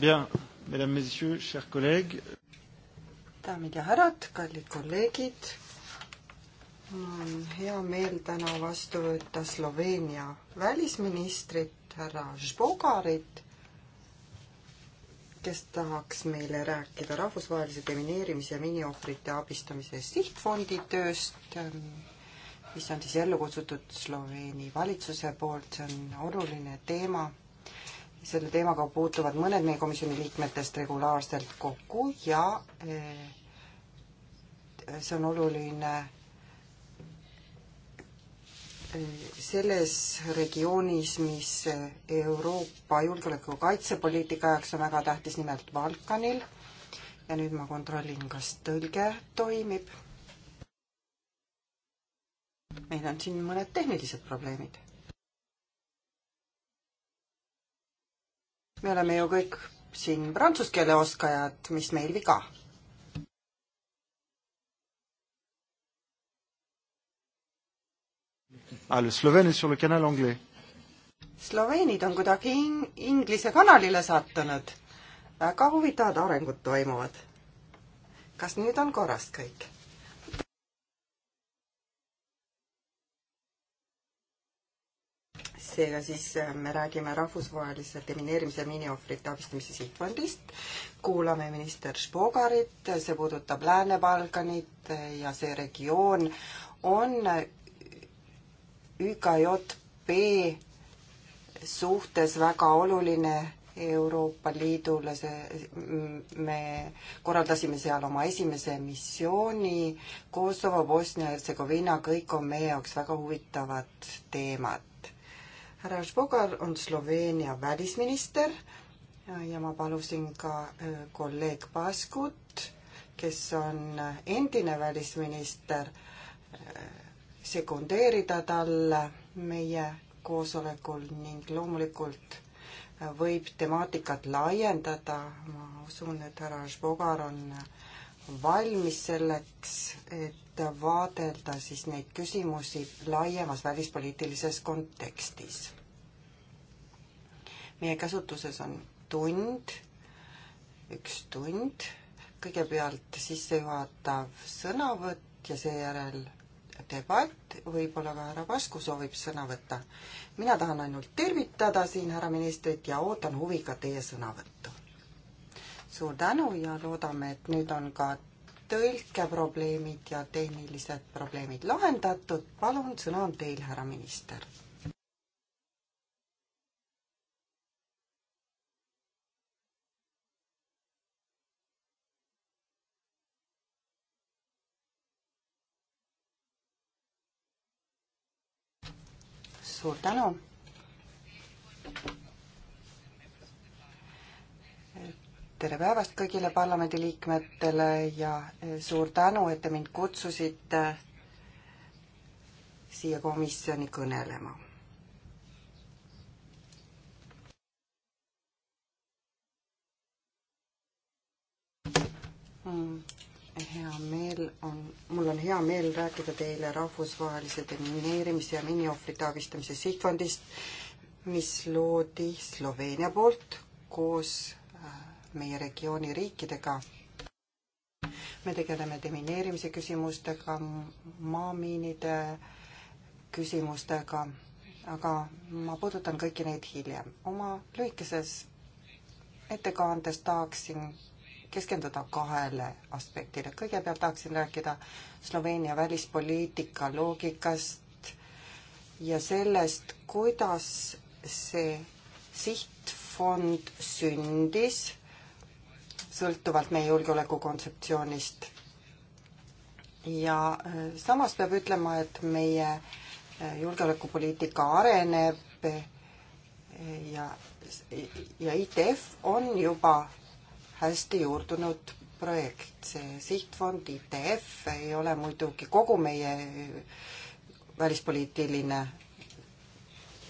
Bien, mesdames, messieurs, chers collègues. daamid ja härrad, kallid kolleegid. mul on hea meel täna vastu võtta Sloveenia välisministrit härra Žbogarit, kes tahaks meile rääkida rahvusvahelise demineerimise ja miniohvrite abistamise sihtfondi tööst, mis on siis ellu kutsutud Sloveeni valitsuse poolt, see on oluline teema selle teemaga puutuvad mõned meie komisjoni liikmetest regulaarselt kokku ja eh, see on oluline eh, selles regioonis, mis Euroopa julgeoleku kaitsepoliitika jaoks on väga tähtis, nimelt Balkanil. ja nüüd ma kontrollin, kas tõlge toimib. meil on siin mõned tehnilised probleemid me oleme ju kõik siin prantsuse keele oskajad, mis meil viga? Ah, le Slovène est sur le canal anglais. Sloveenid on kuidagi in-, Inglise kanalile sattunud. väga huvitavad arengud toimuvad. kas nüüd on korras kõik? seega siis äh, me räägime rahvusvahelise demineerimise miiniohvrite abistamise sihtfondist. kuulame minister Špogarit, see puudutab Lääne-Balkanit äh, ja see regioon on äh, ÜKJP suhtes väga oluline Euroopa Liidule, see, mm, me korraldasime seal oma esimese missiooni, Kosovo, Bosnia, Hertsegoviina, kõik on meie jaoks väga huvitavad teemad härra Špogar on Sloveenia välisminister ja ma palusin ka äh, kolleeg Paskut, kes on endine välisminister, äh, sekundeerida talle meie koosolekul ning loomulikult äh, võib temaatikat laiendada, ma usun, et härra Špogar on äh, valmis selleks, et vaadelda siis neid küsimusi laiemas välispoliitilises kontekstis. meie käsutuses on tund, üks tund, kõigepealt sissejuhatav sõnavõtt ja seejärel debatt, võib-olla ka härra Pasku soovib sõna võtta. mina tahan ainult tervitada siin härra ministrit ja ootan huviga teie sõnavõttu suur tänu ja loodame, et nüüd on ka tõlkeprobleemid ja tehnilised probleemid lahendatud. palun, sõna on teil, härra minister. suur tänu tere päevast kõigile parlamendiliikmetele ja eh, suur tänu, et te mind kutsusite siia komisjoni kõnelema. Mm, hea meel on, mul on hea meel rääkida teile rahvusvahelise demineerimise ja miniohvrite abistamise sihtfondist, mis loodi Sloveenia poolt koos meie regiooni riikidega. me tegeleme demineerimise küsimustega, maamiinide küsimustega, aga ma puudutan kõiki neid hiljem. oma lühikeses ettekandes tahaksin keskenduda kahele aspektile. kõigepealt tahaksin rääkida Sloveenia välispoliitika loogikast ja sellest, kuidas see sihtfond sündis sõltuvalt meie julgeoleku kontseptsioonist. ja äh, samas peab ütlema, et meie äh, julgeolekupoliitika areneb äh, ja, ja ITF on juba hästi juurdunud projekt, see sihtfond ITF ei ole muidugi kogu meie välispoliitiline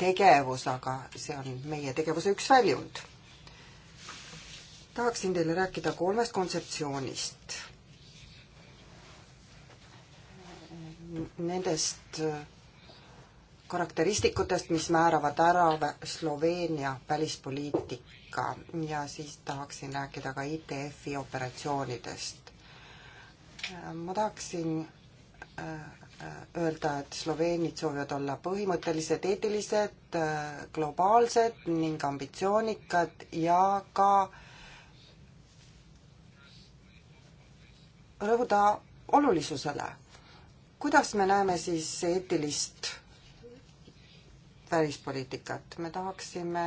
tegevus, aga see on meie tegevuse üks väljund tahaksin teile rääkida kolmest kontseptsioonist. Nendest äh, karakteristikutest, mis määravad ära Sloveenia välispoliitika ja siis tahaksin rääkida ka ITF-i operatsioonidest. Äh, ma tahaksin äh, öelda, et sloveenid soovivad olla põhimõttelised, eetilised, globaalsed ning ambitsioonikad ja ka äh, rõhuda olulisusele. kuidas me näeme siis eetilist välispoliitikat, me tahaksime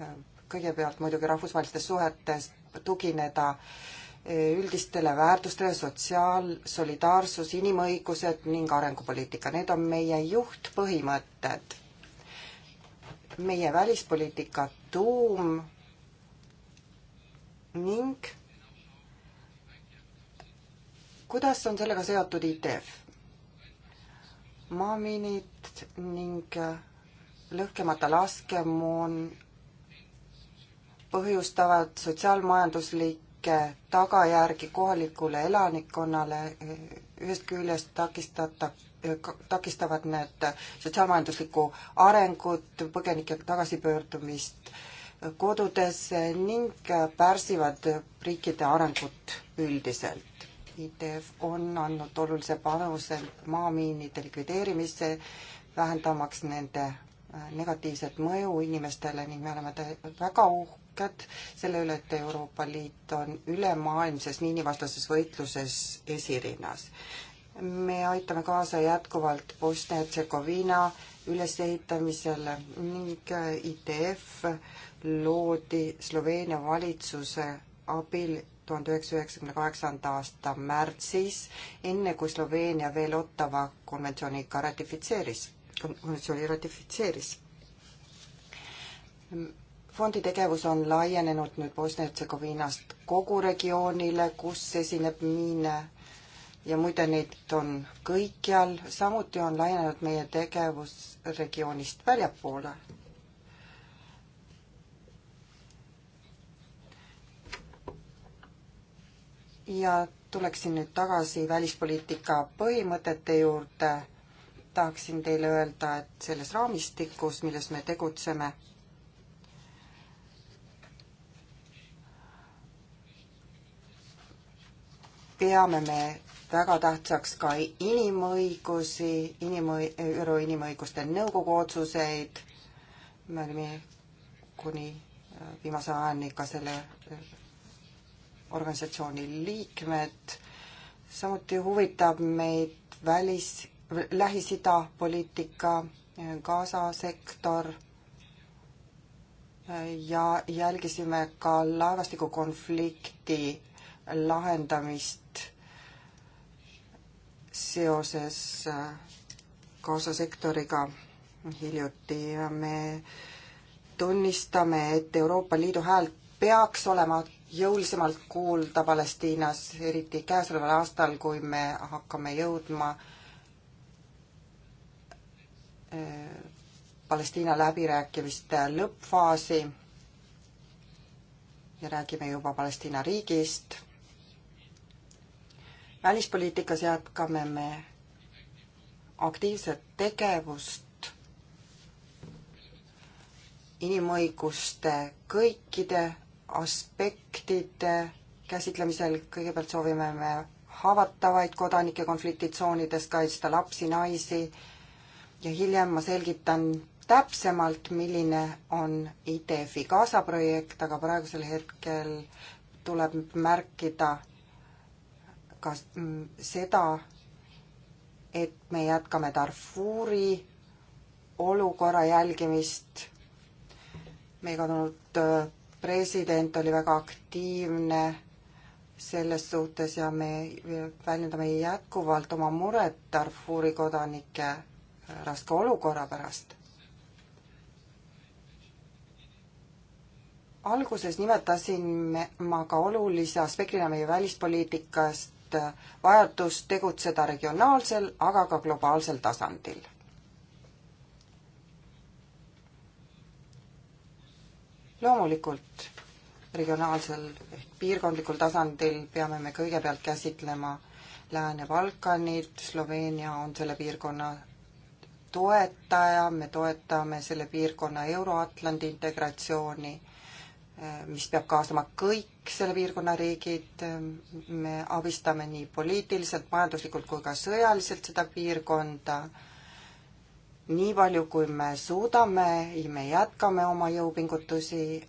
äh, kõigepealt muidugi rahvusvahelistes suhetes tugineda äh, üldistele väärtustele, sotsiaal, solidaarsus, inimõigused ning arengupoliitika, need on meie juhtpõhimõtted. meie välispoliitika tuum ning kuidas on sellega seotud ITF? maaminid ning lõhkemata laskemoon põhjustavad sotsiaalmajanduslikke tagajärgi kohalikule elanikkonnale, ühest küljest takistata, takistavad need sotsiaalmajanduslikku arengut, põgenike tagasipöördumist kodudesse ning pärsivad riikide arengut üldiselt ITF on andnud olulise panuse maamiinide likvideerimisse, vähendamaks nende äh, negatiivset mõju inimestele ning me oleme väga uhked selle üle, et Euroopa Liit on ülemaailmses miinivastases võitluses esirinnas. me aitame kaasa jätkuvalt Bosnia-Hertsegoviina ülesehitamisele ning äh, ITF loodi Sloveenia valitsuse abil tuhande üheksasaja üheksakümne kaheksanda aasta märtsis, enne kui Sloveenia veel Ottawa konventsiooniga ratifitseeris, konventsiooni ratifitseeris. fondi tegevus on laienenud nüüd Bosnia-Hertsegoviinast kogu regioonile, kus esineb miine ja muide, neid on kõikjal, samuti on laienenud meie tegevus regioonist väljapoole ja tuleksin nüüd tagasi välispoliitika põhimõtete juurde. tahaksin teile öelda, et selles raamistikus, milles me tegutseme, peame me väga tähtsaks ka inimõigusi, inimõi-, ÜRO Inimõiguste Nõukogu otsuseid, me olime kuni viimase ajani ka selle organisatsiooni liikmed. samuti huvitab meid välis, Lähis-Ida poliitika, Gaza sektor ja jälgisime ka laevastikukonflikti lahendamist seoses äh, Gaza sektoriga hiljuti. me tunnistame, et Euroopa Liidu hääl peaks olema jõulisemalt kuulda Palestiinas, eriti käesoleval aastal, kui me hakkame jõudma eh, Palestiina läbirääkimiste lõppfaasi ja räägime juba Palestiina riigist. välispoliitikas jätkame me aktiivset tegevust inimõiguste kõikide aspektide käsitlemisel, kõigepealt soovime me haavatavaid kodanikke konfliktitsoonides kaitsta, lapsi, naisi ja hiljem ma selgitan täpsemalt, milline on IDF-i Gaza projekt, aga praegusel hetkel tuleb märkida ka seda, et me jätkame Darfuri olukorra jälgimist. meiega on olnud äh, president oli väga aktiivne selles suhtes ja me väljendame jätkuvalt oma muret Darfuri kodanike raske olukorra pärast. alguses nimetasin me, ma ka olulise aspektina meie välispoliitikast vajadust tegutseda regionaalsel, aga ka globaalsel tasandil loomulikult regionaalsel ehk piirkondlikul tasandil peame me kõigepealt käsitlema Lääne-Balkanit, Sloveenia on selle piirkonna toetaja, me toetame selle piirkonna Euro-Atlandi integratsiooni, mis peab kaasama kõik selle piirkonna riigid, me abistame nii poliitiliselt, majanduslikult kui ka sõjaliselt seda piirkonda nii palju, kui me suudame, me jätkame oma jõupingutusi.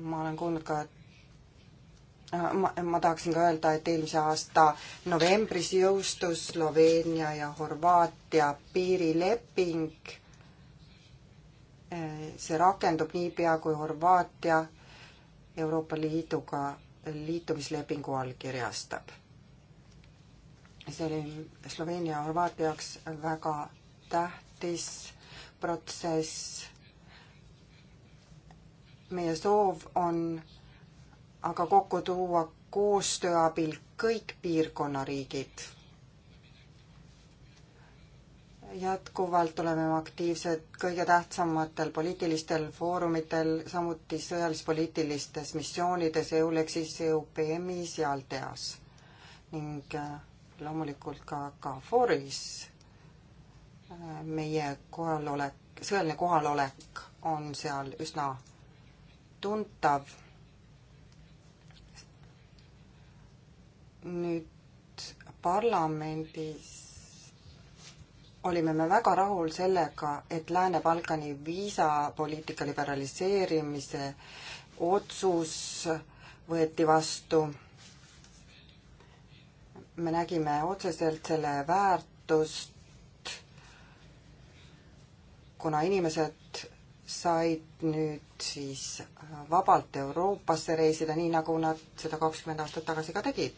ma olen kuulnud ka, et ma, ma tahaksin ka öelda, et eelmise aasta novembris jõustus Sloveenia ja Horvaatia piirileping. see rakendub niipea, kui Horvaatia Euroopa Liiduga liitumislepingu allkirjastab see oli Sloveenia ja Horvaatia jaoks väga tähtis protsess. meie soov on aga kokku tuua koostöö abil kõik piirkonna riigid. jätkuvalt oleme aktiivsed kõige tähtsamatel poliitilistel foorumitel, samuti sõjalis-poliitilistes missioonides EULEX-is, EUPM-is ja Alteas ning äh, loomulikult ka KFOR-is äh, meie kohalolek, sõjaline kohalolek on seal üsna tuntav. nüüd parlamendis olime me väga rahul sellega, et Lääne-Balkani viisapoliitika liberaliseerimise otsus võeti vastu me nägime otseselt selle väärtust, kuna inimesed said nüüd siis vabalt Euroopasse reisida, nii nagu nad seda kakskümmend aastat tagasi ka tegid.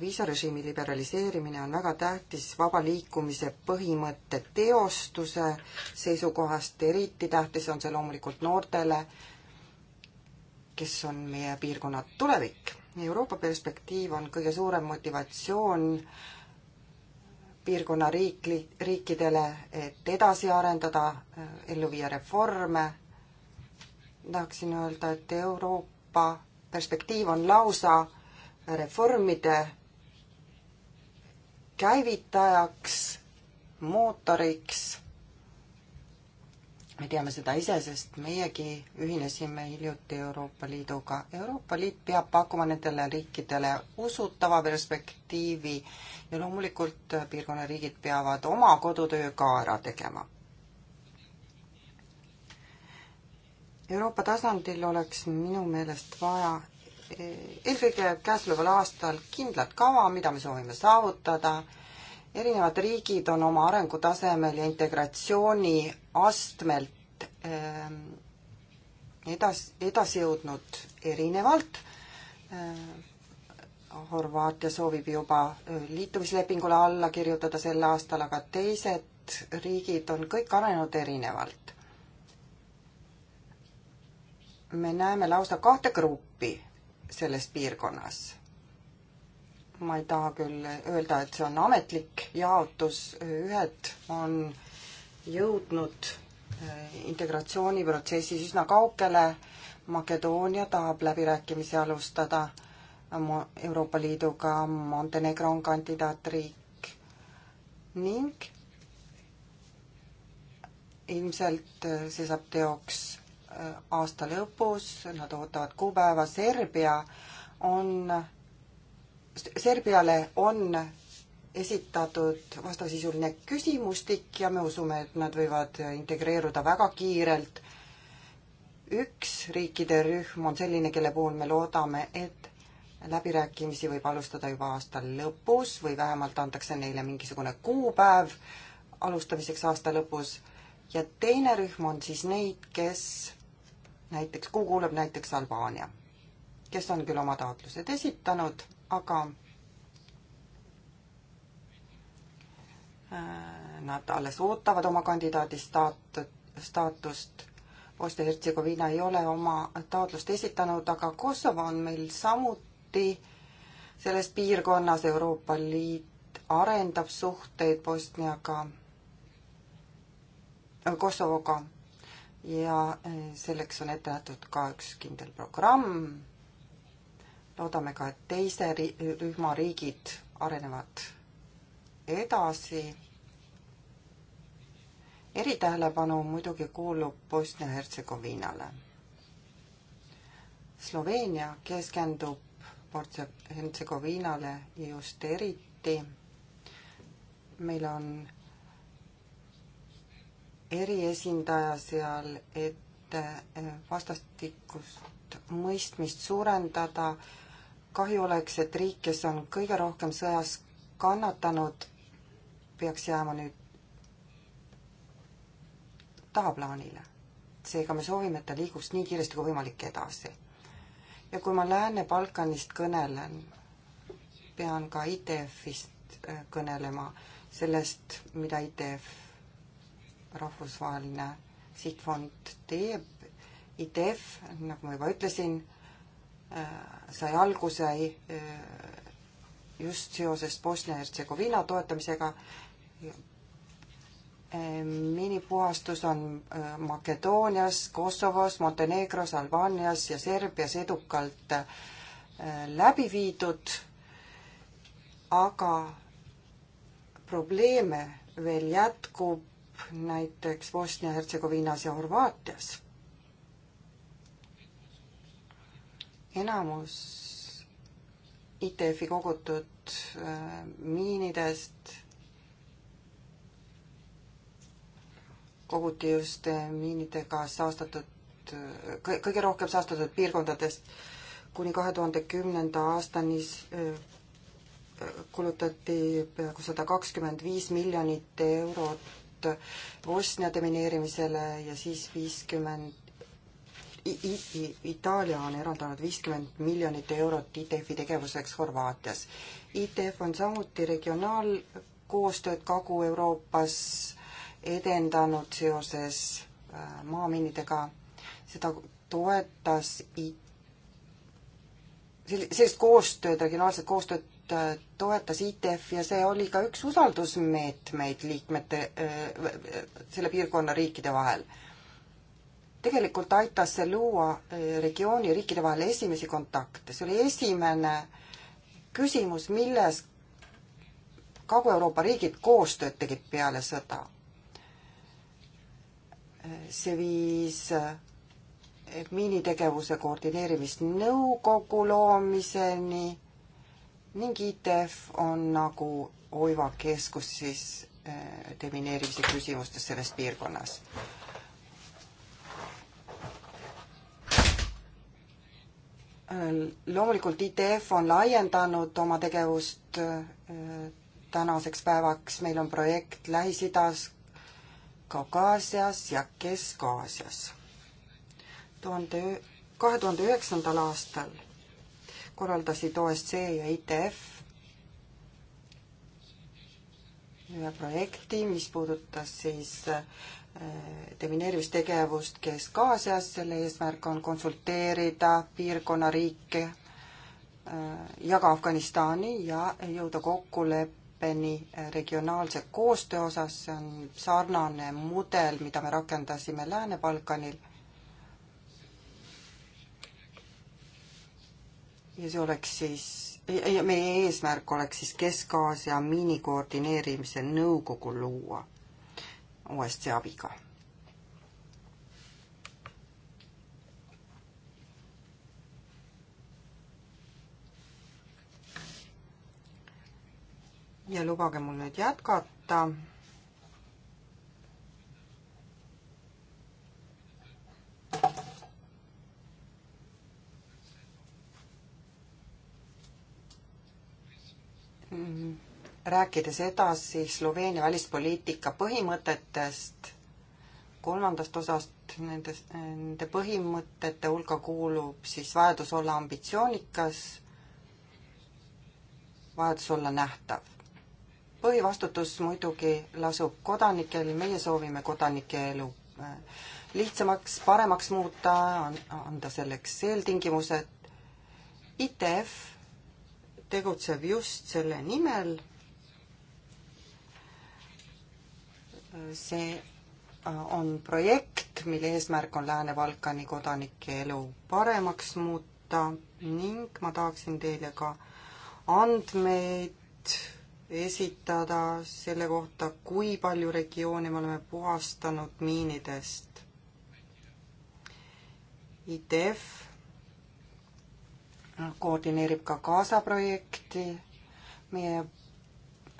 viisarežiimi liberaliseerimine on väga tähtis vaba liikumise põhimõtte teostuse seisukohast, eriti tähtis on see loomulikult noortele, kes on meie piirkonna tulevik Euroopa perspektiiv on kõige suurem motivatsioon piirkonna riikli, riikidele, et edasi arendada, ellu viia reforme. tahaksin öelda, et Euroopa perspektiiv on lausa reformide käivitajaks, mootoriks me teame seda ise, sest meiegi ühinesime hiljuti Euroopa Liiduga. Euroopa Liit peab pakkuma nendele riikidele usutava perspektiivi ja loomulikult piirkonna riigid peavad oma kodutöö ka ära tegema. Euroopa tasandil oleks minu meelest vaja e-, eelkõige käesoleval aastal kindlat kava, mida me soovime saavutada erinevad riigid on oma arengutasemel ja integratsiooni astmelt ähm, edas, edasi jõudnud erinevalt. Äh, Horvaatia soovib juba äh, liitumislepingule alla kirjutada sel aastal, aga teised riigid on kõik arenenud erinevalt. me näeme lausa kahte gruppi selles piirkonnas ma ei taha küll öelda, et see on ametlik jaotus, ühed on jõudnud äh, integratsiooniprotsessis üsna kaugele, Makedoonia tahab läbirääkimisi alustada Euroopa Liiduga, Montenegro on kandidaatriik ning ilmselt äh, see saab teoks äh, aasta lõpus, nad ootavad kuupäeva, Serbia on Serbiale on esitatud vastasisuline küsimustik ja me usume, et nad võivad integreeruda väga kiirelt. üks riikide rühm on selline, kelle puhul me loodame, et läbirääkimisi võib alustada juba aasta lõpus või vähemalt antakse neile mingisugune kuupäev alustamiseks aasta lõpus. ja teine rühm on siis neid, kes näiteks, kuhu kuulub näiteks Albaania, kes on küll oma taotlused esitanud aga äh, nad alles ootavad oma kandidaadi staat-, staatust. Bosnia-Hertsegoviina ei ole oma taotlust esitanud, aga Kosovo on meil samuti selles piirkonnas, Euroopa Liit arendab suhteid Bosniaga, äh, Kosovoga ja äh, selleks on ette nähtud ka üks kindel programm loodame ka, et teise rühma riigid arenevad edasi. eritähelepanu muidugi kuulub Bosnia-Hertsegoviinale. Sloveenia keskendub Hertsegoviinale just eriti. meil on eriesindaja seal, et vastastikust mõistmist suurendada kahju oleks, et riik, kes on kõige rohkem sõjas kannatanud, peaks jääma nüüd tahaplaanile. seega me soovime, et ta liiguks nii kiiresti kui võimalik edasi. ja kui ma Lääne-Balkanist kõnelen, pean ka ITF-ist äh, kõnelema, sellest, mida ITF, rahvusvaheline sihtfond teeb. ITF, nagu ma juba ütlesin äh,, sai alguse eh, just seoses Bosnia-Hertsegoviina toetamisega. Eh, minipuhastus on eh, Makedoonias, Kosovos, Montenegros, Albaanias ja Serbias edukalt läbi viidud, aga probleeme veel jätkub näiteks Bosnia-Hertsegoviinas ja Horvaatias enamus ITF-i kogutud äh, miinidest koguti just äh, miinidega saastatud, äh, kõige rohkem saastatud piirkondadest kuni kahe tuhande kümnenda aastani kulutati peaaegu sada kakskümmend viis miljonit eurot Bosnia demineerimisele ja siis viiskümmend Itaalia on eraldanud viiskümmend miljonit eurot ITF-i tegevuseks Horvaatias. ITF on samuti regionaalkoostööd Kagu-Euroopas edendanud seoses äh, maaminidega, seda toetas I-, sellist koostööd, regionaalset koostööd äh, toetas ITF ja see oli ka üks usaldusmeetmeid liikmete, äh, selle piirkonna riikide vahel tegelikult aitas see luua eh, regiooni riikide vahel esimesi kontakte, see oli esimene küsimus, milles Kagu-Euroopa riigid koostööd tegid peale sõda. Eh, see viis eh, miinitegevuse koordineerimisnõukogu loomiseni ning ITF on nagu oiva keskus siis demineerimise küsimustes selles piirkonnas loomulikult ITF on laiendanud oma tegevust äh, tänaseks päevaks, meil on projekt Lähis-Idas, Kaukaasias ja Kesk-Aasias. tuhande, kahe tuhande üheksandal aastal korraldasid OSCE ja ITF ühe projekti, mis puudutas siis äh, demineerimistegevust Kesk-Aasias, selle eesmärk on konsulteerida piirkonna riike äh, ja ka Afganistani ja jõuda kokkuleppeni äh, regionaalse koostöö osas, see on sarnane mudel, mida me rakendasime Lääne-Balkanil. ja see oleks siis, meie eesmärk oleks siis Kesk-Aasia miinikoordineerimise nõukogu luua uuesti abiga. ja lubage mul nüüd jätkata mm. -hmm rääkides edasi Sloveenia välispoliitika põhimõtetest, kolmandast osast nendest, nende põhimõtete hulka kuulub siis vajadus olla ambitsioonikas, vajadus olla nähtav. põhivastutus muidugi lasub kodanikel, meie soovime kodanike elu äh, lihtsamaks, paremaks muuta, anda selleks eeltingimused. ITF tegutseb just selle nimel see äh, on projekt, mille eesmärk on Lääne-Balkani kodanike elu paremaks muuta ning ma tahaksin teile ka andmeid esitada selle kohta, kui palju regioone me oleme puhastanud miinidest. ITF koordineerib ka Gaza projekti, meie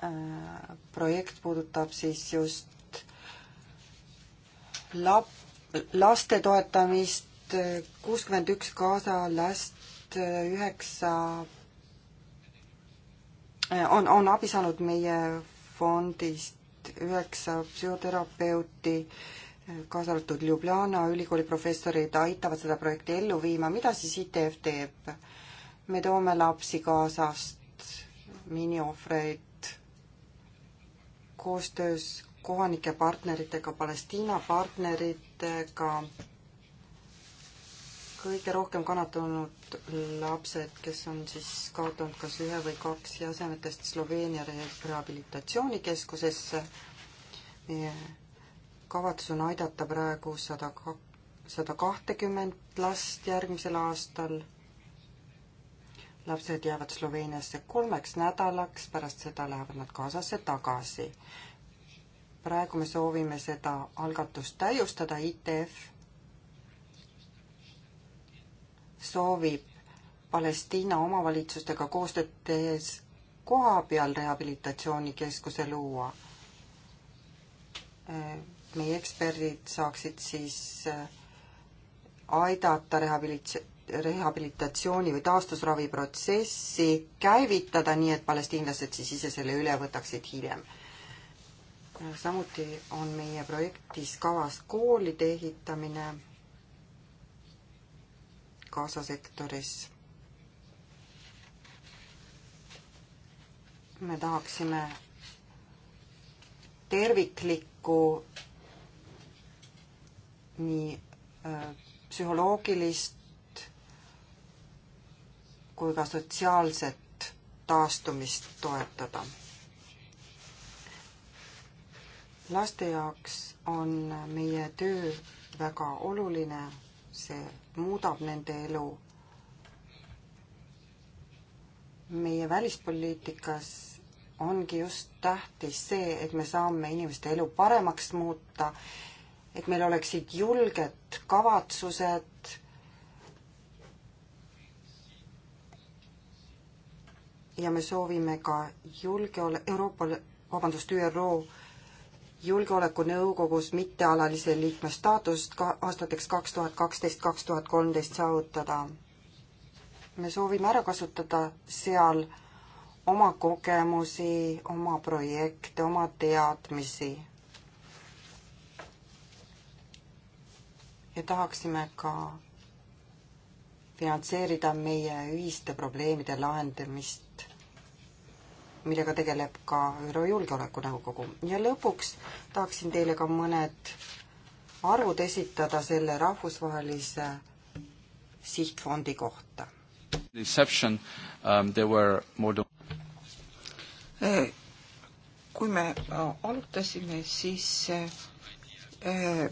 äh, projekt puudutab siis just lap-, laste toetamist, kuuskümmend üks Gaza last, üheksa on, on abi saanud meie fondist üheksa psühhoterapeuti, kaasa arvatud Ljubljana ülikooli professorid aitavad seda projekti ellu viima, mida siis ITF teeb? me toome lapsi Gazast, miniohvreid, koostöös kohanike partneritega, Palestiina partneritega, kõige rohkem kannatanud lapsed, kes on siis kaotanud kas ühe või kaks jäsemetest Sloveenia rehabilitatsioonikeskusesse. meie kavatsus on aidata praegu sada ka-, sada kahtekümmet last järgmisel aastal. lapsed jäävad Sloveeniasse kolmeks nädalaks, pärast seda lähevad nad Gazasse tagasi praegu me soovime seda algatust täiustada, ITF soovib Palestiina omavalitsustega koostööd tehes koha peal rehabilitatsioonikeskuse luua. meie eksperdid saaksid siis äh, aidata rehabilits-, rehabilitatsiooni või taastusraviprotsessi käivitada, nii et palestiinlased siis ise selle üle võtaksid hiljem samuti on meie projektis kavas koolide ehitamine Gaza sektoris. me tahaksime terviklikku nii äh, psühholoogilist kui ka sotsiaalset taastumist toetada laste jaoks on meie töö väga oluline, see muudab nende elu. meie välispoliitikas ongi just tähtis see, et me saame inimeste elu paremaks muuta, et meil oleksid julged kavatsused, ja me soovime ka julgeole-, Euroopa, vabandust, ÜRO Julgeolekunõukogus mittealalise liikme staatust ka aastateks kaks tuhat kaksteist, kaks tuhat kolmteist saavutada. me soovime ära kasutada seal oma kogemusi, oma projekte, oma teadmisi. ja tahaksime ka finantseerida meie ühiste probleemide lahendamist millega tegeleb ka ÜRO Julgeolekunõukogu. ja lõpuks tahaksin teile ka mõned arvud esitada selle rahvusvahelise sihtfondi kohta. Um, äh, kui me äh, alustasime, siis äh,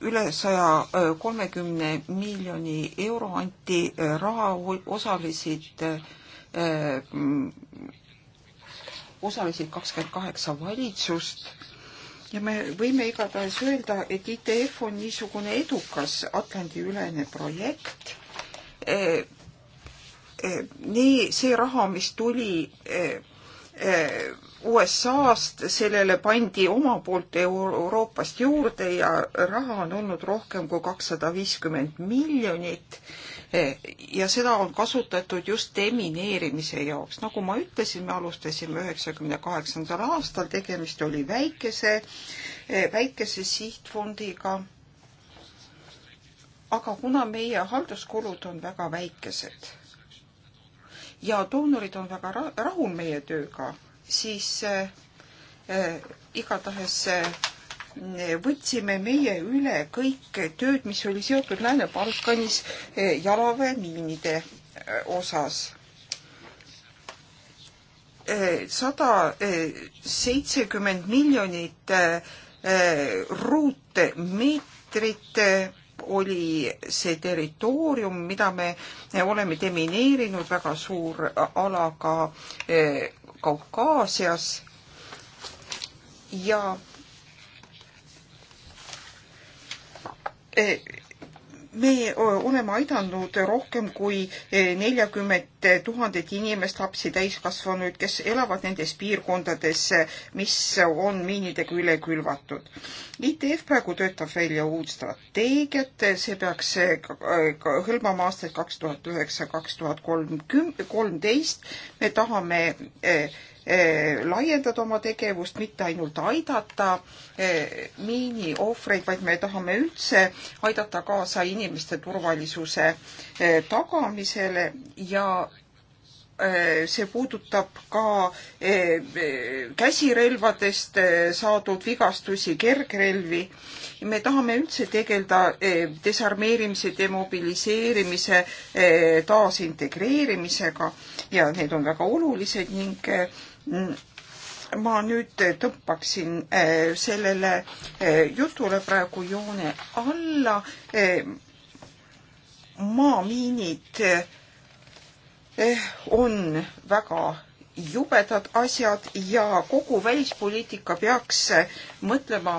üle saja kolmekümne miljoni euro anti raha, osalesid, osalesid kakskümmend kaheksa valitsust ja me võime igatahes öelda, et ITF on niisugune edukas Atlandi-ülene projekt. nii see raha, mis tuli USA-st, sellele pandi oma poolt Euroopast juurde ja raha on olnud rohkem kui kakssada viiskümmend miljonit ja seda on kasutatud just demineerimise jaoks. nagu ma ütlesin, me alustasime üheksakümne kaheksandal aastal, tegemist oli väikese, väikese sihtfondiga. aga kuna meie halduskulud on väga väikesed ja doonorid on väga rahul meie tööga siis äh, äh, igatahes äh, võtsime meie üle kõik tööd, mis oli seotud Lääne-Balkanis jalaväemiinide osas sada seitsekümmend miljonit ruutmeetrit oli see territoorium, mida me oleme demineerinud, väga suur ala ka Kaukaasias ja eh, me eh, oleme aidanud rohkem kui eh, neljakümmet tuhandeid inimest, lapsi, täiskasvanuid, kes elavad nendes piirkondades, mis on miinidega üle külvatud. ITF praegu töötab välja uut strateegiat, see peaks hõlmama aastaid kaks tuhat üheksa, kaks tuhat kolmkümmend, kolmteist. me tahame eh, eh, laiendada oma tegevust, mitte ainult aidata eh, miiniohvreid, vaid me tahame üldse aidata kaasa inimeste turvalisuse tagamisele ja Äh, see puudutab ka äh, äh, käsirelvadest saadud vigastusi, kergrelvi. me tahame üldse tegeleda desarmeerimise, demobiliseerimise, taasintegreerimisega ja need on väga olulised ning ma nüüd tõmbaksin sellele jutule praegu joone alla. maamiinid Eh, on väga jubedad asjad ja kogu välispoliitika peaks mõtlema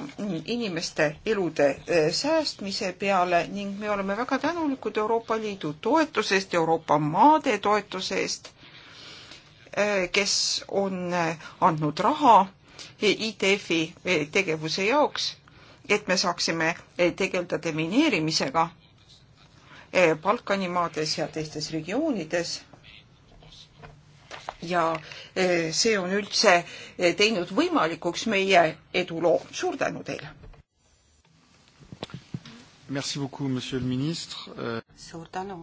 inimeste elude eh, säästmise peale ning me oleme väga tänulikud Euroopa Liidu toetusest, Euroopa maade toetusest, eh, kes on andnud raha ITF-i tegevuse jaoks, et me saaksime tegeleda demineerimisega Balkani maades ja teistes regioonides ja eh, see on üldse eh, teinud võimalikuks meie eduloo. suur tänu teile! Merci beaucoup, monsieur le ministre. Euh, suur tänu,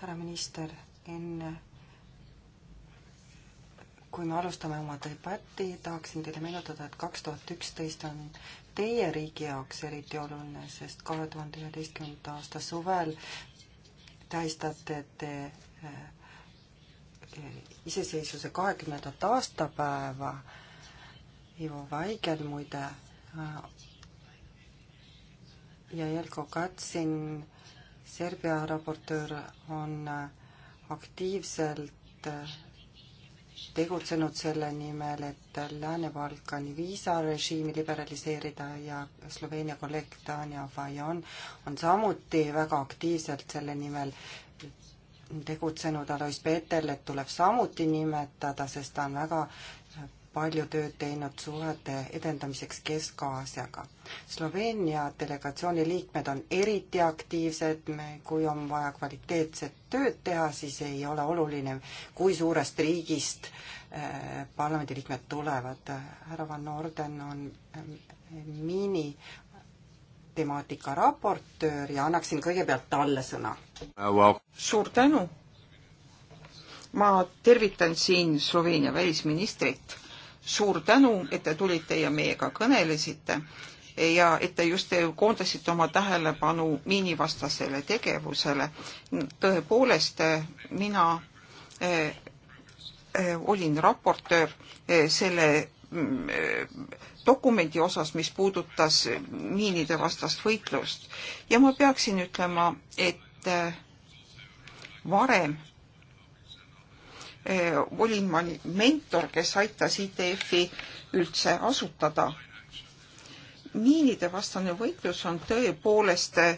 härra minister, enne kui me alustame oma debatti, tahaksin teile meenutada, et kaks tuhat üksteist on teie riigi jaoks eriti oluline, sest kahe tuhande üheteistkümnenda aasta suvel tähistate te eh, iseseisvuse kahekümnendat aastapäeva. Ivo Vaigel muide ja Jelko Katsin, Serbia raportöör, on aktiivselt tegutsenud selle nimel, et Lääne-Balkani viisarežiimi liberaliseerida ja Sloveenia kolleeg Tanja Fajon on samuti väga aktiivselt selle nimel tegutsenud, Alois Peeterlet tuleb samuti nimetada, sest ta on väga palju tööd teinud suhete edendamiseks Kesk-Aasiaga. Sloveenia delegatsiooni liikmed on eriti aktiivsed, kui on vaja kvaliteetset tööd teha, siis ei ole oluline, kui suurest riigist eh, parlamendiliikmed tulevad. härra Van Orden on eh, Miini temaatika raportöör ja annaksin kõigepealt talle sõna äh, wow.. suur tänu! ma tervitan siin Sloveenia välisministrit. suur tänu, et te tulite ja meiega kõnelesite ja et te just koondasite oma tähelepanu miinivastasele tegevusele. tõepoolest, mina eh, eh, olin raportöör eh, selle mm, dokumendi osas, mis puudutas miinide vastast võitlust. ja ma peaksin ütlema, et eh, varem eh, olin ma mentor, kes aitas ITF-i üldse asutada. miinide vastane võitlus on tõepoolest eh,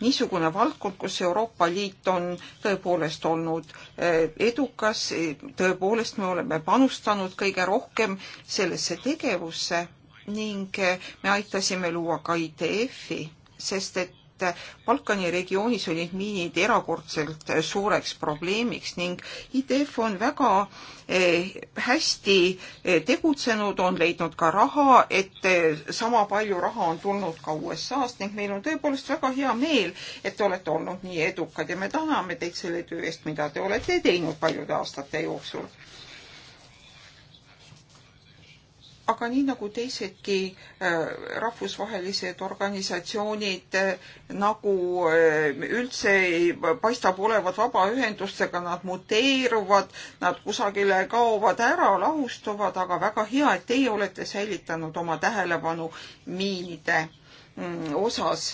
niisugune valdkond, kus Euroopa Liit on tõepoolest olnud eh, edukas, eh, tõepoolest me oleme panustanud kõige rohkem sellesse tegevusse ning eh, me aitasime luua ka ITF-i, sest et et Balkani regioonis olid miinid erakordselt suureks probleemiks ning IDF on väga eh, hästi eh, tegutsenud, on leidnud ka raha, et eh, sama palju raha on tulnud ka USA-st ning meil on tõepoolest väga hea meel, et te olete olnud nii edukad ja me täname teid selle töö eest, mida te olete teinud paljude aastate jooksul aga nii nagu teisedki äh, rahvusvahelised organisatsioonid äh, nagu äh, üldse ei paistab olevat vabaühendustega, nad muteeruvad, nad kusagile kaovad ära, lahustuvad, aga väga hea, et teie olete säilitanud oma tähelepanu miinide mm, osas.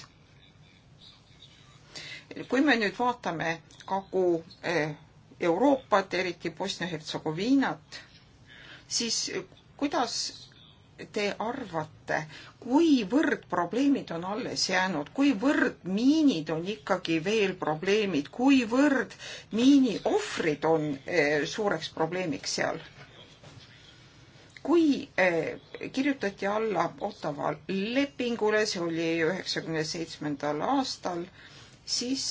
kui me nüüd vaatame Kagu-Euroopat, eriti Bosnia-Hertsegoviinat, siis kuidas te arvate, kuivõrd probleemid on alles jäänud, kuivõrd miinid on ikkagi veel probleemid, kuivõrd miini ohvrid on eh, suureks probleemiks seal? kui eh, kirjutati alla Ottawa lepingule, see oli üheksakümne seitsmendal aastal, siis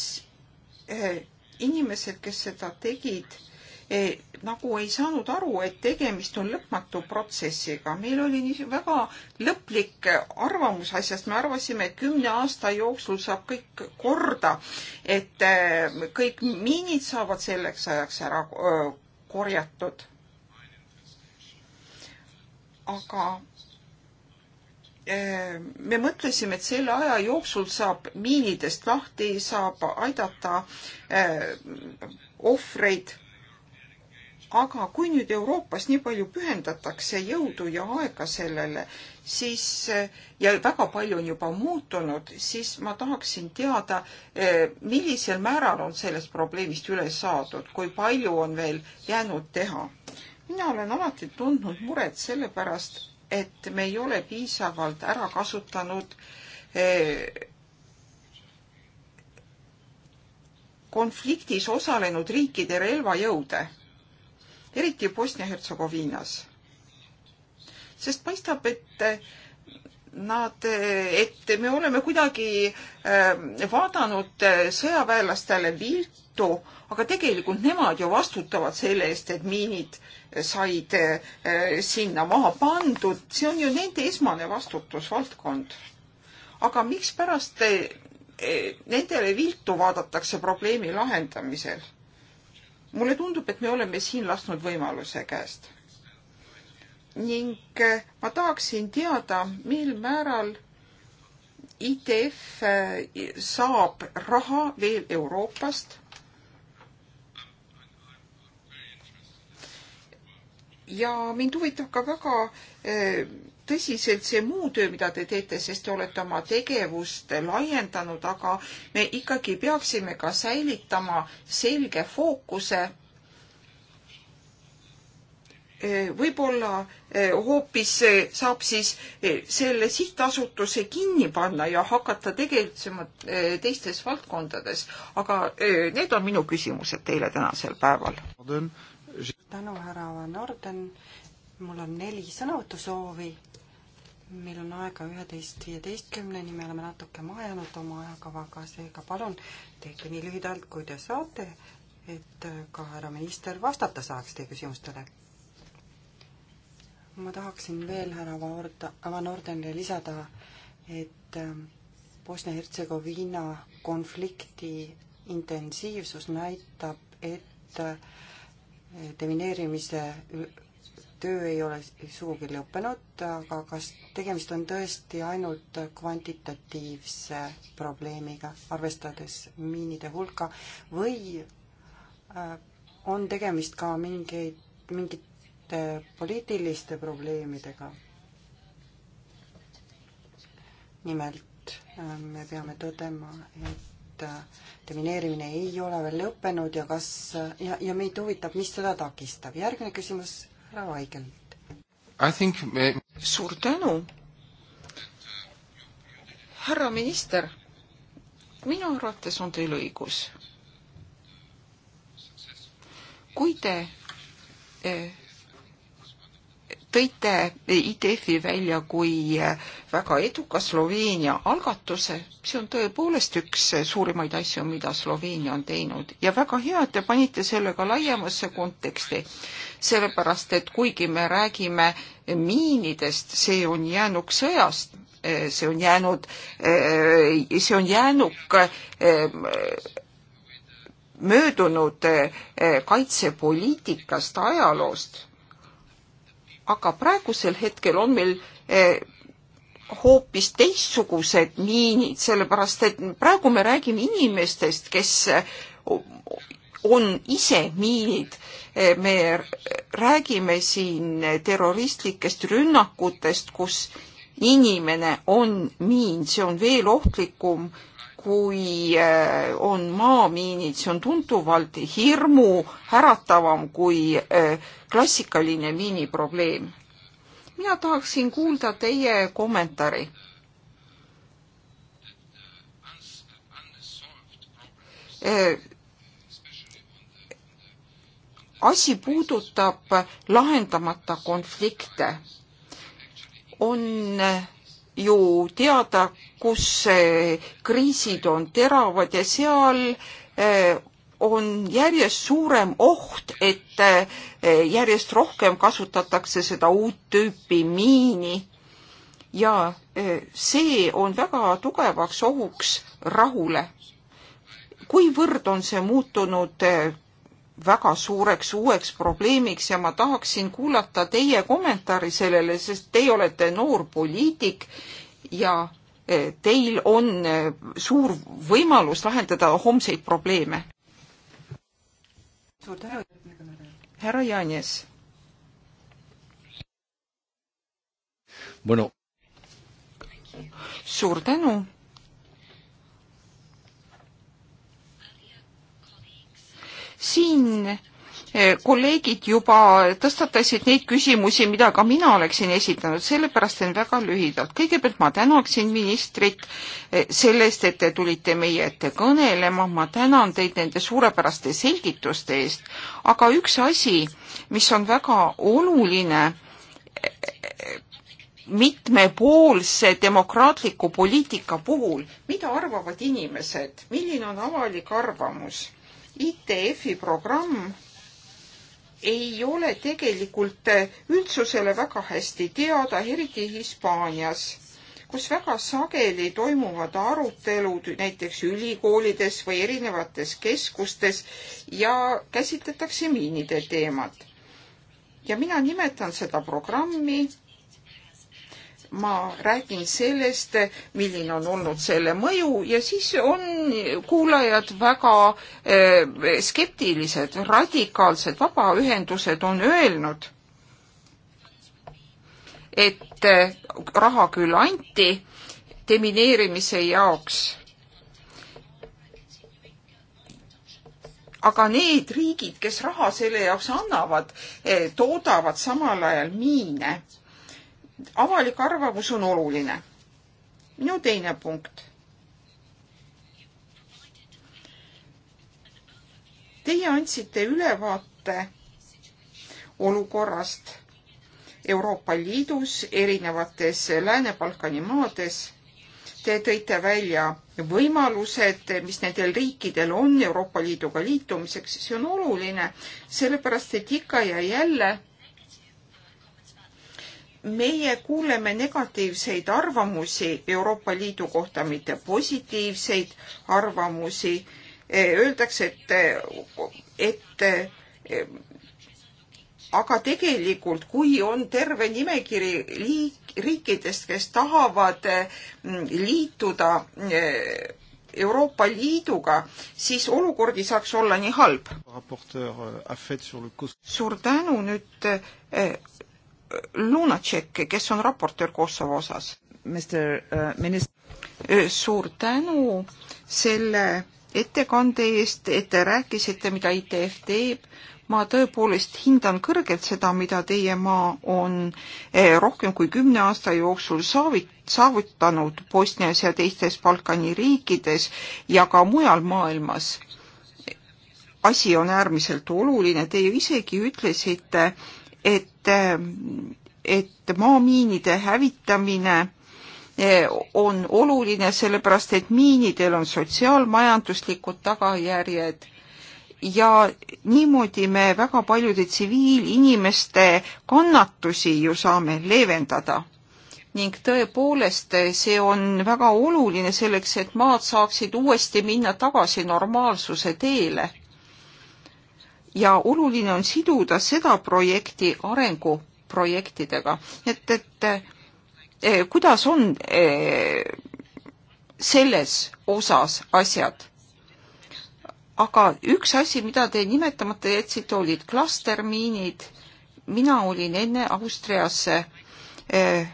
eh, inimesed, kes seda tegid, E, nagu ei saanud aru, et tegemist on lõpmatu protsessiga. meil oli nii väga lõplik arvamus asjast, me arvasime, et kümne aasta jooksul saab kõik korda, et e, kõik miinid saavad selleks ajaks ära e, korjatud. aga me mõtlesime, et selle aja jooksul saab miinidest lahti, saab aidata ohvreid aga kui nüüd Euroopas nii palju pühendatakse jõudu ja aega sellele, siis ja väga palju on juba muutunud, siis ma tahaksin teada, eh, millisel määral on sellest probleemist üle saadud, kui palju on veel jäänud teha? mina olen alati tundnud muret selle pärast, et me ei ole piisavalt ära kasutanud eh, konfliktis osalenud riikide relvajõude eriti Bosnia-Hertsegoviinas. sest paistab, et nad, et me oleme kuidagi ähm, vaadanud äh, sõjaväelastele viltu, aga tegelikult nemad ju vastutavad selle eest, et miinid said äh, sinna maha pandud, see on ju nende esmane vastutusvaldkond. aga mikspärast äh, nendele viltu vaadatakse probleemi lahendamisel? mulle tundub, et me oleme siin lasknud võimaluse käest. ning eh, ma tahaksin teada, mil määral ITF eh, saab raha veel Euroopast. ja mind huvitab ka väga eh, tõsiselt see muu töö, mida te teete, sest te olete oma tegevust laiendanud, aga me ikkagi peaksime ka säilitama selge fookuse. võib-olla eh, hoopis eh, saab siis eh, selle sihtasutuse kinni panna ja hakata tegutsema teistes valdkondades, aga need on minu küsimused teile tänasel päeval. tänu, härra Van Orden mul on neli sõnavõtusoovi meil on aega üheteist viieteistkümneni, me oleme natuke maha jäänud oma ajakavaga, seega palun tehke nii lühidalt, kui te saate, et äh, ka härra minister vastata saaks teie küsimustele. ma tahaksin veel härra Van Ordenile lisada, et äh, Bosnia-Hertsegoviina konflikti intensiivsus näitab, et äh, demineerimise töö ei ole sugugi lõppenud, aga kas tegemist on tõesti ainult kvantitatiivse probleemiga, arvestades miinide hulka, või äh, on tegemist ka mingeid, mingite poliitiliste probleemidega? nimelt äh, me peame tõdema, et äh, demineerimine ei ole veel lõppenud ja kas, ja, ja meid huvitab, mis seda takistab. järgmine küsimus härra Vaigelt. Me... suur tänu. härra minister, minu arvates on teil õigus. kui te eh, tõite IDF-i välja kui eh, väga eduka Sloveenia algatuse. see on tõepoolest üks suurimaid asju, mida Sloveenia on teinud ja väga hea, et te panite selle ka laiemasse konteksti sellepärast et kuigi me räägime miinidest, see on jäänuk sõjast, eh, see on jäänud, eh, see on jäänuk eh, möödunud kaitsepoliitikast, ajaloost. aga praegusel hetkel on meil hoopis teistsugused miinid, sellepärast et praegu me räägime inimestest, kes on ise miinid. me räägime siin terroristlikest rünnakutest, kus inimene on miin, see on veel ohtlikum kui äh, on maamiinid, see on tuntuvalt hirmu äratavam kui äh, klassikaline miiniprobleem. mina tahaksin kuulda teie kommentaari. Äh, asi puudutab lahendamata konflikte, on ju teada, kus kriisid on teravad ja seal eh, on järjest suurem oht, et eh, järjest rohkem kasutatakse seda uut tüüpi miini. ja eh, see on väga tugevaks ohuks rahule. kuivõrd on see muutunud väga suureks uueks probleemiks ja ma tahaksin kuulata teie kommentaari sellele, sest teie olete noor poliitik ja eh, teil on eh, suur võimalus lahendada homseid probleeme. suur tänu, härra Janes. Bueno. suur tänu siin eh, kolleegid juba tõstatasid neid küsimusi, mida ka mina oleksin esitanud, sellepärast teen väga lühidalt. kõigepealt ma tänaksin ministrit eh, sellest, et te tulite meie ette kõnelema, ma tänan teid nende suurepäraste selgituste eest, aga üks asi, mis on väga oluline, eh, mitmepoolse demokraatliku poliitika puhul, mida arvavad inimesed, milline on avalik arvamus ITF-i programm ei ole tegelikult üldsusele väga hästi teada, eriti Hispaanias, kus väga sageli toimuvad arutelud näiteks ülikoolides või erinevates keskustes ja käsitletakse miinide teemat. ja mina nimetan seda programmi ma räägin sellest, milline on olnud selle mõju ja siis on kuulajad väga eh, skeptilised, radikaalsed vabaühendused on öelnud, et eh, raha küll anti demineerimise jaoks aga need riigid, kes raha selle jaoks annavad, eh, toodavad samal ajal miine avalik arvamus on oluline. minu teine punkt. Teie andsite ülevaate olukorrast Euroopa Liidus erinevates Lääne-Balkani maades te tõite välja võimalused, mis nendel riikidel on Euroopa Liiduga liitumiseks, see on oluline, sellepärast et ikka ja jälle meie kuuleme negatiivseid arvamusi Euroopa Liidu kohta, mitte positiivseid arvamusi. Öeldakse, et, et aga tegelikult, kui on terve nimekiri liik, riikidest, kes tahavad mm, liituda eh, Euroopa Liiduga, siis olukord ei saaks olla nii halb. Eh, suur tänu nüüd eh, Lunacek, kes on raportöör Kosovo osas. Uh, suur tänu selle ettekande eest, et te rääkisite, mida ITF teeb. ma tõepoolest hindan kõrgelt seda, mida teie maa on eh, rohkem kui kümne aasta jooksul saavit-, saavutanud Bosnias ja teistes Balkani riikides ja ka mujal maailmas asi on äärmiselt oluline, te ju isegi ütlesite, et, et maamiinide hävitamine e, on oluline, sellepärast et miinidel on sotsiaalmajanduslikud tagajärjed ja niimoodi me väga paljude tsiviilinimeste kannatusi ju saame leevendada ning tõepoolest, see on väga oluline selleks, et maad saaksid uuesti minna tagasi normaalsuse teele ja oluline on siduda seda projekti arenguprojektidega, et, et eh, kuidas on eh, selles osas asjad aga üks asi, mida te nimetamata jätsite, olid klastermiinid. mina olin enne Austrias eh,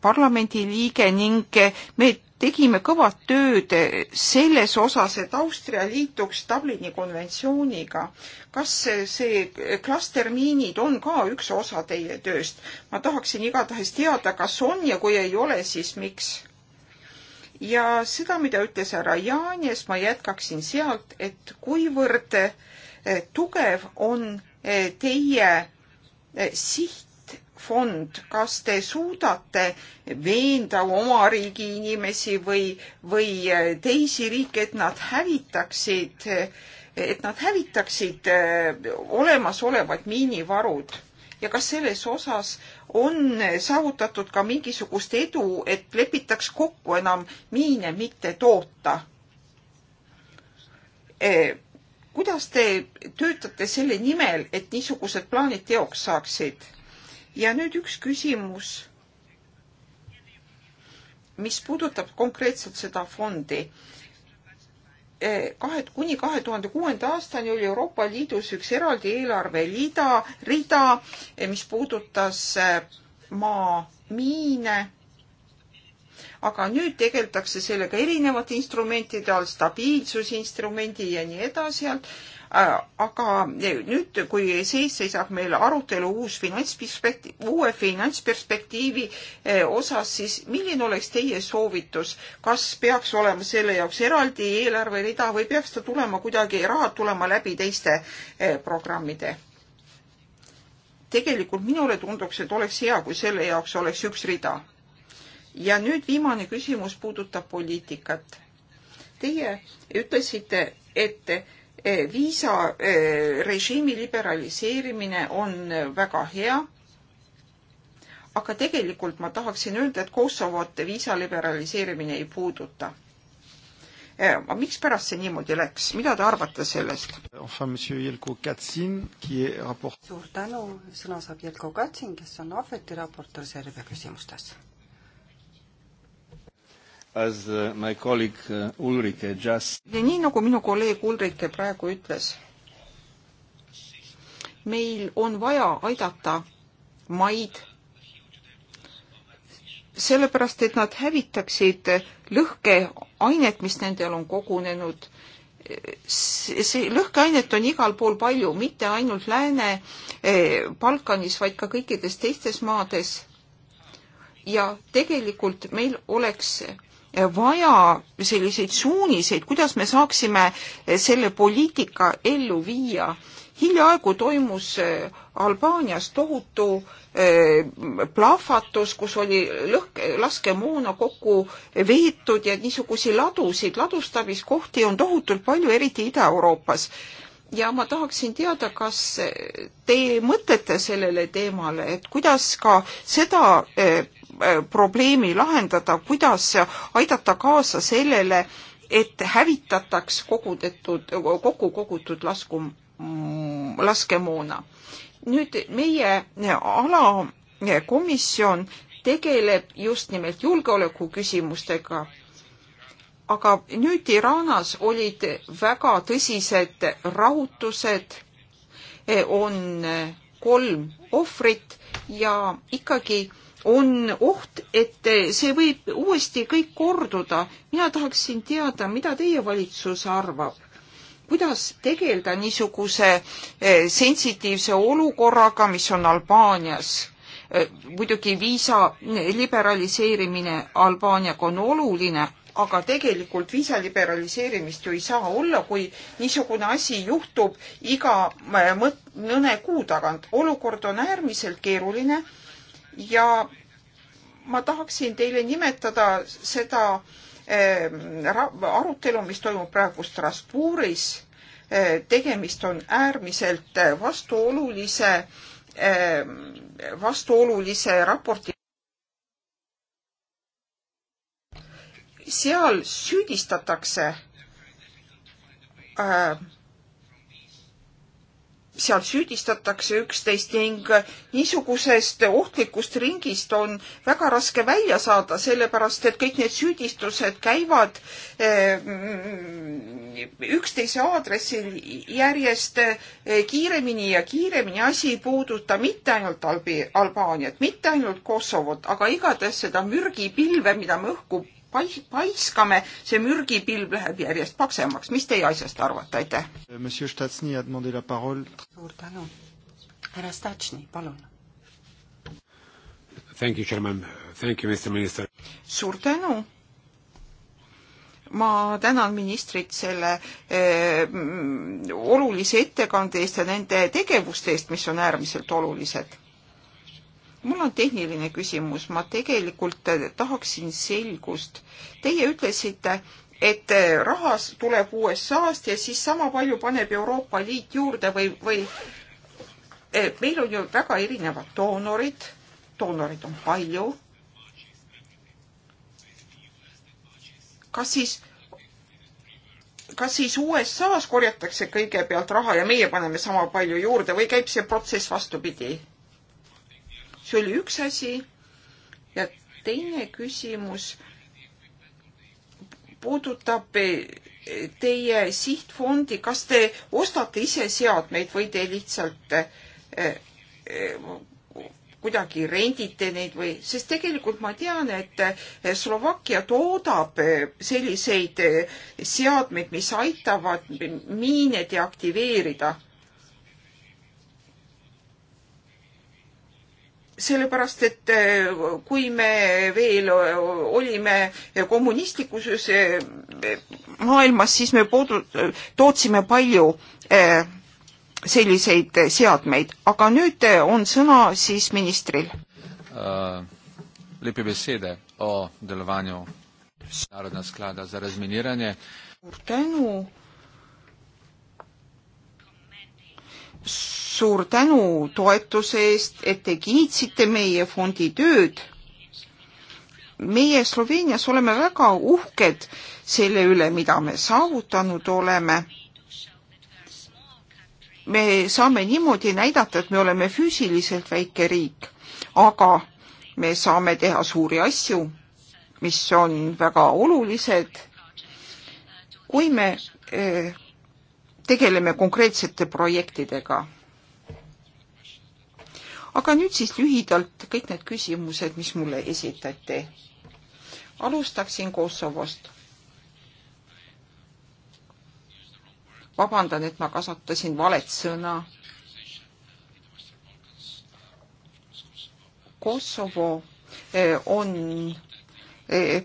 parlamendi liige ning eh, me tegime kõvat tööd selles osas, et Austria liituks Dublini konventsiooniga. kas see klastermiinid on ka üks osa teie tööst? ma tahaksin igatahes teada, kas on ja kui ei ole, siis miks? ja seda, mida ütles härra Jaanis, ma jätkaksin sealt, et kuivõrd tugev on teie siht fond, kas te suudate veenda oma riigi inimesi või, või teisi riike, et nad hävitaksid, et nad hävitaksid äh, olemasolevad miinivarud ja kas selles osas on saavutatud ka mingisugust edu, et lepitaks kokku enam miine mitte toota? Äh, kuidas te töötate selle nimel, et niisugused plaanid teoks saaksid? ja nüüd üks küsimus, mis puudutab konkreetselt seda fondi e, kahe, kuni kahe tuhande kuuenda aastani oli Euroopa Liidus üks eraldi eelarvelida, rida, e, mis puudutas e, maamiine. aga nüüd tegeldakse sellega erinevate instrumentide all, stabiilsusinstrumendi ja nii edasi alt Äh, aga nüüd, kui sees seisab meil arutelu uus finantsperspektiiv, uue finantsperspektiivi äh, osas, siis milline oleks teie soovitus, kas peaks olema selle jaoks eraldi eelarverida või peaks ta tulema kuidagi, rahad tulema läbi teiste äh, programmide? tegelikult minule tunduks, et oleks hea, kui selle jaoks oleks üks rida. ja nüüd viimane küsimus puudutab poliitikat. Teie ütlesite, et E, viisarežiimi e, liberaliseerimine on väga hea aga tegelikult ma tahaksin öelda, et Kosovot viisa liberaliseerimine ei puuduta. E, aga mikspärast see niimoodi läks, mida te arvate sellest? suur tänu, sõna saab Jelko Katsin, kes on Ahveti raportöör Serbia küsimustes As uh, my colleague uh, Ulrike just ja nii, nagu minu kolleeg Ulrike praegu ütles, meil on vaja aidata maid, sellepärast et nad hävitaksid lõhkeainet, mis nendel on kogunenud see lõhkeainet on igal pool palju, mitte ainult Lääne eh, Balkanis, vaid ka kõikides teistes maades. ja tegelikult meil oleks vaja selliseid suuniseid, kuidas me saaksime selle poliitika ellu viia. hiljaaegu toimus äh, Albaanias tohutu äh, plahvatus, kus oli lõhk, laskemoona kokku veetud ja niisuguseid ladusid, ladustamiskohti on tohutult palju, eriti Ida-Euroopas. ja ma tahaksin teada, kas te mõtlete sellele teemale, et kuidas ka seda äh, Äh, probleemi lahendada, kuidas aidata kaasa sellele, et hävitataks kogudetud, kokku kogutud lasku, mm, laskemoona. nüüd meie ala komisjon tegeleb just nimelt julgeoleku küsimustega. aga nüüd Tiranas olid väga tõsised rahutused, on kolm ohvrit ja ikkagi on oht, et see võib uuesti kõik korduda. mina tahaksin teada, mida teie valitsus arvab? kuidas tegeleda niisuguse eh, sensitiivse olukorraga, mis on Albaanias? Eh, muidugi viisa liberaliseerimine Albaaniaga on oluline, aga tegelikult viisa liberaliseerimist ju ei saa olla, kui niisugune asi juhtub iga eh, mõt-, mõne kuu tagant. olukord on äärmiselt keeruline ja ma tahaksin teile nimetada seda eh, arutelu, mis toimub praegu Strasbourgis. Eh, tegemist on äärmiselt vastuolulise, eh, vastuolulise raporti. seal süüdistatakse äh, seal süüdistatakse üksteist ning niisugusest ohtlikust ringist on väga raske välja saada, sellepärast et kõik need süüdistused käivad eh, üksteise aadressil järjest eh, kiiremini ja kiiremini. asi ei puuduta mitte ainult Albi-, Albaaniat, mitte ainult Kosovot, aga igatahes seda mürgipilve, mida me õhku paiskame, see mürgipilv läheb järjest paksemaks. mis teie asjast arvate, aitäh? Euh, suur tänu. härra Statsni, palun. Thank you, Chairman. Thank you, Mr Minister. suur tänu ma tänan ministrit selle eh, olulise ettekande eest ja nende tegevuste eest, mis on äärmiselt olulised mul on tehniline küsimus, ma tegelikult eh, tahaksin selgust. Teie ütlesite, et eh, rahas tuleb USA-st ja siis sama palju paneb Euroopa Liit juurde või, või eh, meil on ju väga erinevad doonorid, doonoreid on palju. kas siis, kas siis USA-s korjatakse kõigepealt raha ja meie paneme sama palju juurde või käib see protsess vastupidi? see oli üks asi. ja teine küsimus puudutab teie sihtfondi, kas te ostate ise seadmeid või te lihtsalt eh, eh, kuidagi rendite neid või, sest tegelikult ma tean, et eh, Slovakkia toodab selliseid seadmeid, mis aitavad miine deaktiveerida. sellepärast, et eh, kui me veel olime kommunistlikus eh, maailmas, siis me tootsime palju eh, selliseid seadmeid, aga nüüd on sõna siis ministril uh,. Lepe besede o delovanju Narodna sklada za razminiranje. suur tänu suur tänu toetuse eest, et te kiitsite meie fondi tööd. meie Sloveenias oleme väga uhked selle üle, mida me saavutanud oleme. me saame niimoodi näidata, et me oleme füüsiliselt väike riik, aga me saame teha suuri asju, mis on väga olulised. kui me eh, tegeleme konkreetsete projektidega aga nüüd siis lühidalt kõik need küsimused, mis mulle esitati. alustaksin Kosovost. vabandan, et ma kasutasin valet sõna. Kosovo eh, on eh,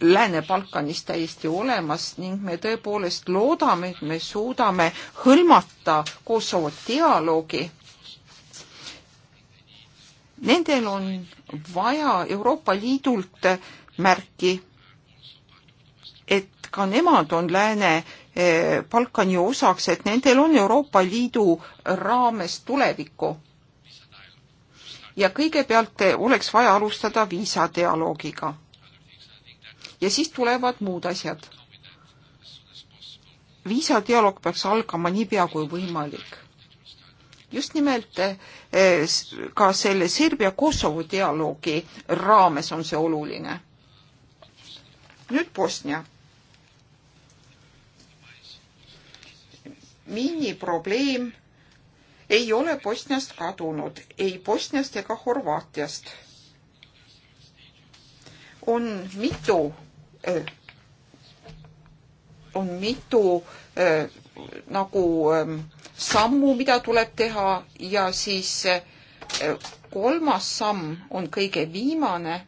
Lääne-Balkanis täiesti olemas ning me tõepoolest loodame, et me suudame hõlmata Kosovo dialoogi Nendel on vaja Euroopa Liidult märki, et ka nemad on Lääne eh, Balkani osaks, et nendel on Euroopa Liidu raames tulevikku. ja kõigepealt oleks vaja alustada viisadialoogiga. ja siis tulevad muud asjad. viisadialoog peaks algama niipea kui võimalik just nimelt eh, ka selle Serbia-Kosovo dialoogi raames on see oluline. nüüd Bosnia. Minni probleem ei ole Bosniast kadunud, ei Bosniast ega Horvaatiast. on mitu, eh, on mitu eh, nagu ähm, sammu, mida tuleb teha ja siis äh, kolmas samm on kõige viimane.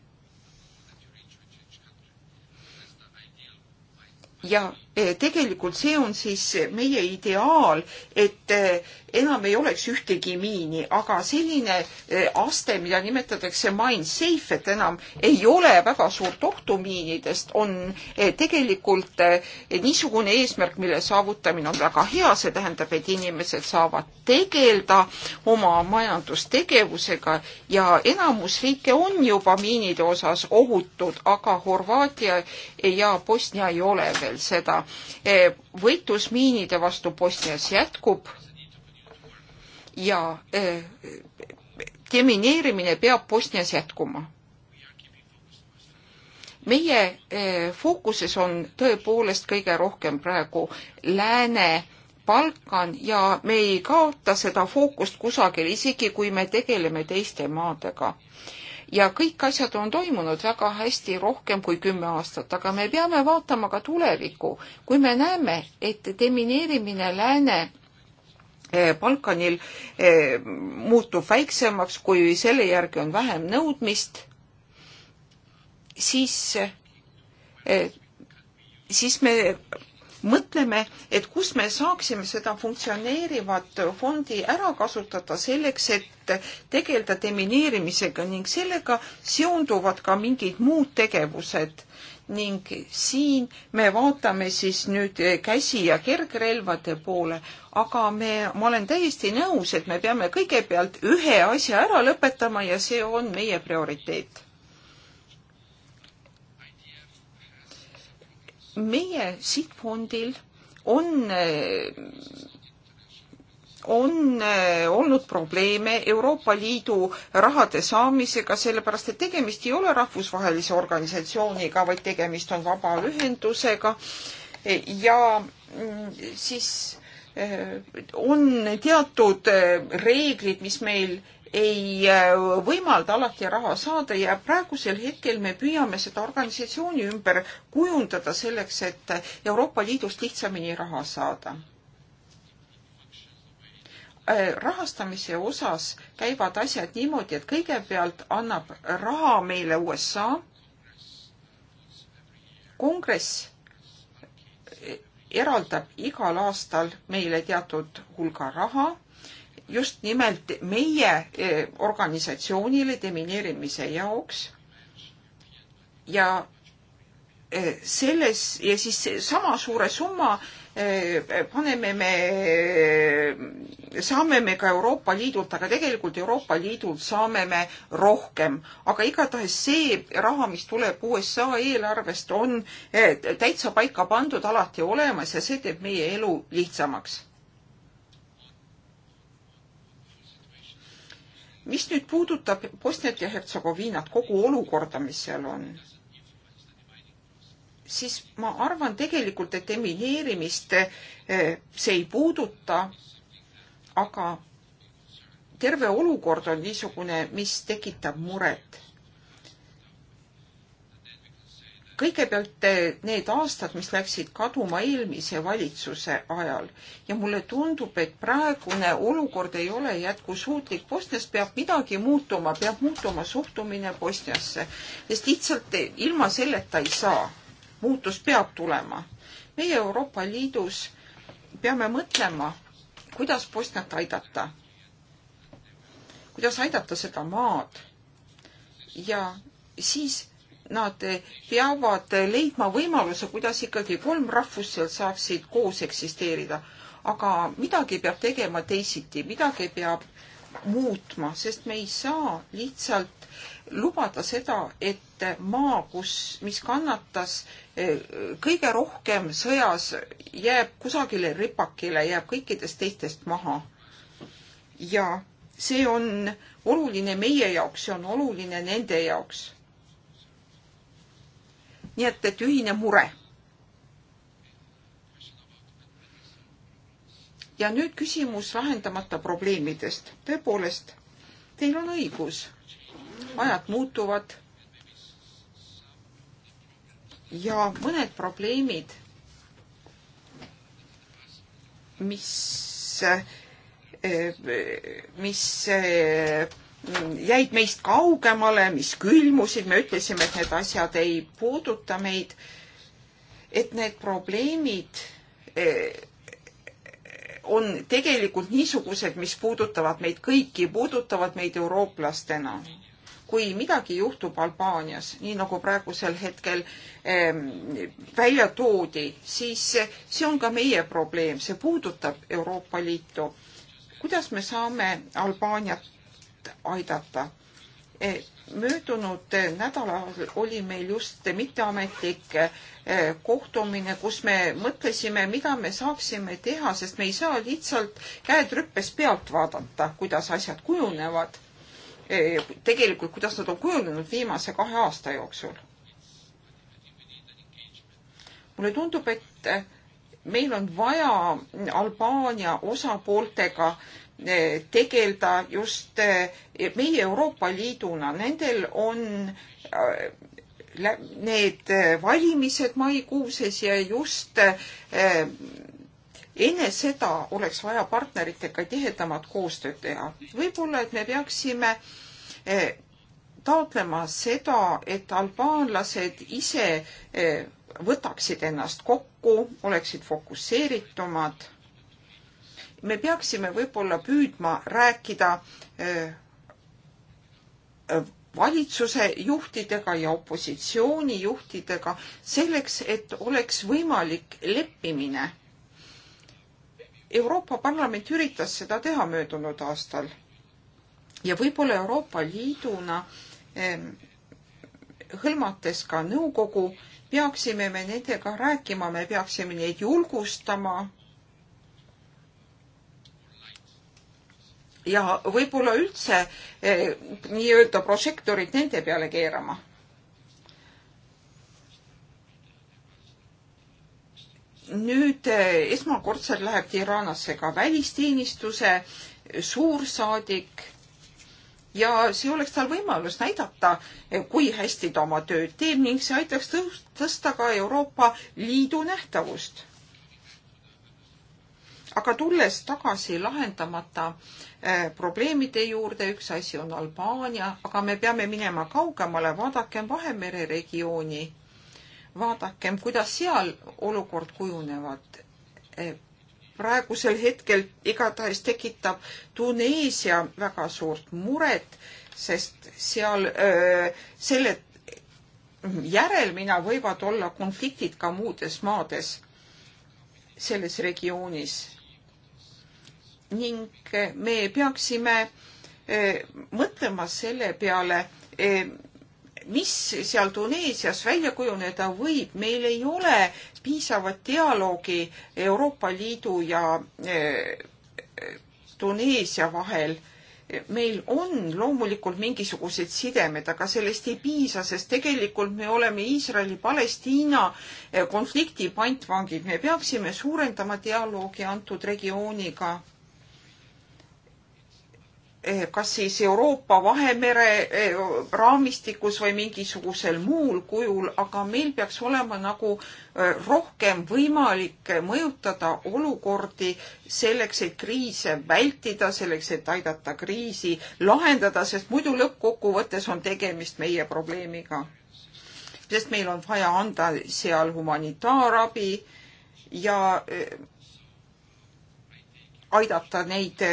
ja äh, tegelikult see on siis meie ideaal, et äh, enam ei oleks ühtegi miini, aga selline eh, aste, mida nimetatakse mine safe, et enam ei ole väga suurt ohtu miinidest, on eh, tegelikult eh, niisugune eesmärk, mille saavutamine on väga hea, see tähendab, et inimesed saavad tegeleda oma majandustegevusega ja enamus riike on juba miinide osas ohutud, aga Horvaatia ja Bosnia ei ole veel seda. võitlus miinide vastu Bosnias jätkub ja eh, demineerimine peab Bosnias jätkuma. meie eh, fookuses on tõepoolest kõige rohkem praegu Lääne Balkan ja me ei kaota seda fookust kusagil, isegi kui me tegeleme teiste maadega. ja kõik asjad on toimunud väga hästi, rohkem kui kümme aastat, aga me peame vaatama ka tulevikku. kui me näeme, et demineerimine Lääne Eh, Balkanil eh, muutub väiksemaks, kui selle järgi on vähem nõudmist, siis, eh, siis me mõtleme, et kus me saaksime seda funktsioneerivat fondi ära kasutada selleks, et tegeleda demineerimisega ning sellega seonduvad ka mingid muud tegevused ning siin me vaatame siis nüüd käsi- ja kergrelvade poole, aga me, ma olen täiesti nõus, et me peame kõigepealt ühe asja ära lõpetama ja see on meie prioriteet. meie sihtfondil on on äh, olnud probleeme Euroopa Liidu rahade saamisega, sellepärast et tegemist ei ole rahvusvahelise organisatsiooniga, vaid tegemist on vabaühendusega ja mm, siis äh, on teatud äh, reeglid, mis meil ei võimalda alati raha saada ja praegusel hetkel me püüame seda organisatsiooni ümber kujundada selleks, et Euroopa Liidust lihtsamini raha saada Äh, rahastamise osas käivad asjad niimoodi, et kõigepealt annab raha meile USA. kongress äh, eraldab igal aastal meile teatud hulga raha, just nimelt meie äh, organisatsioonile demineerimise jaoks. ja selles ja siis sama suure summa Eh, paneme me, eh, saame me ka Euroopa Liidult, aga tegelikult Euroopa Liidult saame me rohkem. aga igatahes see raha, mis tuleb USA eelarvest, on eh, täitsa paika pandud, alati olemas ja see teeb meie elu lihtsamaks. mis nüüd puudutab Bosniat ja Hertsegoviinat, kogu olukorda, mis seal on siis ma arvan tegelikult, et emineerimist eh, see ei puuduta, aga terve olukord on niisugune, mis tekitab muret. kõigepealt eh, need aastad, mis läksid kaduma eelmise valitsuse ajal ja mulle tundub, et praegune olukord ei ole jätkusuutlik. Bosnias peab midagi muutuma, peab muutuma suhtumine Bosniasse, sest lihtsalt eh, ilma selleta ei saa muutus peab tulema. meie Euroopa Liidus peame mõtlema, kuidas Bosniat aidata, kuidas aidata seda maad ja siis nad peavad leidma võimaluse, kuidas ikkagi kolm rahvust seal saaksid koos eksisteerida. aga midagi peab tegema teisiti, midagi peab muutma, sest me ei saa lihtsalt lubada seda, et maa, kus, mis kannatas eh, kõige rohkem sõjas, jääb kusagile ripakile, jääb kõikidest teistest maha. ja see on oluline meie jaoks, see on oluline nende jaoks. nii et, et ühine mure. ja nüüd küsimus lahendamata probleemidest. tõepoolest, teil on õigus ajad muutuvad ja mõned probleemid, mis, mis jäid meist kaugemale, mis külmusid, me ütlesime, et need asjad ei puuduta meid, et need probleemid on tegelikult niisugused, mis puudutavad meid kõiki, puudutavad meid eurooplastena kui midagi juhtub Albaanias, nii nagu praegusel hetkel ähm, välja toodi, siis see on ka meie probleem, see puudutab Euroopa Liitu. kuidas me saame Albaaniat aidata? E, möödunud nädalal oli meil just mitteametlik e, kohtumine, kus me mõtlesime, mida me saaksime teha, sest me ei saa lihtsalt käed rüppes pealt vaadata, kuidas asjad kujunevad tegelikult, kuidas nad on kujunenud viimase kahe aasta jooksul. mulle tundub, et meil on vaja Albaania osapooltega eh, tegeleda just eh, meie Euroopa Liiduna, nendel on eh, need valimised maikuuses ja just enne seda oleks vaja partneritega tihedamat koostööd teha. võib-olla, et me peaksime eh, taotlema seda, et albaanlased ise eh, võtaksid ennast kokku, oleksid fokusseeritumad. me peaksime võib-olla püüdma rääkida eh, valitsuse juhtidega ja opositsiooni juhtidega selleks, et oleks võimalik leppimine Euroopa Parlament üritas seda teha möödunud aastal ja võib-olla Euroopa Liiduna hõlmates ka nõukogu, peaksime me nendega rääkima, me peaksime neid julgustama. ja võib-olla üldse eh, nii-öelda prožektorid nende peale keerama nüüd eh, esmakordselt läheb Tiranasse ka välisteenistuse suursaadik ja see oleks tal võimalus näidata, eh, kui hästi ta oma tööd teeb ning see aitaks tõsta ka Euroopa Liidu nähtavust. aga tulles tagasi lahendamata eh, probleemide juurde, üks asi on Albaania, aga me peame minema kaugemale, vaadakem Vahemere regiooni vaadakem, kuidas seal olukord kujunevad. E, praegusel hetkel igatahes tekitab Tuneesia väga suurt muret, sest seal öö, e, selle järelmina võivad olla konfliktid ka muudes maades selles regioonis. ning me peaksime öö, e, mõtlema selle peale, mis seal Tuneesias välja kujuneda võib, meil ei ole piisavat dialoogi Euroopa Liidu ja e, e, Tuneesia vahel meil on loomulikult mingisugused sidemed, aga sellest ei piisa, sest tegelikult me oleme Iisraeli-Palestiina e, konflikti pantvangid. me peaksime suurendama dialoogi antud regiooniga. Eh, kas siis Euroopa Vahemere eh, raamistikus või mingisugusel muul kujul, aga meil peaks olema nagu eh, rohkem võimalik mõjutada olukordi selleks, et kriise vältida, selleks, et aidata kriisi lahendada, sest muidu lõppkokkuvõttes on tegemist meie probleemiga. sest meil on vaja anda seal humanitaarabi ja aidata neid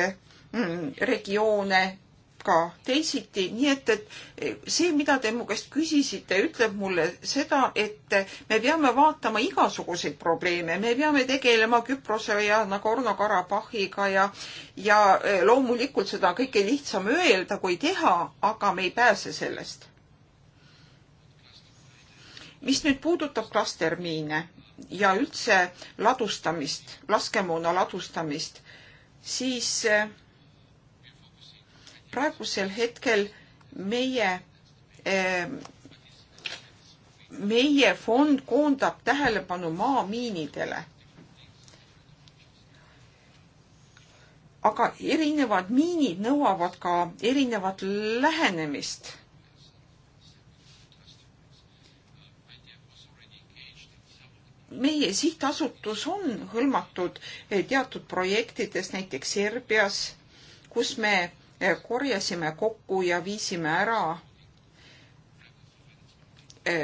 Mm, regioone ka teisiti, nii et, et eh, see, mida te mu käest küsisite, ütleb mulle seda, et eh, me peame vaatama igasuguseid probleeme, me peame tegelema Küprose ja Nagorno-Karabahhiga ja, ja eh, loomulikult seda kõike lihtsam öelda kui teha, aga me ei pääse sellest. mis nüüd puudutab klastermiine ja üldse ladustamist, laskemoona ladustamist, siis äh, praegusel hetkel meie eh, meie fond koondab tähelepanu maamiinidele. aga erinevad miinid nõuavad ka erinevat lähenemist. meie sihtasutus on hõlmatud eh, teatud projektides, näiteks Serbias, kus me korjasime kokku ja viisime ära e,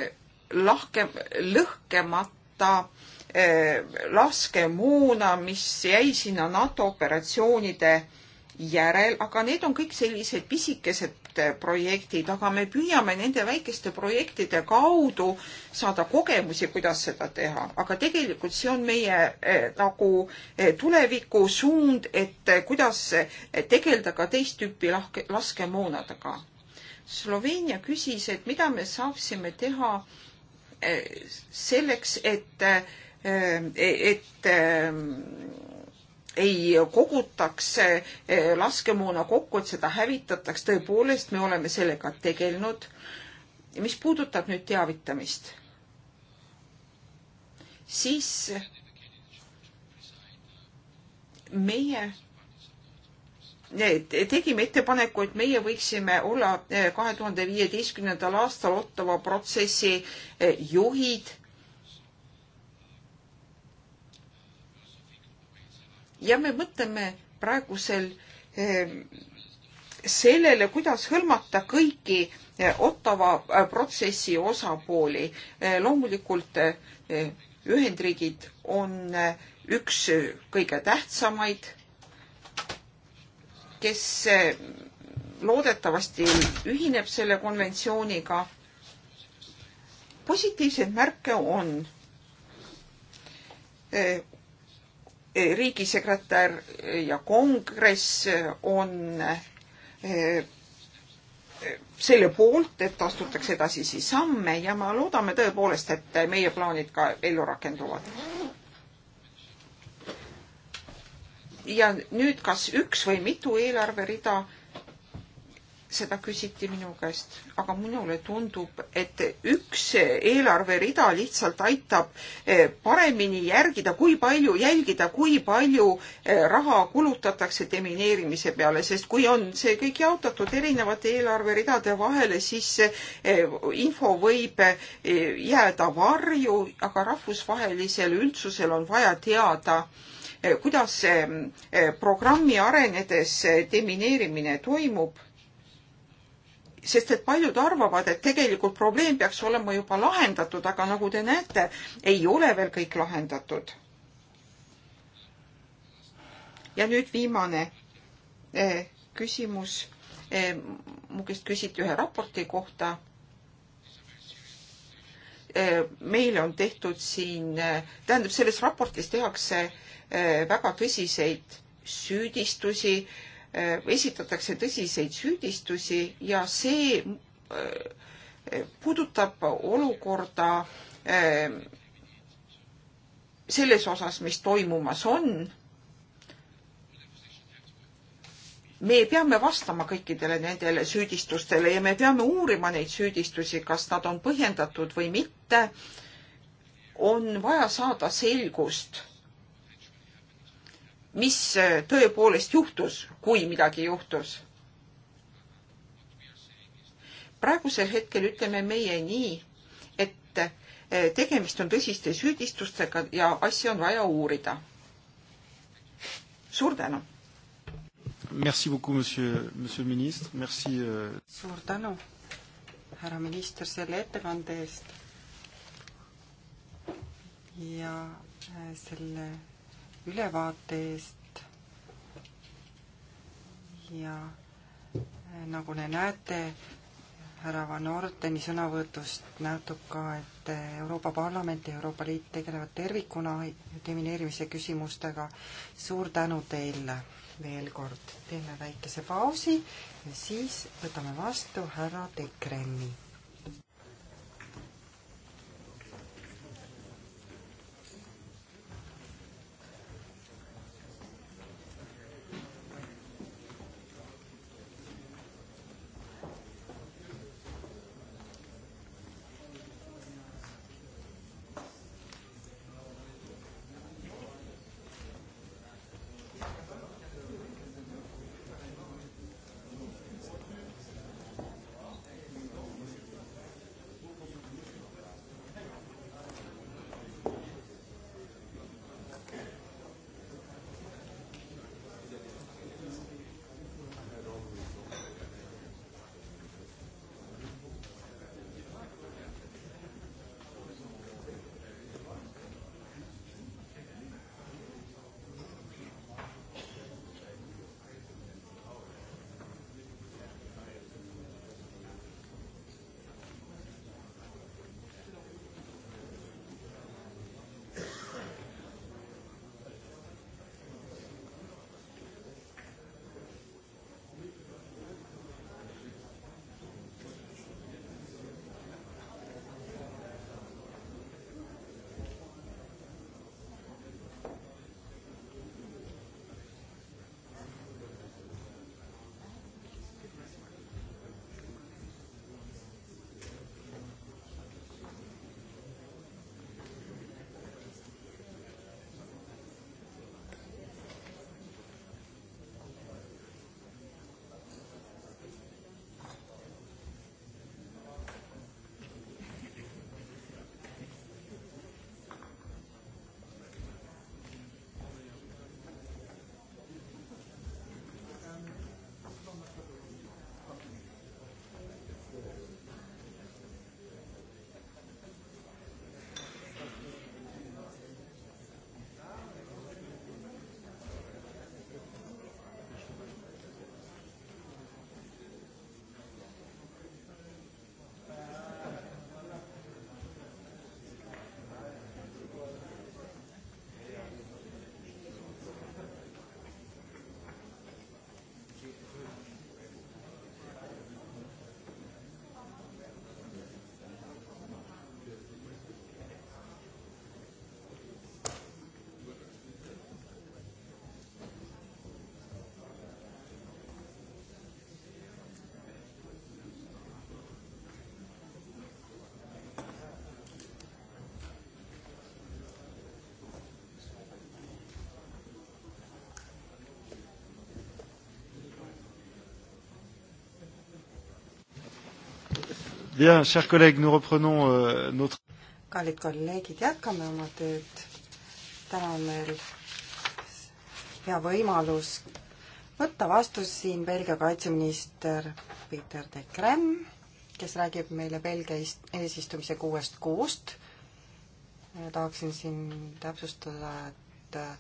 lahke, lõhkemata e, laskemoona, mis jäi sinna NATO operatsioonide järel, aga need on kõik sellised pisikesed projektid, aga me püüame nende väikeste projektide kaudu saada kogemusi, kuidas seda teha. aga tegelikult see on meie eh, nagu eh, tulevikusuund, et eh, kuidas eh, tegeleda ka teist tüüpi lahke, laskemoonadega. Sloveenia küsis, et mida me saaksime teha eh, selleks, et, eh, et, et ei kogutaks eh, laskemoona kokku, et seda hävitataks, tõepoolest, me oleme sellega tegelenud. mis puudutab nüüd teavitamist, siis meie tegime ettepaneku, et meie võiksime olla eh, kahe tuhande viieteistkümnendal aastal Ottawa protsessi eh, juhid ja me mõtleme praegusel eh, sellele, kuidas hõlmata kõiki eh, Ottawa eh, protsessi osapooli. loomulikult Ühendriigid on üks kõige tähtsamaid, kes loodetavasti ühineb selle konventsiooniga. positiivseid märke on Eh, riigisekretär eh, ja kongress eh, on selle poolt, et astutakse edasisi samme ja me loodame tõepoolest, et meie plaanid ka ellu rakenduvad. ja nüüd, kas üks või mitu eelarverida seda küsiti minu käest, aga minule tundub, et üks eelarverida lihtsalt aitab eh, paremini järgida, kui palju, jälgida, kui palju eh, raha kulutatakse demineerimise peale, sest kui on see kõik jaotatud erinevate eelarveridade vahele, siis eh, info võib jääda varju, aga rahvusvahelisel üldsusel on vaja teada, kuidas programmi arenedes demineerimine toimub sest et paljud arvavad, et tegelikult probleem peaks olema juba lahendatud, aga nagu te näete, ei ole veel kõik lahendatud. ja nüüd viimane eh, küsimus. Eh, mu käest küsiti ühe raporti kohta eh, meile on tehtud siin, tähendab, selles raportis tehakse väga tõsiseid süüdistusi Äh, esitatakse tõsiseid süüdistusi ja see äh, puudutab olukorda äh, selles osas, mis toimumas on. me peame vastama kõikidele nendele süüdistustele ja me peame uurima neid süüdistusi, kas nad on põhjendatud või mitte. on vaja saada selgust mis äh, tõepoolest juhtus, kui midagi juhtus. praegusel hetkel ütleme meie nii, et äh, tegemist on tõsiste süüdistustega ja asja on vaja uurida. suur tänu! Merci beaucoup, monsieur, monsieur le ministre, merci euh.... suur tänu, härra minister, selle ettekande eest ja äh, selle ülevaate eest. ja eh, nagu te näete, härra Van Ordeni sõnavõtust nähtub ka, et eh, Euroopa Parlament ja Euroopa Liit tegelevad tervikuna demineerimise küsimustega. suur tänu teile veel kord. teeme väikese pausi ja siis võtame vastu härra Dekreni Bien, chers collègues, nous reprenons euh, notre... kallid kolleegid, jätkame oma tööd. täna on meil hea võimalus võtta vastus siin Belgia kaitseminister Peter de Krem, kes räägib meile Belgia eesistumise kuuest kuust. tahaksin siin täpsustada, et äh,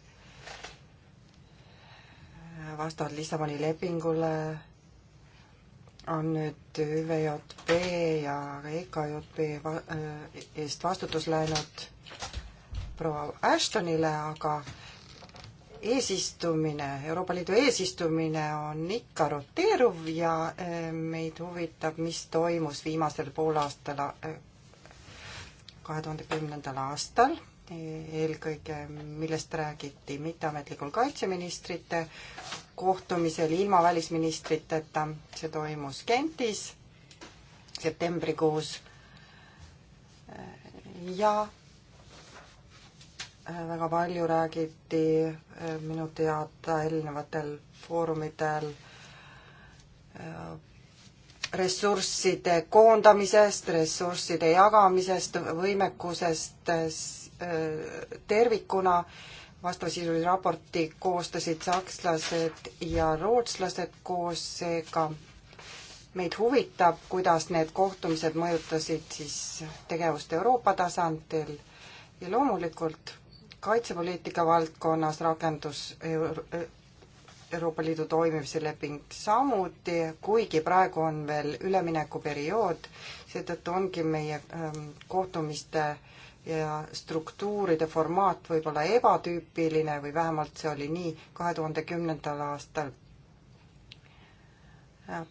vastavalt Lissaboni lepingule on nüüd ÜVJP ja EKJP äh, eest vastutus läinud proua Ashtonile, aga eesistumine, Euroopa Liidu eesistumine on ikka roteeruv ja äh, meid huvitab, mis toimus viimasel poolaastal, äh, kahe tuhande kümnendal aastal, eelkõige millest räägiti mitteametlikul kaitseministrite kohtumisel ilma välisministriteta, see toimus Gentis septembrikuus ja äh, väga palju räägiti äh, minu teada erinevatel foorumitel äh, ressursside koondamisest, ressursside jagamisest, võimekusest tervikuna vastavasisulise raporti koostasid sakslased ja rootslased koos, seega meid huvitab, kuidas need kohtumised mõjutasid siis tegevust Euroopa tasandil ja loomulikult kaitsepoliitika valdkonnas rakendus Euro Euroopa Liidu toimimise leping samuti, kuigi praegu on veel üleminekuperiood, seetõttu ongi meie ähm, kohtumiste äh, ja struktuuride formaat võib olla ebatüüpiline või vähemalt see oli nii kahe tuhande kümnendal aastal.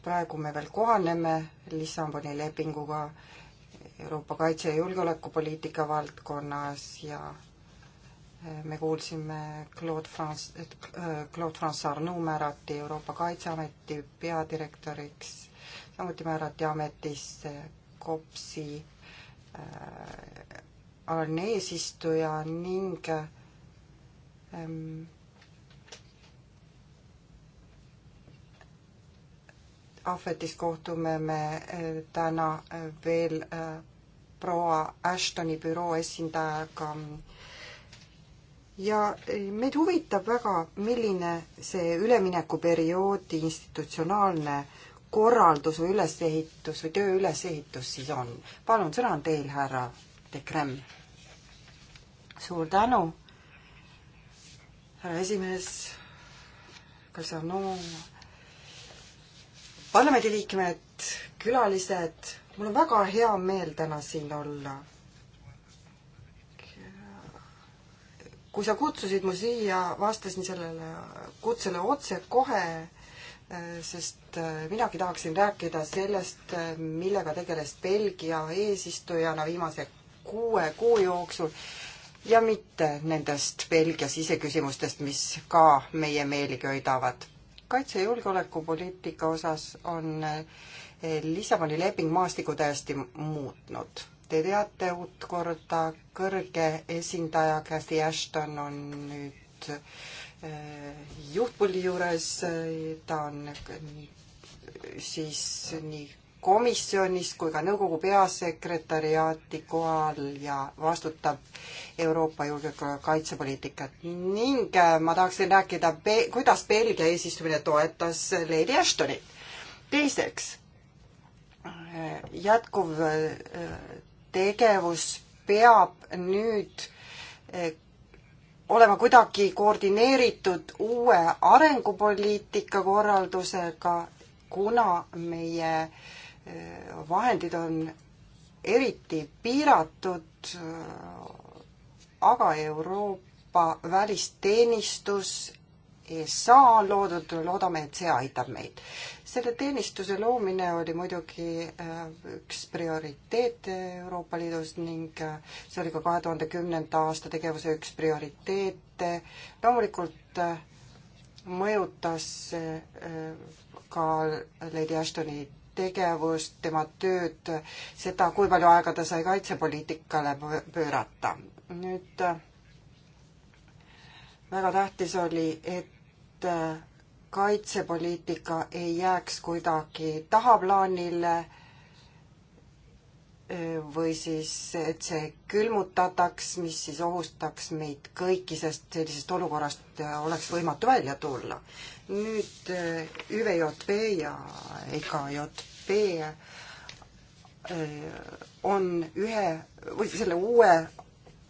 praegu me veel kohaneme Lissaboni lepinguga Euroopa kaitse- ja julgeolekupoliitika valdkonnas ja eh, me kuulsime Claude France, eh, Claude France Arnoux määrati Euroopa Kaitseameti peadirektoriks, samuti määrati ametisse KOPS-i eh, on eesistuja ning ähm, ahvetis kohtume me äh, täna äh, veel äh, proua Ashtoni büroo esindajaga. ja meid huvitab väga, milline see üleminekuperioodi institutsionaalne korraldus või ülesehitus või töö ülesehitus siis on. palun, sõna on teil, härra de Kreml suur tänu, härra esimees, Kasanu, parlamendiliikmed, külalised, mul on väga hea meel täna siin olla kui sa kutsusid mu siia, vastasin sellele kutsele otsekohe, sest minagi tahaksin rääkida sellest, millega tegeles Belgia eesistujana viimase kuue kuu jooksul ja mitte nendest Belgia siseküsimustest, mis ka meie meeli köidavad. kaitse- ja julgeolekupoliitika osas on eh, Lissaboni leping maastikku täiesti muutnud. Te teate uut korda, kõrge esindaja Cathy Ashton on nüüd eh, juhtpulli juures, ta on siis nii komisjonist kui ka nõukogu peasekretäriaati kohal ja vastutab Euroopa julgeoleku- ja kaitsepoliitikat ning äh, ma tahaksin rääkida, kuidas Belgia eesistumine toetas Lady Ashtonit. teiseks, äh, jätkuv äh, tegevus peab nüüd olema kuidagi koordineeritud uue arengupoliitika korraldusega, kuna meie äh, vahendid on eriti piiratud, aga Euroopa välisteenistus ESA on loodud, loodame, et see aitab meid. selle teenistuse loomine oli muidugi äh, üks prioriteete Euroopa Liidus ning äh, see oli ka kahe tuhande kümnenda aasta tegevuse üks prioriteete. loomulikult äh, mõjutas ka Lady Ashtoni tegevust, tema tööd, seda, kui palju aega ta sai kaitsepoliitikale pöörata. nüüd äh, väga tähtis oli, et äh, kaitsepoliitika ei jääks kuidagi tahaplaanile äh, või siis, et see külmutataks, mis siis ohustaks meid kõiki, sest sellisest olukorrast oleks võimatu välja tulla nüüd eh, ÜVJP ja EKJP eh, on ühe või selle uue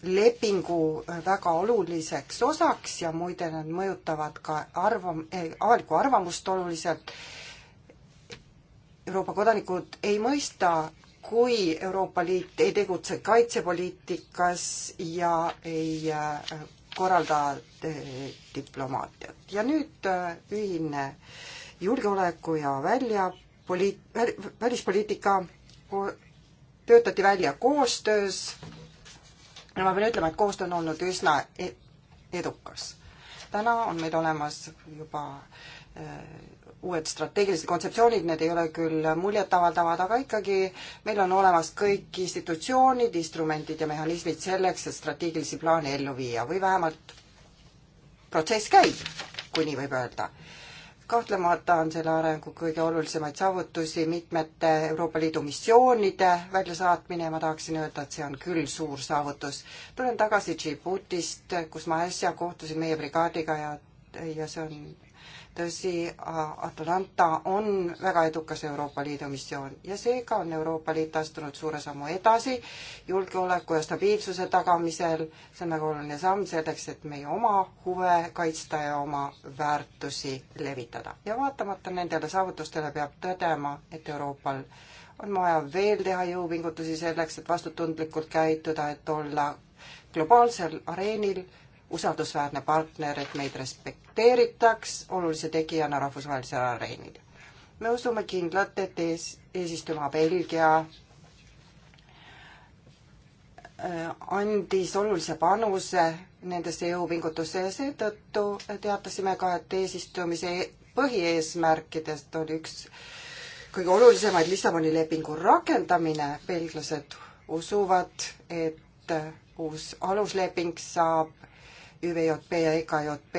lepingu eh, väga oluliseks osaks ja muide nad mõjutavad ka arvam- eh,, avalikku arvamust oluliselt. Euroopa kodanikud ei mõista, kui Euroopa Liit ei tegutse kaitsepoliitikas ja ei korraldada diplomaatiat. ja nüüd äh, ühine julgeoleku ja välja poliit-, välispoliitika töötati välja koostöös ja ma pean ütlema, et koostöö on olnud üsna e-, edukas. täna on meil olemas juba äh, uued strateegilised kontseptsioonid, need ei ole küll muljetavaldavad, aga ikkagi meil on olemas kõik institutsioonid, instrumendid ja mehhanismid selleks, et strateegilisi plaane ellu viia või vähemalt protsess käib, kui nii võib öelda. kahtlemata on selle arengu kõige olulisemaid saavutusi mitmete Euroopa Liidu missioonide väljasaatmine ja ma tahaksin öelda, et see on küll suur saavutus. tulen tagasi Džiibutist, kus ma äsja kohtusin meie brigaadiga ja, ja see on tõsi, Atalanta on väga edukas Euroopa Liidu missioon ja seega on Euroopa Liit astunud suure sammu edasi julgeoleku ja stabiilsuse tagamisel. see on väga oluline samm selleks, et meie oma huve kaitsta ja oma väärtusi levitada. ja vaatamata nendele saavutustele peab tõdema, et Euroopal on vaja veel teha jõupingutusi selleks, et vastutundlikult käituda, et olla globaalsel areenil usaldusväärne partner, et meid respekteeritaks olulise tegijana rahvusvahelisel areenil. me usume kindlalt, et ees, eesistuma Belgia äh, andis olulise panuse nendesse jõupingutusse ja seetõttu teatasime ka, et eesistumise e-, põhieesmärkidest oli üks kõige olulisemaid Lissaboni lepingu rakendamine. belglased usuvad, et uus alusleping saab ÜVJP ja EKJP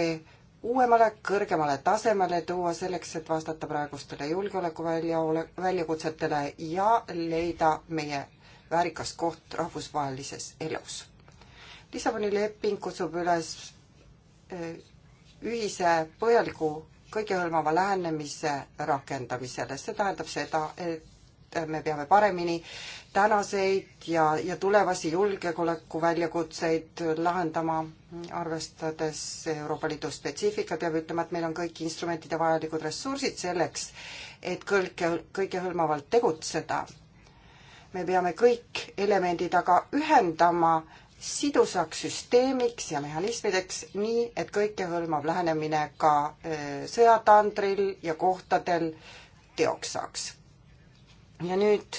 uuemale, kõrgemale tasemele tuua selleks, et vastata praegustele julgeoleku välja, väljakutsetele ja leida meie väärikas koht rahvusvahelises elus. Lissaboni leping kutsub üles eh, ühise põhjaliku kõigehõlmava lähenemise rakendamisele, see tähendab seda, et et me peame paremini tänaseid ja, ja tulevasi julgeoleku väljakutseid lahendama, arvestades Euroopa Liidu spetsiifikat, peab ütlema, et meil on kõik instrumentid ja vajalikud ressursid selleks, et kõike, kõikehõlmavalt tegutseda. me peame kõik elemendid aga ühendama sidusaks süsteemiks ja mehhanismideks, nii et kõikehõlmav lähenemine ka äh, sõjatandril ja kohtadel teoks saaks ja nüüd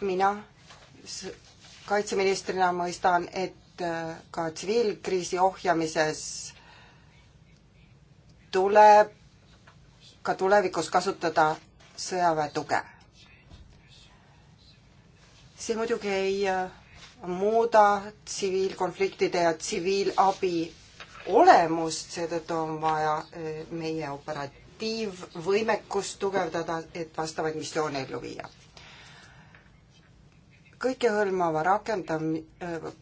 mina kaitseministrina mõistan, et äh, ka tsiviilkriisi ohjamises tuleb ka tulevikus kasutada sõjaväe tuge. see muidugi ei äh, muuda tsiviilkonfliktide ja tsiviilabi olemust, seetõttu on vaja äh, meie opera-, operatiivvõimekust tugevdada, et vastavaid missioone ellu viia. kõikehõlmava rakendam-, äh,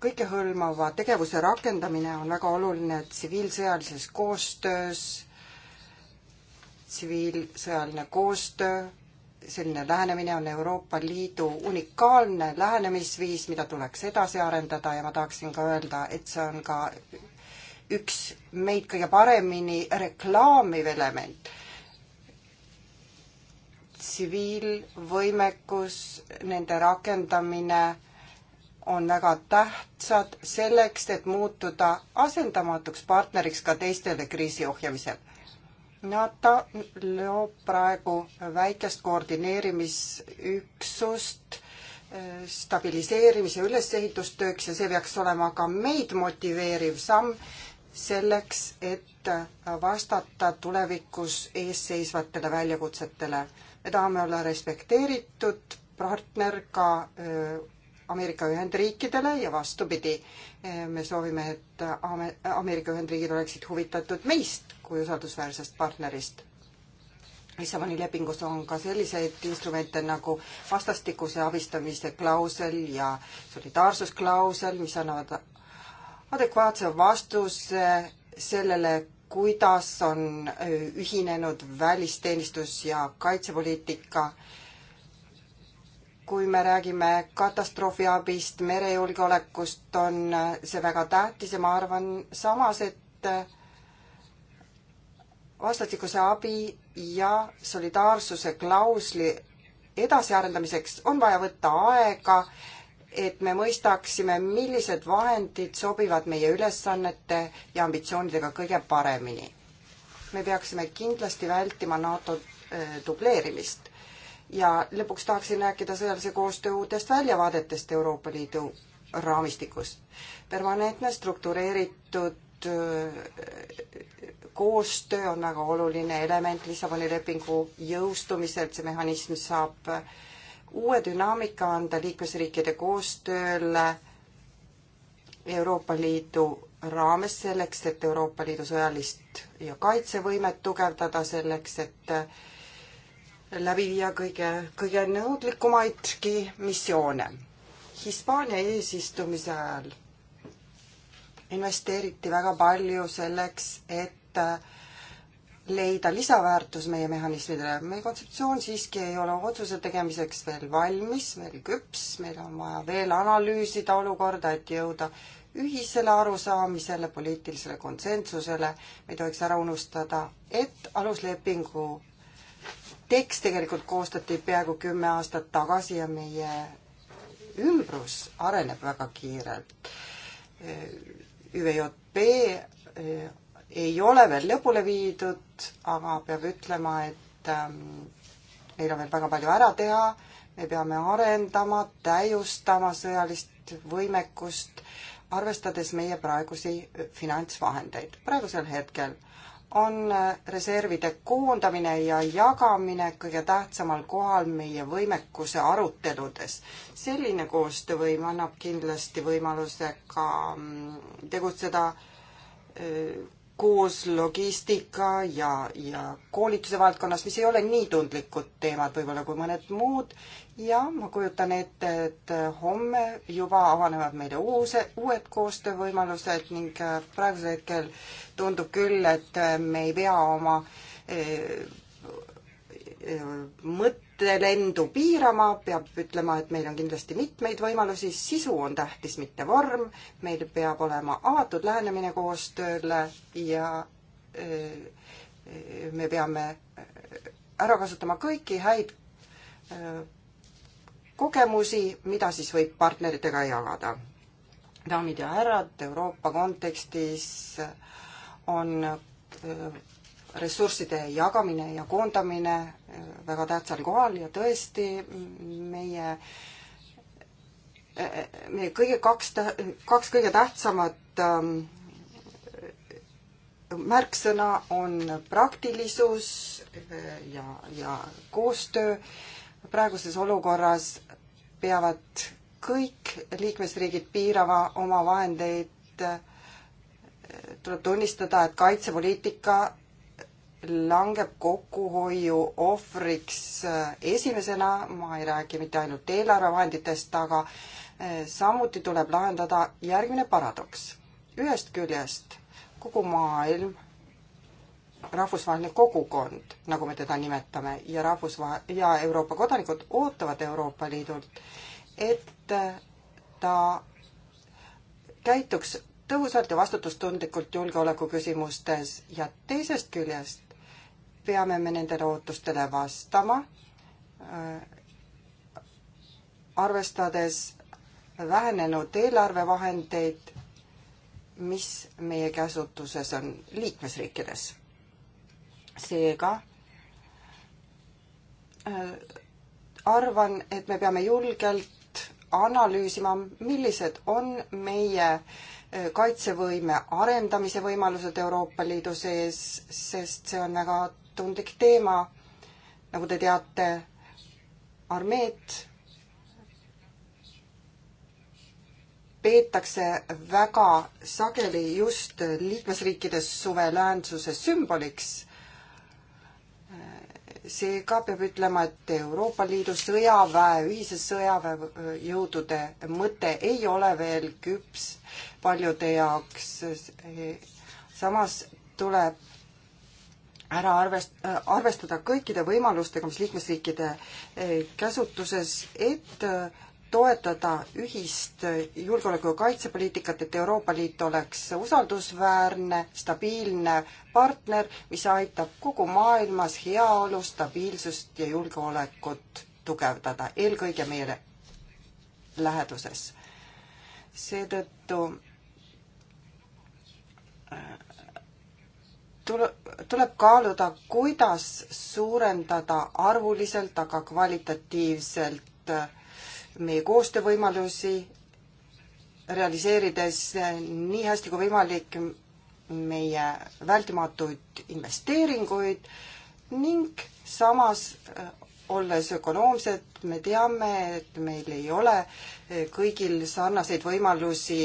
kõikehõlmava tegevuse rakendamine on väga oluline tsiviilsõjalises koostöös, tsiviilsõjaline koostöö, selline lähenemine on Euroopa Liidu unikaalne lähenemisviis, mida tuleks edasi arendada ja ma tahaksin ka öelda, et see on ka üks meid kõige paremini reklaamiv element. tsiviilvõimekus, nende rakendamine on väga tähtsad selleks, et muutuda asendamatuks partneriks ka teistele kriisi ohjamisel. NATO loob praegu väikest koordineerimisüksust eh, stabiliseerimise ülesehitustööks ja see peaks olema ka meid motiveeriv samm selleks, et vastata tulevikus ees seisvatele väljakutsetele. me tahame olla respekteeritud partner ka äh, Ameerika Ühendriikidele ja vastupidi. Äh, me soovime, et äh, Ameerika Ühendriigid oleksid huvitatud meist kui usaldusväärsest partnerist. Lissaboni lepingus on ka selliseid instrumente nagu vastastikuse abistamise klausel ja solidaarsusklausel, mis annavad adekvaatse vastuse sellele, kuidas on ühinenud välisteenistus ja kaitsepoliitika. kui me räägime katastroofiabist, merejulgeolekust, on see väga tähtis ja ma arvan samas, et vastastikuse abi ja solidaarsuse klausli edasiarendamiseks on vaja võtta aega et me mõistaksime, millised vahendid sobivad meie ülesannete ja ambitsioonidega kõige paremini. me peaksime kindlasti vältima NATO äh, dubleerimist. ja lõpuks tahaksin rääkida sõjalise koostöö uutest väljavaadetest Euroopa Liidu raamistikus. permanentne struktureeritud äh, koostöö on väga oluline element Lissaboni lepingu jõustumisel, see mehhanism saab äh, uue dünaamika anda liikmesriikide koostööle Euroopa Liidu raames selleks, et Euroopa Liidu sõjalist ja kaitsevõimet tugevdada, selleks, et äh, läbi viia kõige, kõige nõudlikumaidki missioone. Hispaania eesistumise ajal investeeriti väga palju selleks, et äh, leida lisaväärtus meie mehhanismidele. meie kontseptsioon siiski ei ole otsuse tegemiseks veel valmis, veel küps, meil on vaja veel analüüsida olukorda, et jõuda ühisele arusaamisele, poliitilisele konsensusele. me ei tohiks ära unustada, et aluslepingu tekst tegelikult koostati peaaegu kümme aastat tagasi ja meie ümbrus areneb väga kiirelt. ÜVJP eh, ei ole veel lõpule viidud, aga peab ütlema, et ähm, meil on veel väga palju ära teha, me peame arendama, täiustama sõjalist võimekust, arvestades meie praegusi finantsvahendeid. praegusel hetkel on äh, reservide koondamine ja jagamine kõige tähtsamal kohal meie võimekuse aruteludes. selline koostöövõim annab kindlasti võimaluse ka mm, tegutseda koos logistika ja, ja koolituse valdkonnas, mis ei ole nii tundlikud teemad võib-olla kui mõned muud ja ma kujutan ette, et homme juba avanevad meile uus, uued koostöövõimalused ning äh, praegusel hetkel tundub küll, et äh, me ei pea oma äh, mõt-, lendu piirama, peab ütlema, et meil on kindlasti mitmeid võimalusi, sisu on tähtis, mitte vorm, meil peab olema avatud lähenemine koostööle ja äh, me peame äh, ära kasutama kõiki häid äh, kogemusi, mida siis võib partneritega jagada. daamid ja härrad, Euroopa kontekstis on ressursside jagamine ja koondamine äh, väga tähtsal kohal ja tõesti mm, meie, äh, äh, meie kõige kaks, kaks kõige tähtsamat ähm, märksõna on praktilisus ja, ja koostöö. praeguses olukorras peavad kõik liikmesriigid piirama oma vahendeid tuleb tunnistada, et kaitsepoliitika langeb kokkuhoiu ohvriks äh, esimesena, ma ei räägi mitte ainult eelarvevahenditest, aga äh, samuti tuleb lahendada järgmine paradoks. ühest küljest kogu maailm, rahvusvaheline kogukond, nagu me teda nimetame, ja rahvusvahe- ja Euroopa kodanikud ootavad Euroopa Liidult, et äh, ta käituks tõhusalt ja vastutustundlikult julgeolekuküsimustes ja teisest küljest peame me nendele ootustele vastama, äh, arvestades vähenenud eelarvevahendeid, mis meie käsutuses on liikmesriikides. seega äh, arvan, et me peame julgelt analüüsima, millised on meie äh, kaitsevõime arendamise võimalused Euroopa Liidu sees, sest see on väga tundlik teema. nagu te teate, armeed peetakse väga sageli just liikmesriikide suveräänsuse sümboliks. seega peab ütlema, et Euroopa Liidu sõjaväe, ühise sõjaväejõudude mõte ei ole veel küps paljude jaoks. samas tuleb ära arvest-, äh, arvestada kõikide võimalustega, mis liikmesriikide äh, käsutuses, et äh, toetada ühist julgeoleku- ja kaitsepoliitikat, et Euroopa Liit oleks usaldusväärne, stabiilne partner, mis aitab kogu maailmas heaolu, stabiilsust ja julgeolekut tugevdada, eelkõige meie läheduses. seetõttu tule, tuleb kaaluda, kuidas suurendada arvuliselt, aga kvalitatiivselt äh, meie koostöövõimalusi, realiseerides äh, nii hästi kui võimalik meie vältimatuid investeeringuid ning samas äh, olles ökonoomsed, me teame, et meil ei ole kõigil sarnaseid võimalusi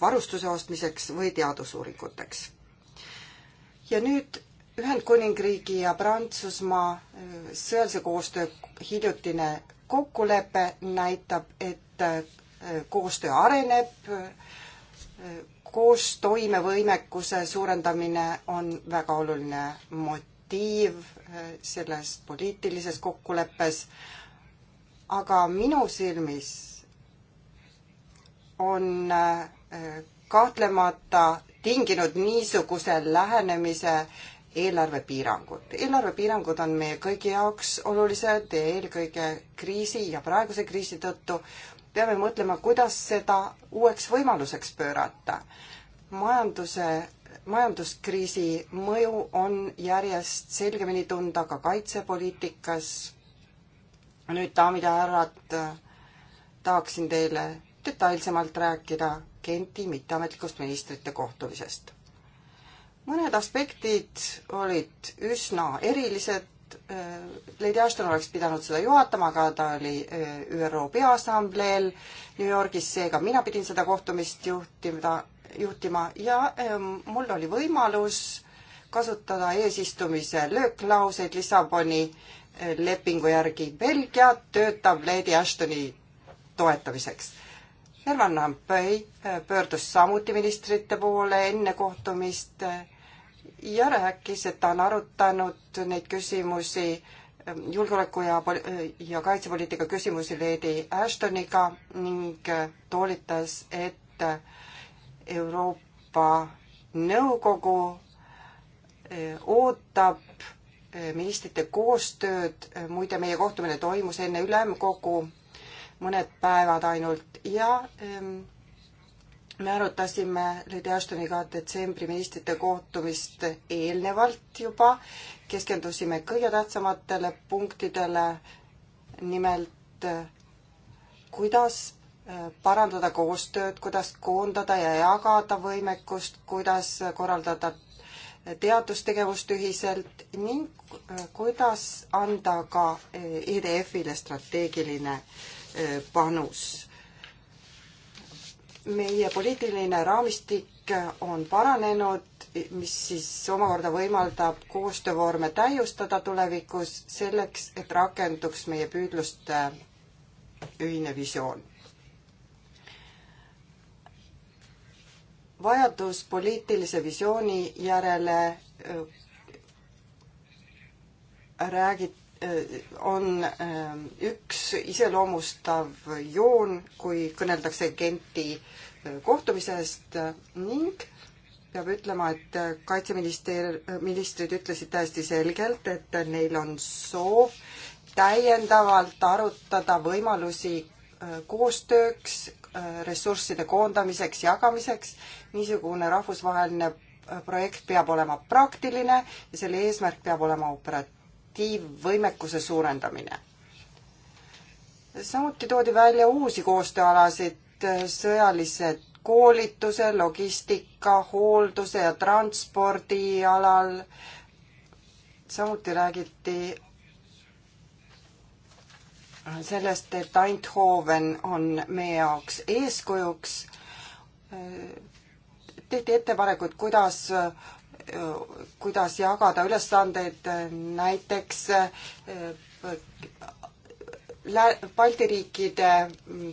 varustuse ostmiseks või teadusuuringuteks ja nüüd Ühendkuningriigi ja Prantsusmaa äh, sõjalise koostöö hiljutine kokkulepe näitab, et äh, koostöö areneb, äh, koostoimevõimekuse suurendamine on väga oluline motiiv selles poliitilises kokkuleppes, aga minu silmis on kahtlemata tinginud niisuguse lähenemise eelarvepiirangud. eelarvepiirangud on meie kõigi jaoks olulised ja eelkõige kriisi ja praeguse kriisi tõttu peame mõtlema, kuidas seda uueks võimaluseks pöörata. majanduse, majanduskriisi mõju on järjest selgemini tunda ka kaitsepoliitikas. nüüd, daamid ja härrad, tahaksin teile detailsemalt rääkida Genti mitteametlikust ministrite kohtumisest. mõned aspektid olid üsna erilised, äh, Lady Ashton oleks pidanud seda juhatama, aga ta oli äh, ÜRO Peaassambleel New Yorgis, seega mina pidin seda kohtumist juhtima, juhtima ja äh, mul oli võimalus kasutada eesistumise lööklauseid Lissaboni lepingu järgi Belgia töötab Lady Ashtoni toetamiseks Herman Rampöi pöördus samuti ministrite poole enne kohtumist ja rääkis, et ta on arutanud neid küsimusi, ehm, julgeoleku ja, ja kaitsepoliitika küsimusi Lady Ashtoniga ning toolitas, et Euroopa Nõukogu ehm, ootab ehm, ministrite koostööd, muide meie kohtumine toimus enne ülemkogu mõned päevad ainult ja ähm, me arutasime Lady Ashtoniga detsembri ministrite kohtumist eelnevalt juba, keskendusime kõige tähtsamatele punktidele, nimelt eh, kuidas eh, parandada koostööd, kuidas koondada ja jagada võimekust, kuidas korraldada eh, teadustegevust ühiselt ning kuidas anda ka EDF-ile e strateegiline äh, panus. meie poliitiline raamistik on paranenud, mis siis omakorda võimaldab koostöövorme täiustada tulevikus selleks, et rakenduks meie püüdluste ühine visioon. vajadus poliitilise visiooni järele räägiti on ähm, üks iseloomustav joon, kui kõneldakse Genti äh, kohtumisest äh, ning peab ütlema, et äh, kaitseministeer-, ministrid ütlesid täiesti selgelt, et neil on soov täiendavalt arutada võimalusi koostööks, ressursside koondamiseks, jagamiseks. niisugune rahvusvaheline projekt peab olema praktiline ja selle eesmärk peab olema operat-, operatiivvõimekuse suurendamine. samuti toodi välja uusi koostööalasid, sõjalised koolituse, logistika, hoolduse ja transpordi alal. samuti räägiti sellest, et Eindhoven on meie jaoks eeskujuks. tehti ettepanekud, kuidas kuidas jagada ülesandeid näiteks äh, Balti riikide mm,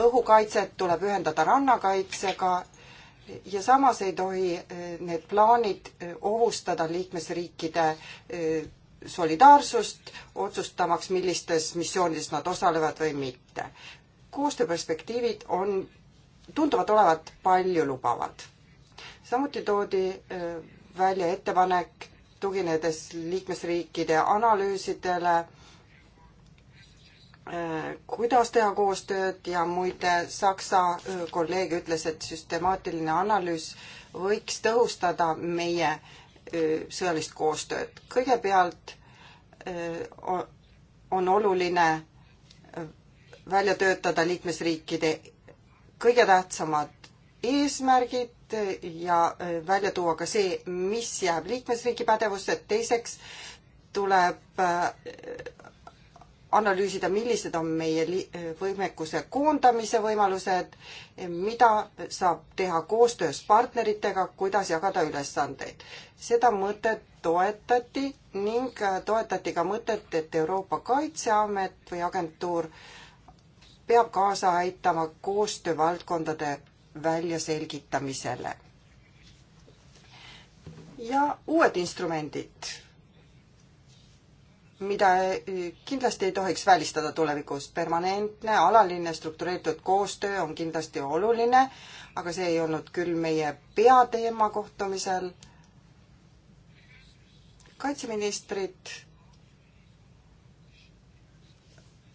õhukaitset tuleb ühendada rannakaitsega ja samas ei tohi äh, need plaanid äh, ohustada liikmesriikide solidaarsust, otsustamaks, millistes missioonides nad osalevad või mitte. koostööperspektiivid on, tunduvad olevat paljulubavad. samuti toodi välja ettepanek, tuginedes liikmesriikide analüüsidele, äh, kuidas teha koostööd ja muide, Saksa äh, kolleeg ütles, et süstemaatiline analüüs võiks tõhustada meie äh, sõjalist koostööd. kõigepealt on oluline välja töötada liikmesriikide kõige tähtsamad eesmärgid, et ja äh, välja tuua ka see, mis jääb liikmesriigi pädevusse, teiseks tuleb äh, analüüsida, millised on meie äh, võimekuse koondamise võimalused, mida saab teha koostöös partneritega, kuidas jagada ülesandeid. seda mõtet toetati ning toetati ka mõtet, et Euroopa Kaitseamet või agentuur peab kaasa aitama koostöövaldkondade väljaselgitamisele. ja uued instrumendid, mida eh, kindlasti ei tohiks välistada tulevikus. permanentne alaline struktureeritud koostöö on kindlasti oluline, aga see ei olnud küll meie peateema kohtumisel. kaitseministrid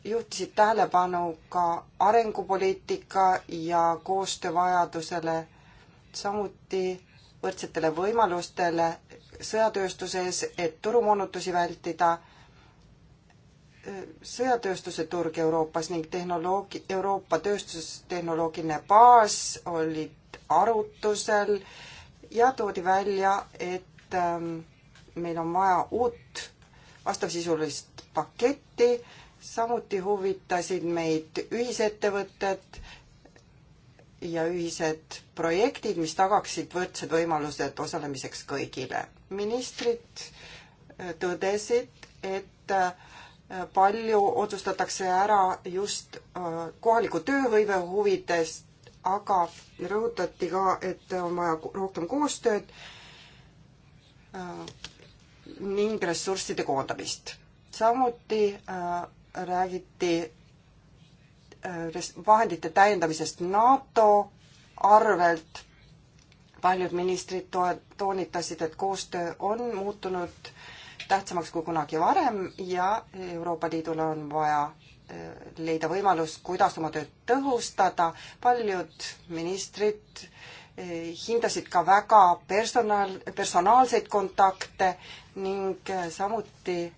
juhtisid tähelepanu ka arengupoliitika ja koostöö vajadusele, samuti võrdsetele võimalustele sõjatööstuses, et turumoonutusi vältida, sõjatööstuse turg Euroopas ning tehnoloogi-, Euroopa tööstustehnoloogiline baas olid arutusel ja toodi välja, et ähm, meil on vaja uut vastavsisulist paketti, samuti huvitasid meid ühisettevõtted ja ühised projektid, mis tagaksid võrdsed võimalused osalemiseks kõigile. ministrid äh, tõdesid, et äh, palju otsustatakse ära just äh, kohaliku tööhõive huvidest, aga rõhutati ka, et on vaja rohkem koostööd ning ressursside koondamist. samuti räägiti äh, vahendite täiendamisest NATO arvelt. paljud ministrid to-, toonitasid, et koostöö on muutunud tähtsamaks kui kunagi varem ja Euroopa Liidul on vaja äh, leida võimalus, kuidas oma tööd tõhustada. paljud ministrid äh, hindasid ka väga personal, personaalseid kontakte ning samuti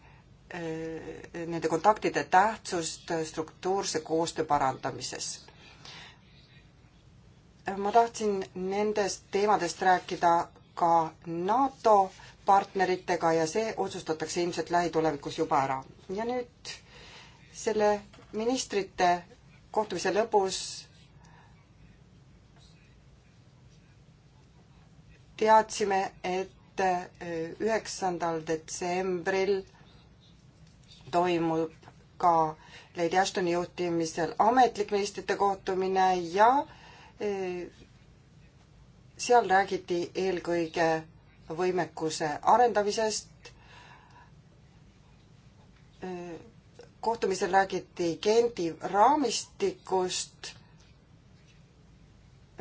nende kontaktide tähtsust struktuurse koostöö parandamises. ma tahtsin nendest teemadest rääkida ka NATO partneritega ja see otsustatakse ilmselt lähitulevikus juba ära. ja nüüd selle ministrite kohtumise lõpus teadsime, et üheksandal detsembril toimub ka Lady Ashtoni juhtimisel ametlik ministrite kohtumine ja e, seal räägiti eelkõige võimekuse arendamisest. E, kohtumisel räägiti Genti raamistikust,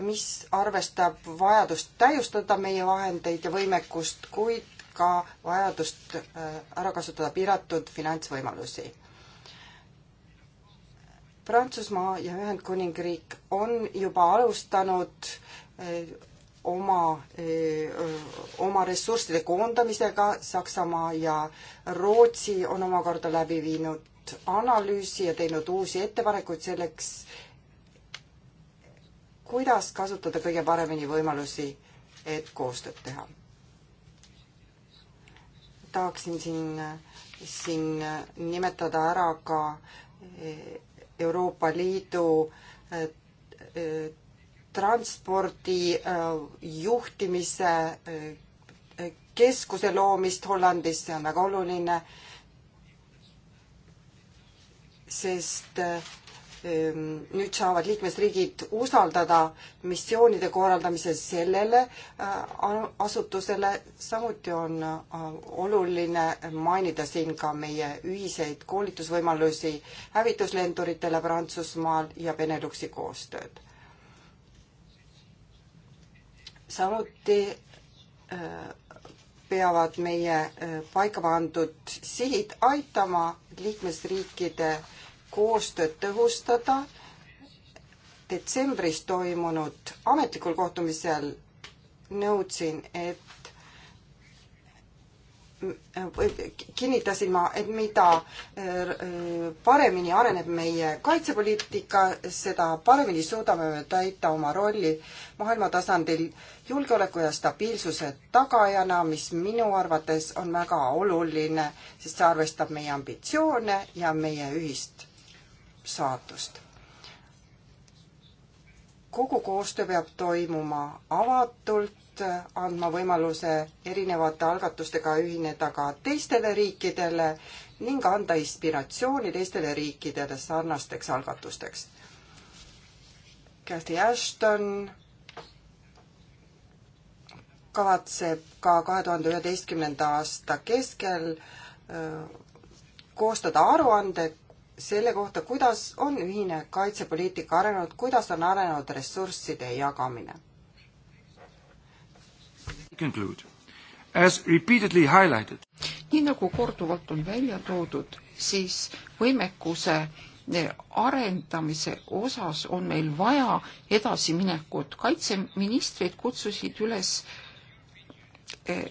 mis arvestab vajadust täiustada meie vahendeid ja võimekust, kuid ka vajadust äh, ära kasutada piiratud finantsvõimalusi. Prantsusmaa ja Ühendkuningriik on juba alustanud äh, oma, äh, oma ressursside koondamisega, Saksamaa ja Rootsi on omakorda läbi viinud analüüsi ja teinud uusi ettepanekuid selleks, kuidas kasutada kõige paremini võimalusi, et koostööd teha tahaksin siin, siin nimetada ära ka e, Euroopa Liidu e, e, transpordi juhtimise keskuse loomist Hollandis, see on väga oluline, sest Ehm, nüüd saavad liikmesriigid usaldada missioonide korraldamisel sellele äh, asutusele, samuti on äh, oluline mainida siin ka meie ühiseid koolitusvõimalusi hävituslenduritele Prantsusmaal ja Beneluxi koostööd. samuti äh, peavad meie paika pandud sihid aitama liikmesriikide äh, koostööd tõhustada. detsembris toimunud ametlikul kohtumisel nõudsin, et kinnitasin ma, et mida äh, paremini areneb meie kaitsepoliitika, seda paremini suudame me täita oma rolli maailma tasandil julgeoleku ja stabiilsuse tagajana, mis minu arvates on väga oluline, sest see arvestab meie ambitsioone ja meie ühist saatust. kogu koostöö peab toimuma avatult, andma võimaluse erinevate algatustega ühineda ka teistele riikidele ning anda inspiratsiooni teistele riikidele sarnasteks algatusteks. Cathy Ashton kavatseb ka kahe tuhande üheteistkümnenda aasta keskel öö, äh, koostada aruande selle kohta, kuidas on ühine kaitsepoliitika arenenud, kuidas on arenenud ressursside jagamine. Conclude. As repeatedly highlighted. nii nagu korduvalt on välja toodud, siis võimekuse arendamise osas on meil vaja edasiminekut. kaitseministrid kutsusid üles eh,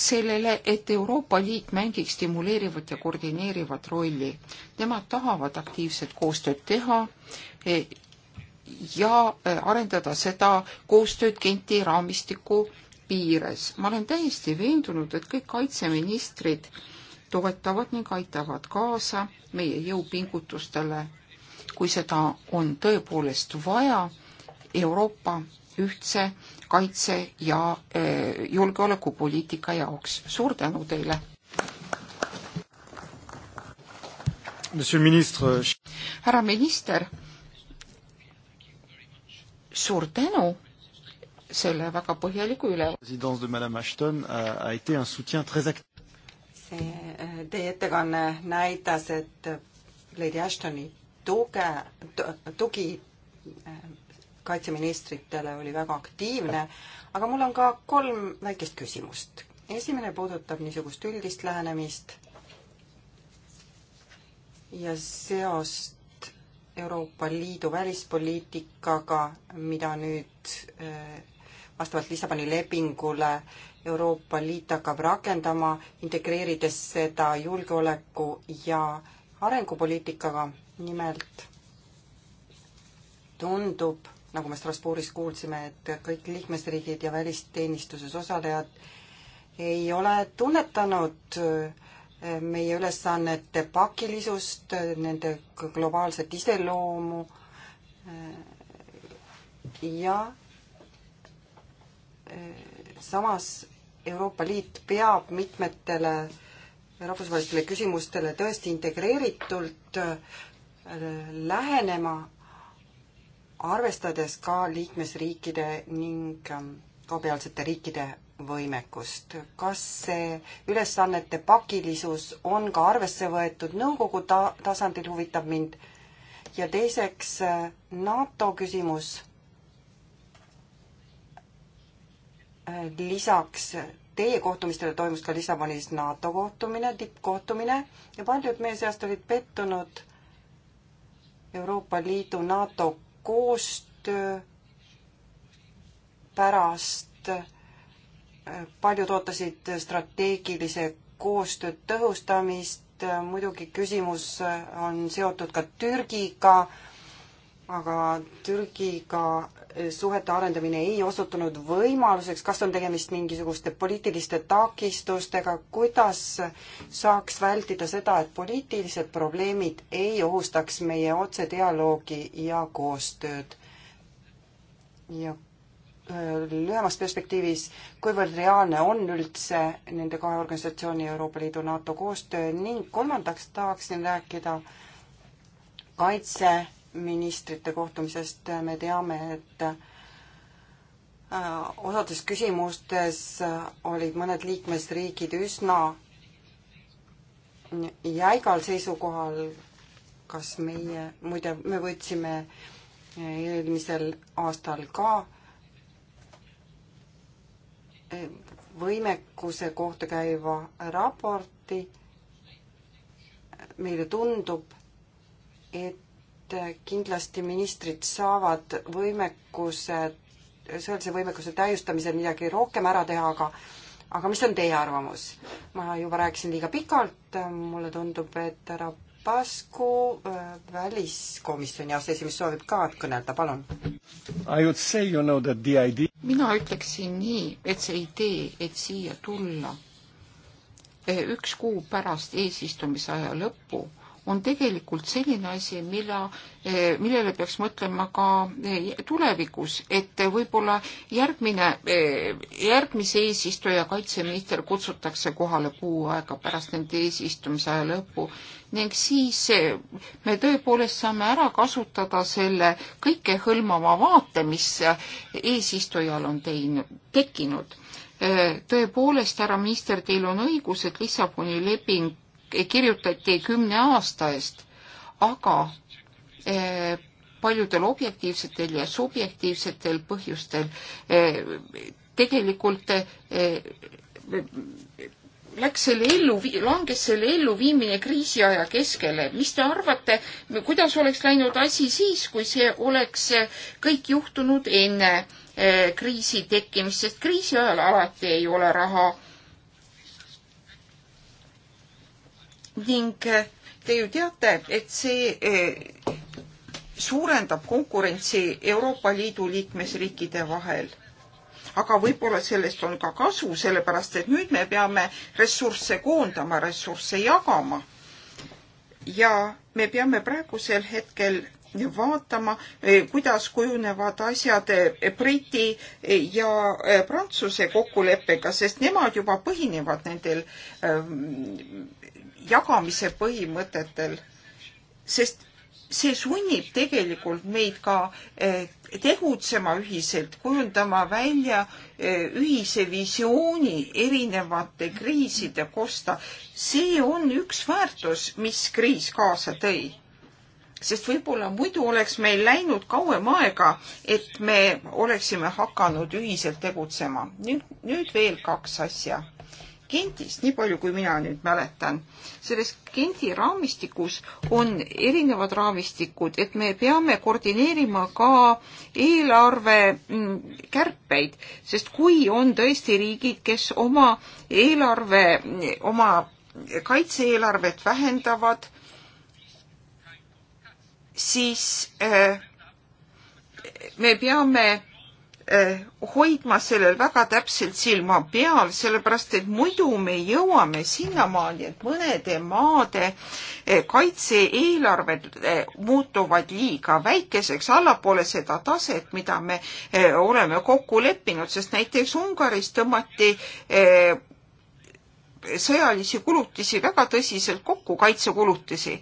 sellele, et Euroopa Liit mängiks stimuleerivat ja koordineerivat rolli. Nemad tahavad aktiivset koostööd teha eh, ja eh, arendada seda koostööd Genti raamistiku piires. ma olen täiesti veendunud, et kõik kaitseministrid toetavad ning aitavad kaasa meie jõupingutustele, kui seda on tõepoolest vaja Euroopa ühtse kaitse ja eh, julgeolekupoliitika jaoks. suur tänu teile! härra minister, suur tänu selle väga põhjaliku ülevaate. see, eh, teie ettekanne näitas, et Lady Ashtoni tuge, tugi eh, kaitseministritele oli väga aktiivne, aga mul on ka kolm väikest küsimust. esimene puudutab niisugust üldist lähenemist ja seost Euroopa Liidu välispoliitikaga, mida nüüd eh, vastavalt Lissaboni lepingule Euroopa Liit hakkab rakendama, integreerides seda julgeoleku ja arengupoliitikaga. nimelt tundub, nagu me Strasbourgis kuulsime, et kõik liikmesriigid ja välisteenistuses osalejad ei ole tunnetanud eh, meie ülesannete pakilisust, nende globaalset iseloomu eh, ja eh, samas Euroopa Liit peab mitmetele rahvusvahelistele küsimustele tõesti integreeritult lähenema arvestades ka liikmesriikide ning ähm, kabealsete riikide võimekust. kas see ülesannete pakilisus on ka arvesse võetud nõukogu ta-, tasandil, huvitab mind. ja teiseks äh, NATO küsimus. Äh, lisaks teie kohtumistele toimus ka Lissabonis NATO kohtumine, tippkohtumine ja paljud meie seast olid pettunud Euroopa Liidu NATO koostöö pärast paljud ootasid strateegilise koostöö tõhustamist, muidugi küsimus on seotud ka Türgiga, aga Türgiga suhete arendamine ei osutunud võimaluseks, kas on tegemist mingisuguste poliitiliste takistustega, kuidas saaks vältida seda, et poliitilised probleemid ei ohustaks meie otsedialoogi ja koostööd? ja äh, lühemas perspektiivis, kuivõrd reaalne on üldse nende kahe organisatsiooni, Euroopa Liidu, NATO koostöö ning kolmandaks tahaksin rääkida kaitse ministrite kohtumisest me teame, et äh, osades küsimustes olid mõned liikmesriigid üsna jäigal seisukohal, kas meie, muide, me võtsime eelmisel aastal ka äh, võimekuse kohta käiva raporti. meile tundub, et kindlasti ministrid saavad võimekuse, sõjalise võimekuse täiustamisel midagi rohkem ära teha, aga aga mis on teie arvamus? ma juba rääkisin liiga pikalt, mulle tundub, et härra Pasku äh, väliskomisjoni aseesimees soovib ka kõnelda, palun. You know, idea... mina ütleksin nii, et see idee, et siia tulla eh, üks kuu pärast eesistumise aja lõppu on tegelikult selline asi, mille, eh, millele peaks mõtlema ka eh, tulevikus, et võib-olla järgmine, eh, järgmise eesistuja kaitseminister kutsutakse kohale kuu aega pärast nende eesistumise aja lõppu ning siis me tõepoolest saame ära kasutada selle kõikehõlmava vaate, mis eesistujal on teinud, tekkinud tõepoolest, härra minister, teil on õigus, et Lissaboni leping kirjutati kümne aasta eest, aga eh, paljudel objektiivsetel ja subjektiivsetel põhjustel eh, tegelikult eh, läks selle ellu, langes selle elluviimine kriisiaja keskele. mis te arvate, kuidas oleks läinud asi siis, kui see oleks kõik juhtunud enne kriisi tekkimist, sest kriisi ajal alati ei ole raha ning eh, te ju teate, et see eh, suurendab konkurentsi Euroopa Liidu liikmesriikide vahel. aga võib-olla sellest on ka kasu, sellepärast et nüüd me peame ressursse koondama, ressursse jagama. ja me peame praegusel hetkel vaatama, eh, kuidas kujunevad asjad Briti ja Prantsuse kokkuleppega, sest nemad juba põhinevad nendel ehm, jagamise põhimõtetel, sest see sunnib tegelikult meid ka eh, tegutsema ühiselt, kujundama välja eh, ühise visiooni erinevate kriiside kosta. see on üks väärtus, mis kriis kaasa tõi. sest võib-olla muidu oleks meil läinud kauem aega, et me oleksime hakanud ühiselt tegutsema. nüüd veel kaks asja Gentist, nii palju kui mina nüüd mäletan. selles Genti raamistikus on erinevad raamistikud, et me peame koordineerima ka eelarve mm, kärpeid, sest kui on tõesti riigid, kes oma eelarve, oma kaitse-eelarvet vähendavad, siis äh, me peame Eh, hoidma sellel väga täpselt silma peal, sellepärast et muidu me jõuame sinnamaani, et mõnede maade eh, kaitse-eelarved eh, muutuvad liiga väikeseks, allapoole seda taset, mida me oleme kokku leppinud, sest näiteks Ungaris tõmmati sõjalisi kulutusi väga tõsiselt kokku, kaitsekulutusi.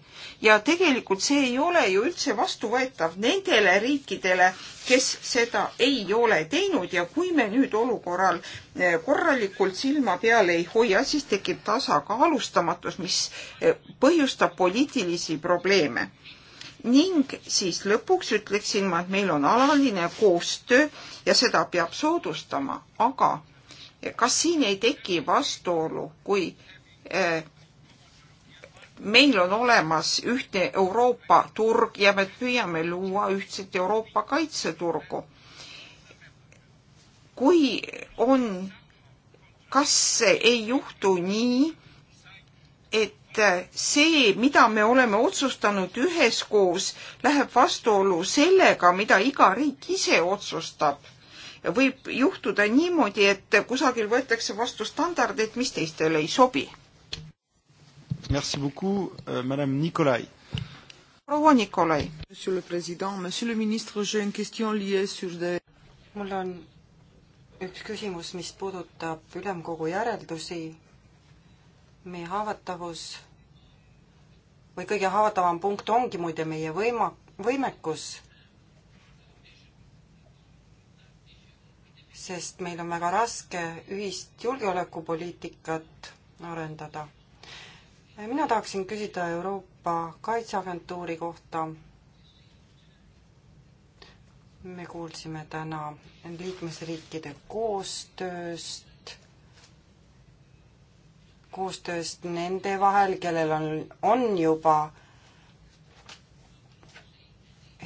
ja tegelikult see ei ole ju üldse vastuvõetav nendele riikidele, kes seda ei ole teinud ja kui me nüüd olukorral eh, korralikult silma peal ei hoia, siis tekib tasakaalustamatus, mis eh, põhjustab poliitilisi probleeme ning siis lõpuks ütleksin ma, et meil on alaline koostöö ja seda peab soodustama, aga kas siin ei teki vastuolu, kui eh, meil on olemas ühtne Euroopa turg ja me püüame luua ühtset Euroopa kaitseturgu. kui on, kas ei juhtu nii, et eh, see, mida me oleme otsustanud üheskoos, läheb vastuollu sellega, mida iga riik ise otsustab võib juhtuda niimoodi, et kusagil võetakse vastu standardeid, mis teistele ei sobi. Merci beaucoup, euh, madame Nikolai. proua Nikolai. Monsieur le president, monsieur le ministre, j'ai une question liée sur de mul on üks küsimus, mis puudutab ülemkogu järeldusi. meie haavatavus või kõige haavatavam punkt ongi muide meie võima, võimekus sest meil on väga raske ühist julgeolekupoliitikat arendada. mina tahaksin küsida Euroopa Kaitseagentuuri kohta. me kuulsime täna liikmesriikide koostööst, koostööst nende vahel, kellel on, on juba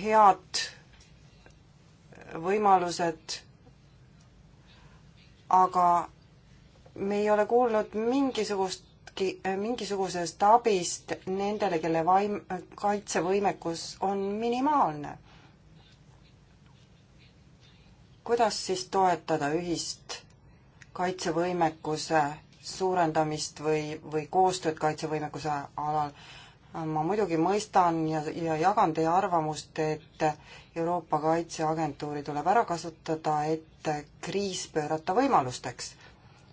head võimalused aga me ei ole kuulnud mingisugustki, mingisugusest abist nendele, kelle vaim-, kaitsevõimekus on minimaalne. kuidas siis toetada ühist kaitsevõimekuse suurendamist või, või koostööd kaitsevõimekuse alal? ma muidugi mõistan ja, ja jagan teie arvamust, et Euroopa Kaitseagentuuri tuleb ära kasutada, et kriis pöörata võimalusteks.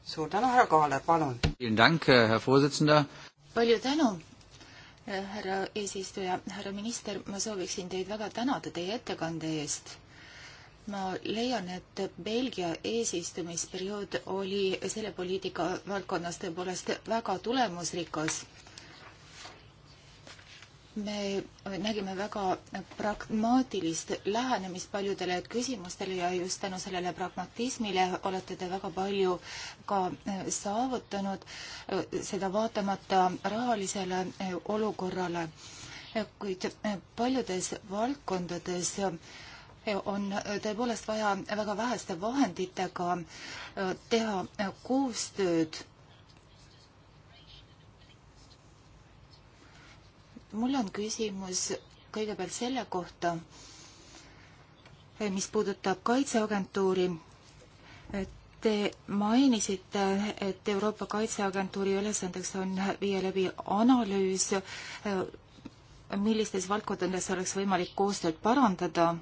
suur tänu, härra Kaaler, palun! Äh, palju tänu, äh, härra eesistuja, härra minister, ma sooviksin teid väga tänada teie ettekande eest ma leian, et Belgia eesistumisperiood oli selle poliitika valdkonnas tõepoolest väga tulemusrikas me nägime väga pragmaatilist lähenemist paljudele küsimustele ja just tänu sellele pragmatismile olete te väga palju ka e, saavutanud, e, seda vaatamata rahalisele e, olukorrale. kuid paljudes valdkondades on tõepoolest vaja väga väheste vahenditega teha koostööd mul on küsimus kõigepealt selle kohta, mis puudutab Kaitseagentuuri. Te mainisite, et Euroopa Kaitseagentuuri ülesandeks on viia läbi analüüs, millistes valdkondades oleks võimalik koostööd parandada.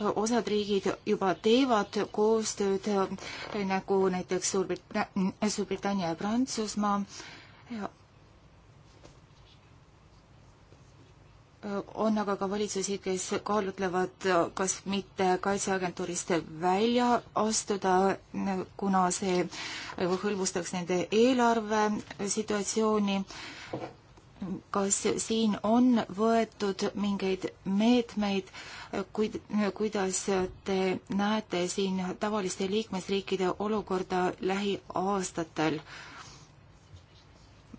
osad riigid juba teevad koostööd, nagu näiteks Suurbrit-, Suurbritannia ja Prantsusmaa ja on aga ka valitsusi, kes kaalutlevad, kas mitte kaitseagentuurist välja astuda, kuna see hõlbustaks nende eelarvesituatsiooni. kas siin on võetud mingeid meetmeid, kuid, kuidas te näete siin tavaliste liikmesriikide olukorda lähiaastatel?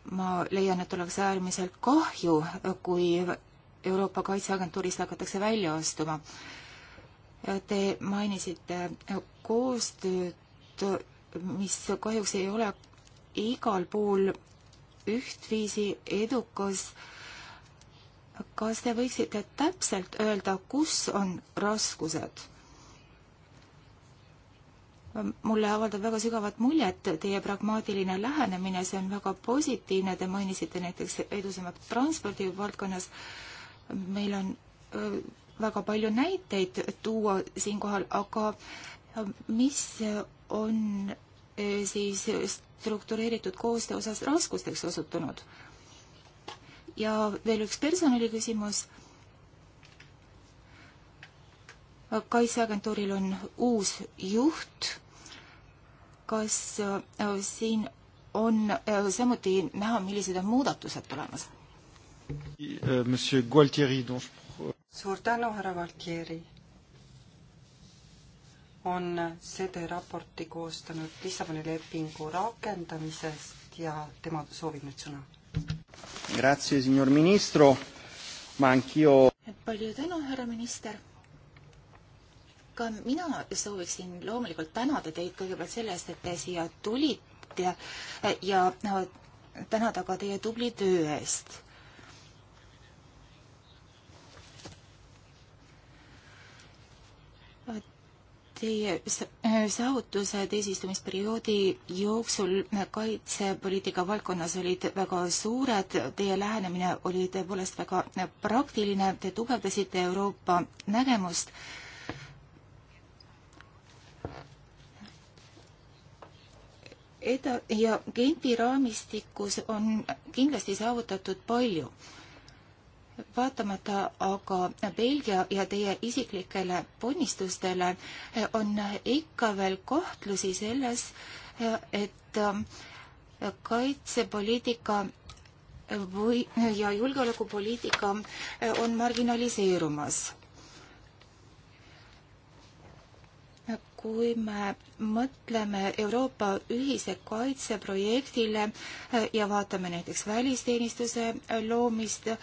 ma leian, et oleks äärmiselt kahju, kui Euroopa Kaitseagentuurist hakatakse välja astuma. Te mainisite koostööd, mis kahjuks ei ole igal pool ühtviisi edukas. kas te võiksite täpselt öelda, kus on raskused? mulle avaldab väga sügavat muljet teie pragmaatiline lähenemine, see on väga positiivne, te mainisite näiteks edusamad transpordivaldkonnas. meil on väga palju näiteid tuua siinkohal, aga mis on siis struktureeritud koostöö osas raskusteks osutunud? ja veel üks personaliküsimus kaitseagentuuril on uus juht. kas äh, siin on äh, samuti näha, millised on muudatused tulemas? Äh, suur tänu, härra Valtieri. on CD raporti koostanud Lissaboni lepingu rakendamisest ja tema soovib nüüd sõna. Grazie, signor ministro, ma anch'io. palju tänu, härra minister ka mina sooviksin loomulikult tänada teid kõigepealt selle eest, et te siia tulite ja, ja no, tänada ka teie tubli töö eest. Teie saavutused eesistumisperioodi jooksul kaitsepoliitika valdkonnas olid väga suured, teie lähenemine oli tõepoolest väga praktiline, te tugevdasite Euroopa nägemust äh, eda- ja Genfi raamistikus on kindlasti saavutatud palju. vaatamata aga Belgia ja teie isiklikele ponnistustele eh, on ikka veel kahtlusi selles, eh, et eh, kaitsepoliitika või, ja julgeolekupoliitika on marginaliseerumas kui me mõtleme Euroopa ühise kaitseprojektile eh, ja vaatame näiteks välisteenistuse eh, loomist, eh,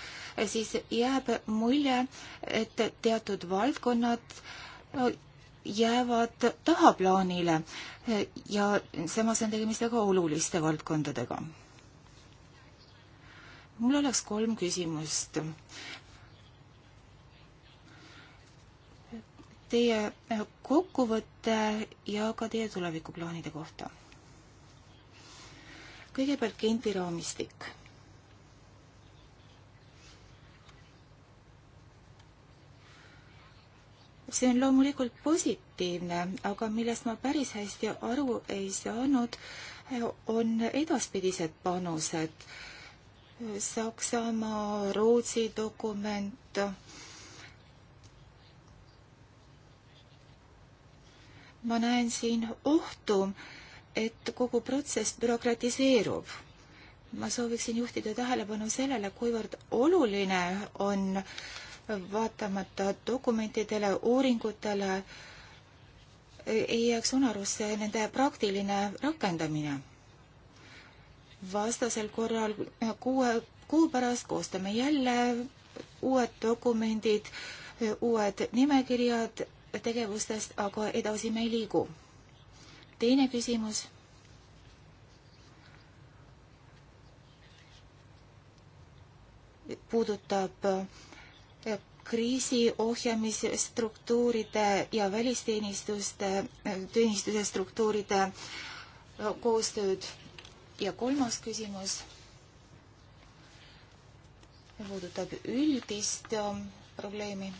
siis jääb mulje, et teatud valdkonnad jäävad tahaplaanile ja samas on tegemist väga oluliste valdkondadega mul oleks kolm küsimust. teie kokkuvõtte ja ka teie tulevikuplaanide kohta. kõigepealt Genti raamistik. see on loomulikult positiivne, aga millest ma päris hästi aru ei saanud, on edaspidised panused. Saksamaa, Rootsi dokument ma näen siin ohtu, et kogu protsess bürokratiseerub. ma sooviksin juhtida tähelepanu sellele, kuivõrd oluline on vaatamata dokumentidele, uuringutele, ei jääks unarusse nende praktiline rakendamine. vastasel korral kuue kuu pärast koostame jälle uued dokumendid, uued nimekirjad tegevustest aga edasi me ei liigu. teine küsimus. puudutab eh, kriisi ohjamisstruktuuride ja välisteenistuste, eh, teenistuse struktuuride eh, koostööd. ja kolmas küsimus puudutab üldist probleemi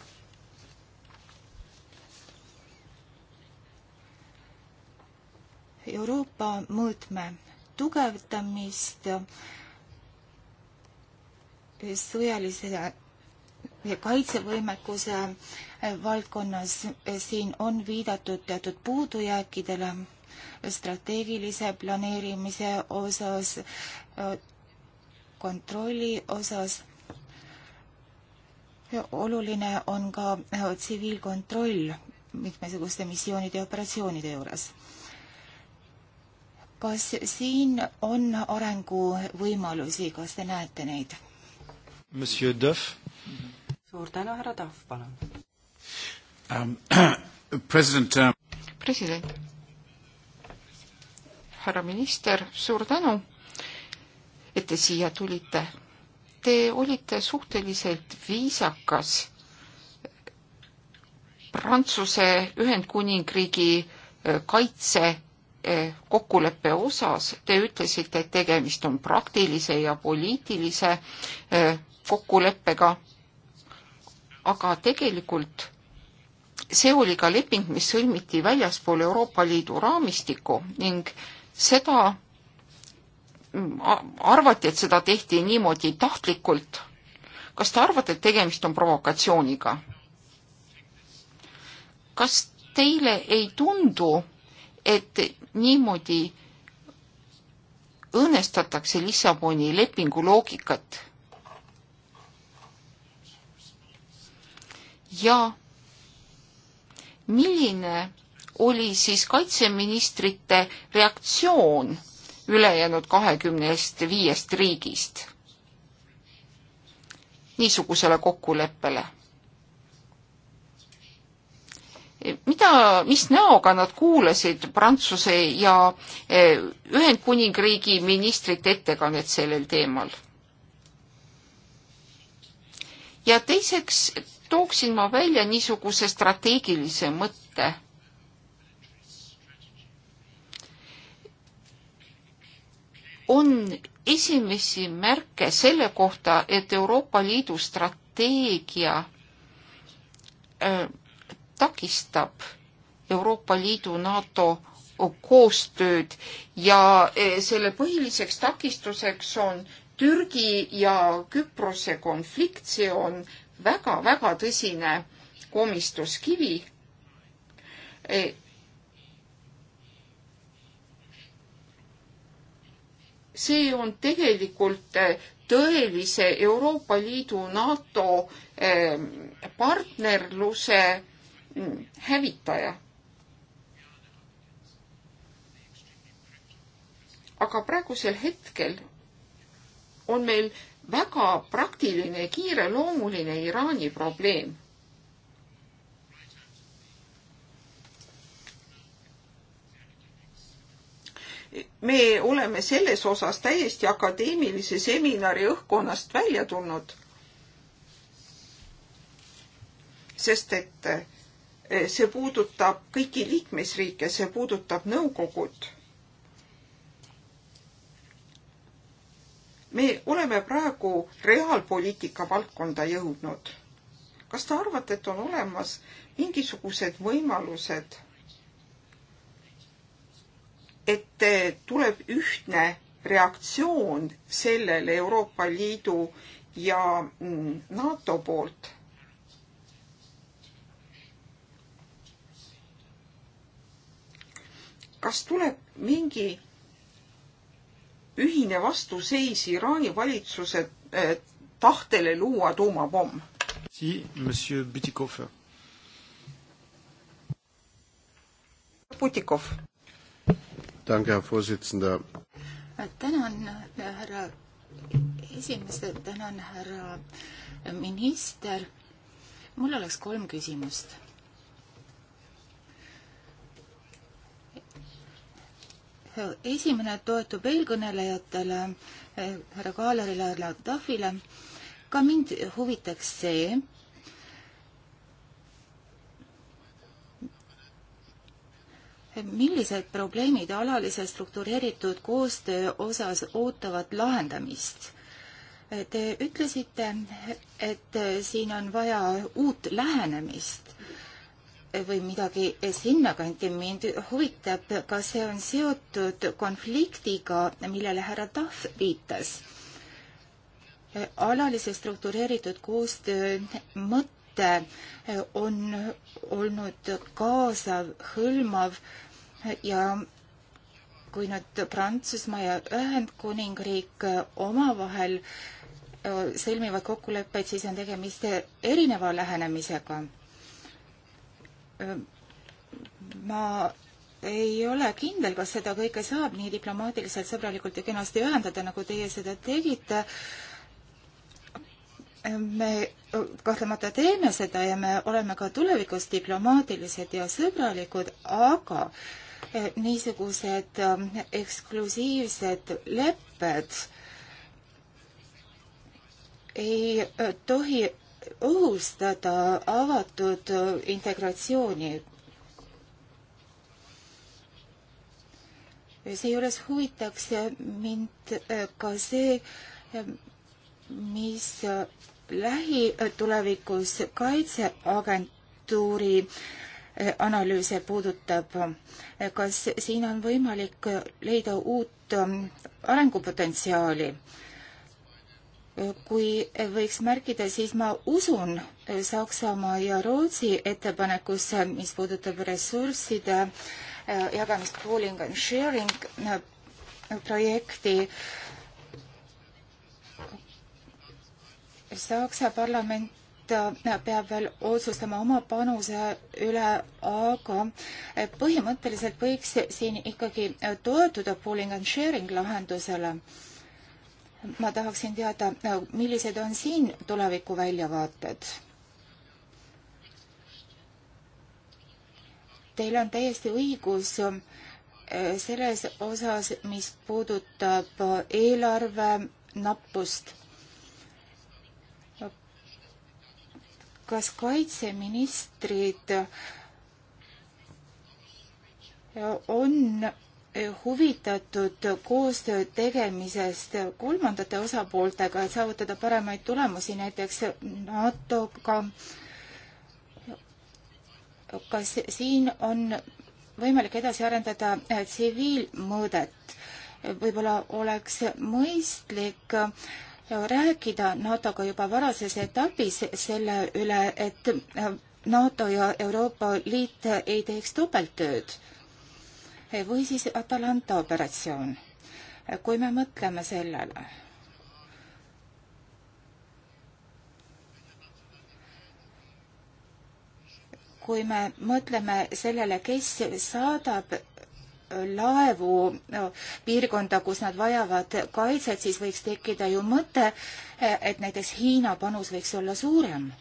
Euroopa mõõtme tugevdamist sõjalise kaitsevõimekuse valdkonnas siin on viidatud teatud puudujääkidele strateegilise planeerimise osas, kontrolli osas. oluline on ka tsiviilkontroll mitmesuguste missioonide ja operatsioonide juures kas siin on arenguvõimalusi, kas te näete neid? Monsieur Duff. suur tänu, härra Duff, palun um,. president um.... president. härra minister, suur tänu, et te siia tulite. Te olite suhteliselt viisakas Prantsuse Ühendkuningriigi äh, kaitse Eh, kokkuleppe osas te ütlesite, et tegemist on praktilise ja poliitilise eh, kokkuleppega, aga tegelikult see oli ka leping, mis sõlmiti väljaspool Euroopa Liidu raamistikku ning seda mm, arvati, et seda tehti niimoodi tahtlikult. kas te arvate, et tegemist on provokatsiooniga? kas teile ei tundu, et niimoodi õõnestatakse Lissaboni lepingu loogikat. ja milline oli siis kaitseministrite reaktsioon ülejäänud kahekümnest viiest riigist niisugusele kokkuleppele mida, mis näoga nad kuulasid Prantsuse ja e, Ühendkuningriigi ministrite ettekannet sellel teemal? ja teiseks tooksin ma välja niisuguse strateegilise mõtte. on esimesi märke selle kohta, et Euroopa Liidu strateegia e, takistab Euroopa Liidu, NATO koostööd ja e, selle põhiliseks takistuseks on Türgi ja Küprose konflikt, see on väga-väga tõsine komistuskivi. E, see on tegelikult e, tõelise Euroopa Liidu, NATO partnerluse Mm. hävitaja. aga praegusel hetkel on meil väga praktiline ja kiireloomuline Iraani probleem me oleme selles osas täiesti akadeemilise seminari õhkkonnast välja tulnud. sest et Eh, see puudutab kõiki liikmesriike, see puudutab nõukogud. me oleme praegu reaalpoliitika valdkonda jõudnud. kas te arvate, et on olemas mingisugused võimalused, et tuleb ühtne reaktsioon sellele Euroopa Liidu ja mm, NATO poolt kas tuleb mingi ühine vastuseis Iraani valitsuse eh, tahtele luua tuumapomm? Si, monsieur Butikov. Butikov. Danke, Herr Vorsitzender. Äh, tänan, äh, härra esimees, tänan, härra äh, minister. mul oleks kolm küsimust esimene toetub eelkõnelejatele, eh, härra Kaalerile, härra Tahvile. ka mind huvitaks see, millised probleemid alalise struktureeritud koostöö osas ootavad lahendamist? Te ütlesite, et siin on vaja uut lähenemist või midagi sinnakanti. mind huvitab, kas see on seotud konfliktiga, millele härra Tahv viitas. alalise struktureeritud koostöö mõte on olnud kaasav, hõlmav ja kui nüüd Prantsusmaa ja Ühendkuningriik omavahel äh, sõlmivad kokkuleppeid, siis on tegemist erineva lähenemisega ma ei ole kindel, kas seda kõike saab nii diplomaatiliselt, sõbralikult ja kenasti ühendada, nagu teie seda tegite. me kahtlemata teeme seda ja me oleme ka tulevikus diplomaatilised ja sõbralikud, aga niisugused eksklusiivsed lepped ei tohi õhustada avatud integratsiooni. seejuures huvitaks mind ka see, mis lähitulevikus kaitseagentuuri analüüse puudutab. kas siin on võimalik leida uut arengupotentsiaali? kui võiks märkida, siis ma usun Saksamaa ja Rootsi ettepanekusse, mis puudutab ressursside äh, jagamist pooling and sharing äh, projekti. Saksa parlament äh, peab veel otsustama oma panuse üle, aga põhimõtteliselt võiks siin ikkagi toetuda pooling and sharing lahendusele ma tahaksin teada, millised on siin tuleviku väljavaated? Teil on täiesti õigus eh, selles osas, mis puudutab eelarve nappust. kas kaitseministrid on huvitatud koostöö tegemisest kolmandate osapooltega, et saavutada paremaid tulemusi, näiteks NATO-ga. kas siin on võimalik edasi arendada tsiviilmõõdet? võib-olla oleks mõistlik rääkida NATO-ga juba varases etapis selle üle, et NATO ja Euroopa Liit ei teeks topelttööd või siis Atalanta operatsioon. kui me mõtleme sellele, kui me mõtleme sellele, kes saadab laevu no, piirkonda, kus nad vajavad kaitset, siis võiks tekkida ju mõte, et näiteks Hiina panus võiks olla suurem.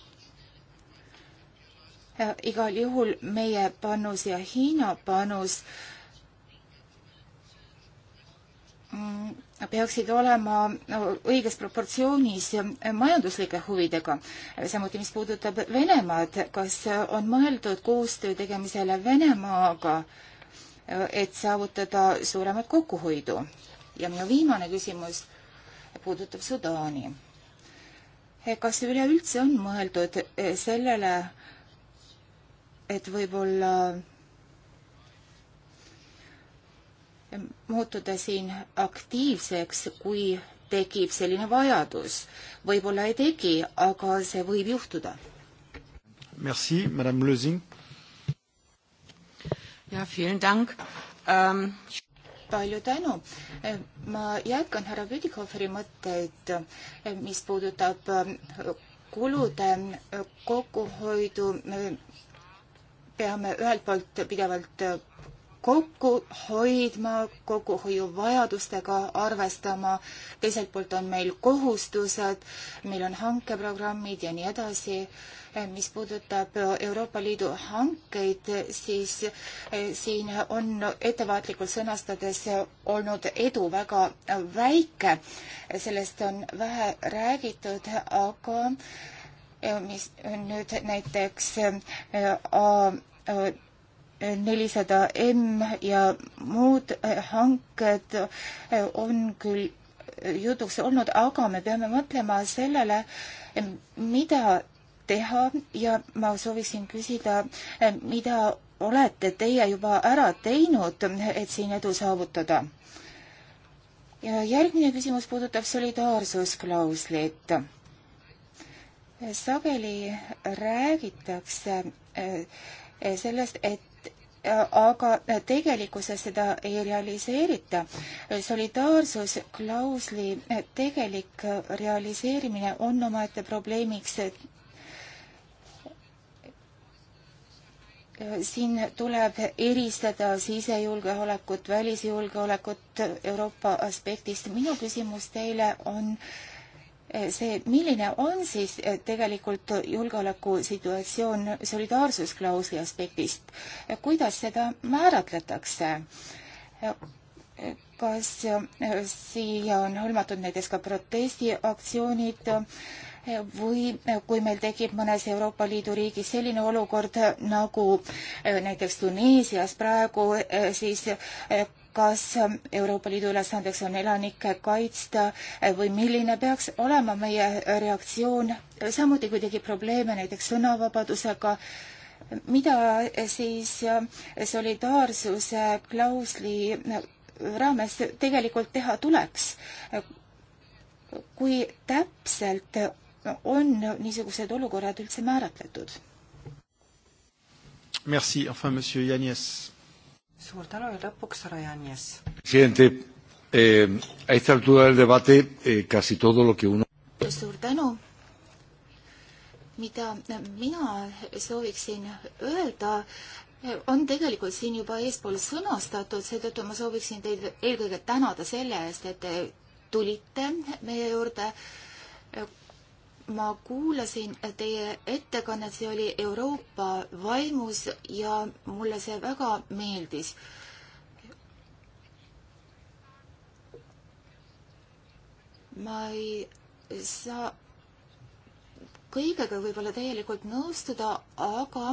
igal juhul meie panus ja Hiina panus äh, Mm, peaksid olema õiges proportsioonis majanduslike huvidega. samuti, mis puudutab Venemaad, kas on mõeldud koostöö tegemisele Venemaaga, et saavutada suuremat kokkuhoidu? ja minu viimane küsimus puudutab Sudaani. kas üleüldse on mõeldud sellele, et võib-olla muutuda siin aktiivseks, kui tekib selline vajadus. võib-olla ei teki, aga see võib juhtuda. Merci, madame Lösing. ja, vielen dank um.... palju tänu. Äh, ma jätkan härra Püdikhoferi mõtteid, äh, mis puudutab äh, kulude kokkuhoidu. peame ühelt poolt pidevalt kokku hoidma, kokkuhoiuvajadustega arvestama, teiselt poolt on meil kohustused, meil on hankeprogrammid ja nii edasi. Eh, mis puudutab Euroopa Liidu hankeid, siis eh, siin on ettevaatlikult sõnastades olnud edu väga väike, sellest on vähe räägitud, aga eh, mis nüüd näiteks äh, äh, nelisada M ja muud eh, hanked eh, on küll jutuks olnud, aga me peame mõtlema sellele, eh, mida teha ja ma sooviksin küsida, mida olete teie juba ära teinud, et siin edu saavutada? ja järgmine küsimus puudutab solidaarsusklauslit. sageli räägitakse sellest, et aga tegelikkuses seda ei realiseerita. solidaarsusklausli tegelik realiseerimine on omaette probleemiks. siin tuleb eristada sisejulgeolekut, välisjulgeolekut Euroopa aspektist. minu küsimus teile on äh, Eh, see, milline on siis eh, tegelikult julgeolekusituatsioon solidaarsusklausli aspektist, eh, kuidas seda määratletakse? kas siia on hõlmatud näiteks ka protestiaktsioonid või kui meil tekib mõnes Euroopa Liidu riigis selline olukord nagu näiteks Tuneesias praegu, siis kas Euroopa Liidu ülesandeks on elanikke kaitsta või milline peaks olema meie reaktsioon, samuti kui tekib probleeme näiteks sõnavabadusega, mida siis solidaarsuse klausli raames tegelikult teha tuleks? kui täpselt on niisugused olukorrad üldse määratletud? Merci, enfin monsieur Yannis suur tänu ja lõpuks härra Janjes. Eh, eh, suur tänu. mida mina sooviksin öelda, on tegelikult siin juba eespool sõnastatud, seetõttu ma sooviksin teid eelkõige tänada selle eest, et te tulite meie juurde ma kuulasin teie ettekannet, see oli Euroopa vaimus ja mulle see väga meeldis. ma ei saa kõigega võib-olla täielikult nõustuda, aga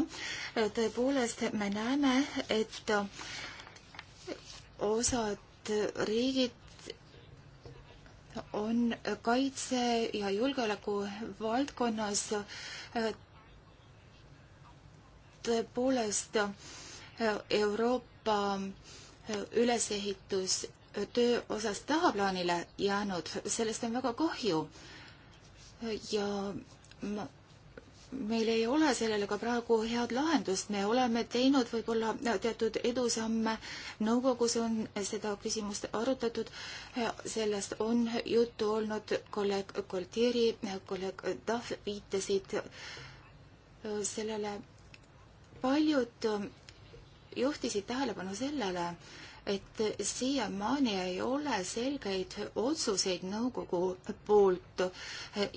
tõepoolest me näeme, et osad riigid on kaitse ja julgeoleku valdkonnas äh, tõepoolest äh, Euroopa äh, ülesehitus töö osas tahaplaanile jäänud, sellest on väga kahju. ja ma meil ei ole sellele ka praegu head lahendust, me oleme teinud võib-olla teatud edusamme, nõukogus on seda küsimust arutatud, sellest on juttu olnud, kolleeg Koltieri, kolleeg Tahv viitasid sellele, paljud juhtisid tähelepanu sellele, et siiamaani ei ole selgeid otsuseid nõukogu poolt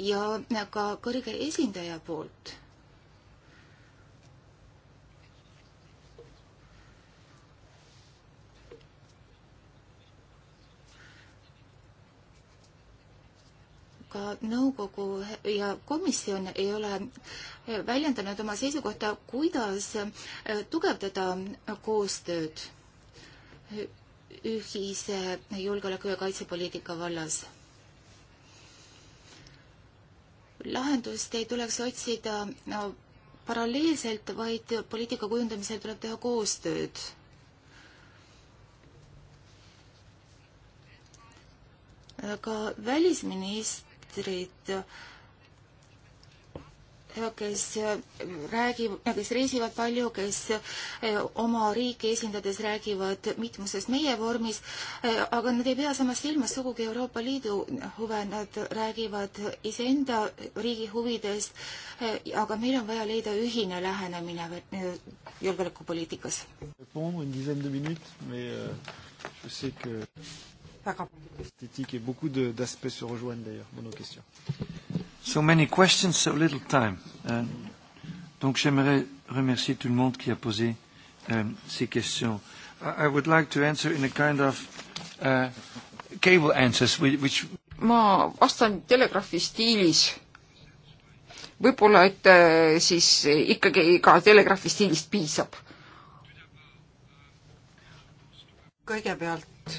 ja ka kõrge esindaja poolt. ka nõukogu ja komisjon ei ole väljendanud oma seisukohta, kuidas tugevdada koostööd ühise julgeoleku- ja kaitsepoliitika vallas. lahendust ei tuleks otsida no, paralleelselt, vaid poliitika kujundamisel tuleb teha koostööd. ka välisministrid kes äh, räägib, kes reisivad palju, kes äh, oma riiki esindades räägivad mitmuses meie vormis, äh, aga nad ei pea samas silmas sugugi Euroopa Liidu huve, nad räägivad iseenda riigi huvidest, aga meil on vaja leida ühine lähenemine julgeolekupoliitikas. Euh, je sais que l'esthétique et beaucoup d'aspects se rejoignent d'ailleurs dans nos questions. So many questions, so little time. Euh, donc j'aimerais remercier tout le monde qui a posé euh, ces questions. I, I would like to answer in a kind of uh, cable answers, which ma vastan telegraafi stiilis. võib-olla, et äh, siis ikkagi ka telegraafi stiilist piisab. kõigepealt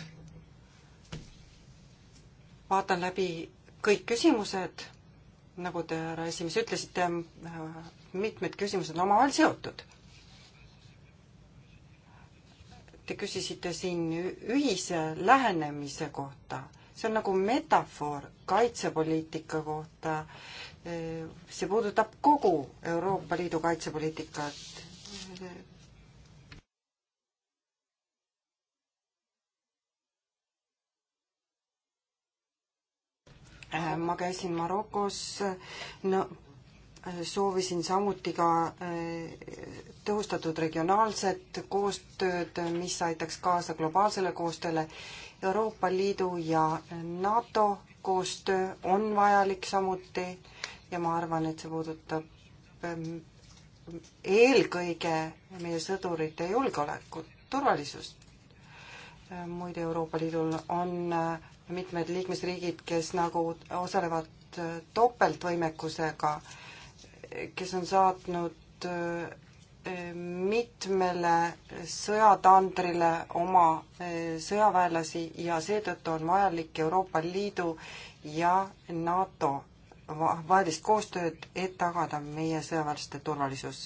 vaatan läbi kõik küsimused nagu te, härra esimees, ütlesite, äh, mitmed küsimused on omavahel seotud. Te küsisite siin ühise lähenemise kohta, see on nagu metafoor kaitsepoliitika kohta. Äh, see puudutab kogu Euroopa Liidu kaitsepoliitikat. Äh, ma käisin Marokos äh, no,, äh, soovisin samuti ka tõhustatud regionaalset koostööd, mis aitaks kaasa globaalsele koostööle. Euroopa Liidu ja NATO koostöö on vajalik samuti ja ma arvan, et see puudutab ähm, eelkõige meie sõdurite julgeolekut, turvalisust. muide, Euroopa Liidul on mitmed liikmesriigid, kes nagu osalevad äh, topeltvõimekusega, kes on saatnud äh, mitmele sõjatandrile oma äh, sõjaväelasi ja seetõttu on vajalik Euroopa Liidu ja NATO vahelist koostööd, et tagada meie sõjaväelaste turvalisus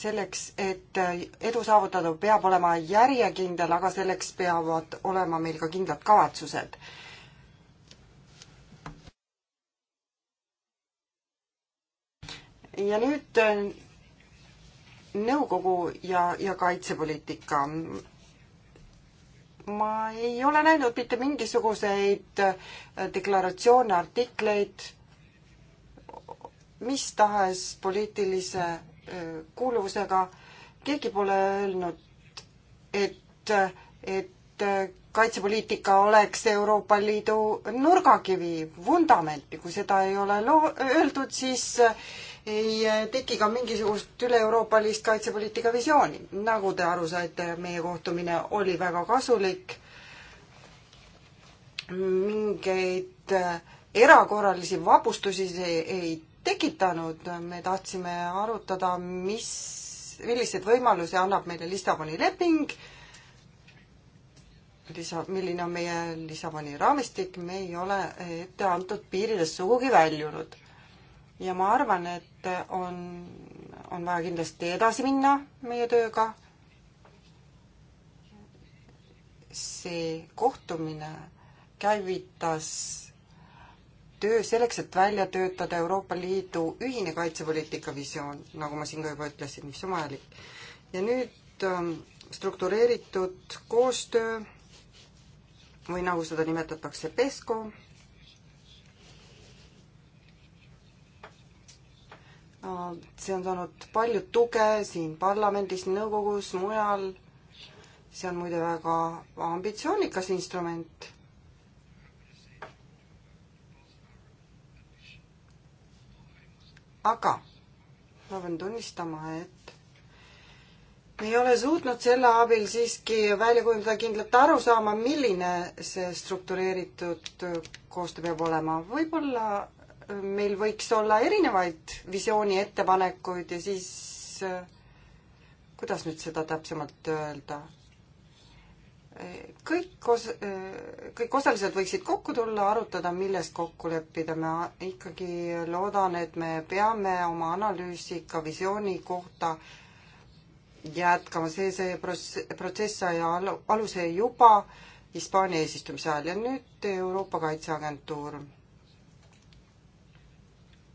selleks, et äh, edu saavutada, peab olema järjekindel, aga selleks peavad olema meil ka kindlad kavatsused. ja nüüd äh, nõukogu ja, ja kaitsepoliitika. ma ei ole näinud mitte mingisuguseid äh, deklaratsioone, artikleid, mis tahes poliitilise kuuluvusega. keegi pole öelnud, et, et kaitsepoliitika oleks Euroopa Liidu nurgakivi, vundamenti, kui seda ei ole loo-, öeldud, siis ei teki ka mingisugust üle-euroopalist kaitsepoliitika visiooni. nagu te aru saite, meie kohtumine oli väga kasulik, mingeid erakorralisi vabustusi ei, ei tekitanud, me tahtsime arutada, mis, milliseid võimalusi annab meile Lissaboni leping, lisa, milline on meie Lissaboni raamistik, me ei ole ette antud piiridest sugugi väljunud. ja ma arvan, et on, on vaja kindlasti edasi minna meie tööga. see kohtumine käivitas töö selleks, et välja töötada Euroopa Liidu ühine kaitsepoliitika visioon, nagu ma siin ka juba ütlesin, mis on vajalik. ja nüüd ähm, struktureeritud koostöö või nagu seda nimetatakse, PESCO, äh, see on saanud palju tuge siin parlamendis, nõukogus, mujal, see on muide väga ambitsioonikas instrument aga ma pean tunnistama, et me ei ole suutnud selle abil siiski välja kujundada kindlat arusaama, milline see struktureeritud koostöö peab olema. võib-olla äh, meil võiks olla erinevaid visiooni ettepanekuid ja siis äh, kuidas nüüd seda täpsemalt öelda? kõik os-, kõik osalised võiksid kokku tulla, arutada, milles kokku leppida. ma ikkagi loodan, et me peame oma analüüsi ka visiooni kohta jätkama. see, see prots-, protsess sai al-, aluse juba Hispaania eesistumise ajal ja nüüd Euroopa Kaitseagentuur.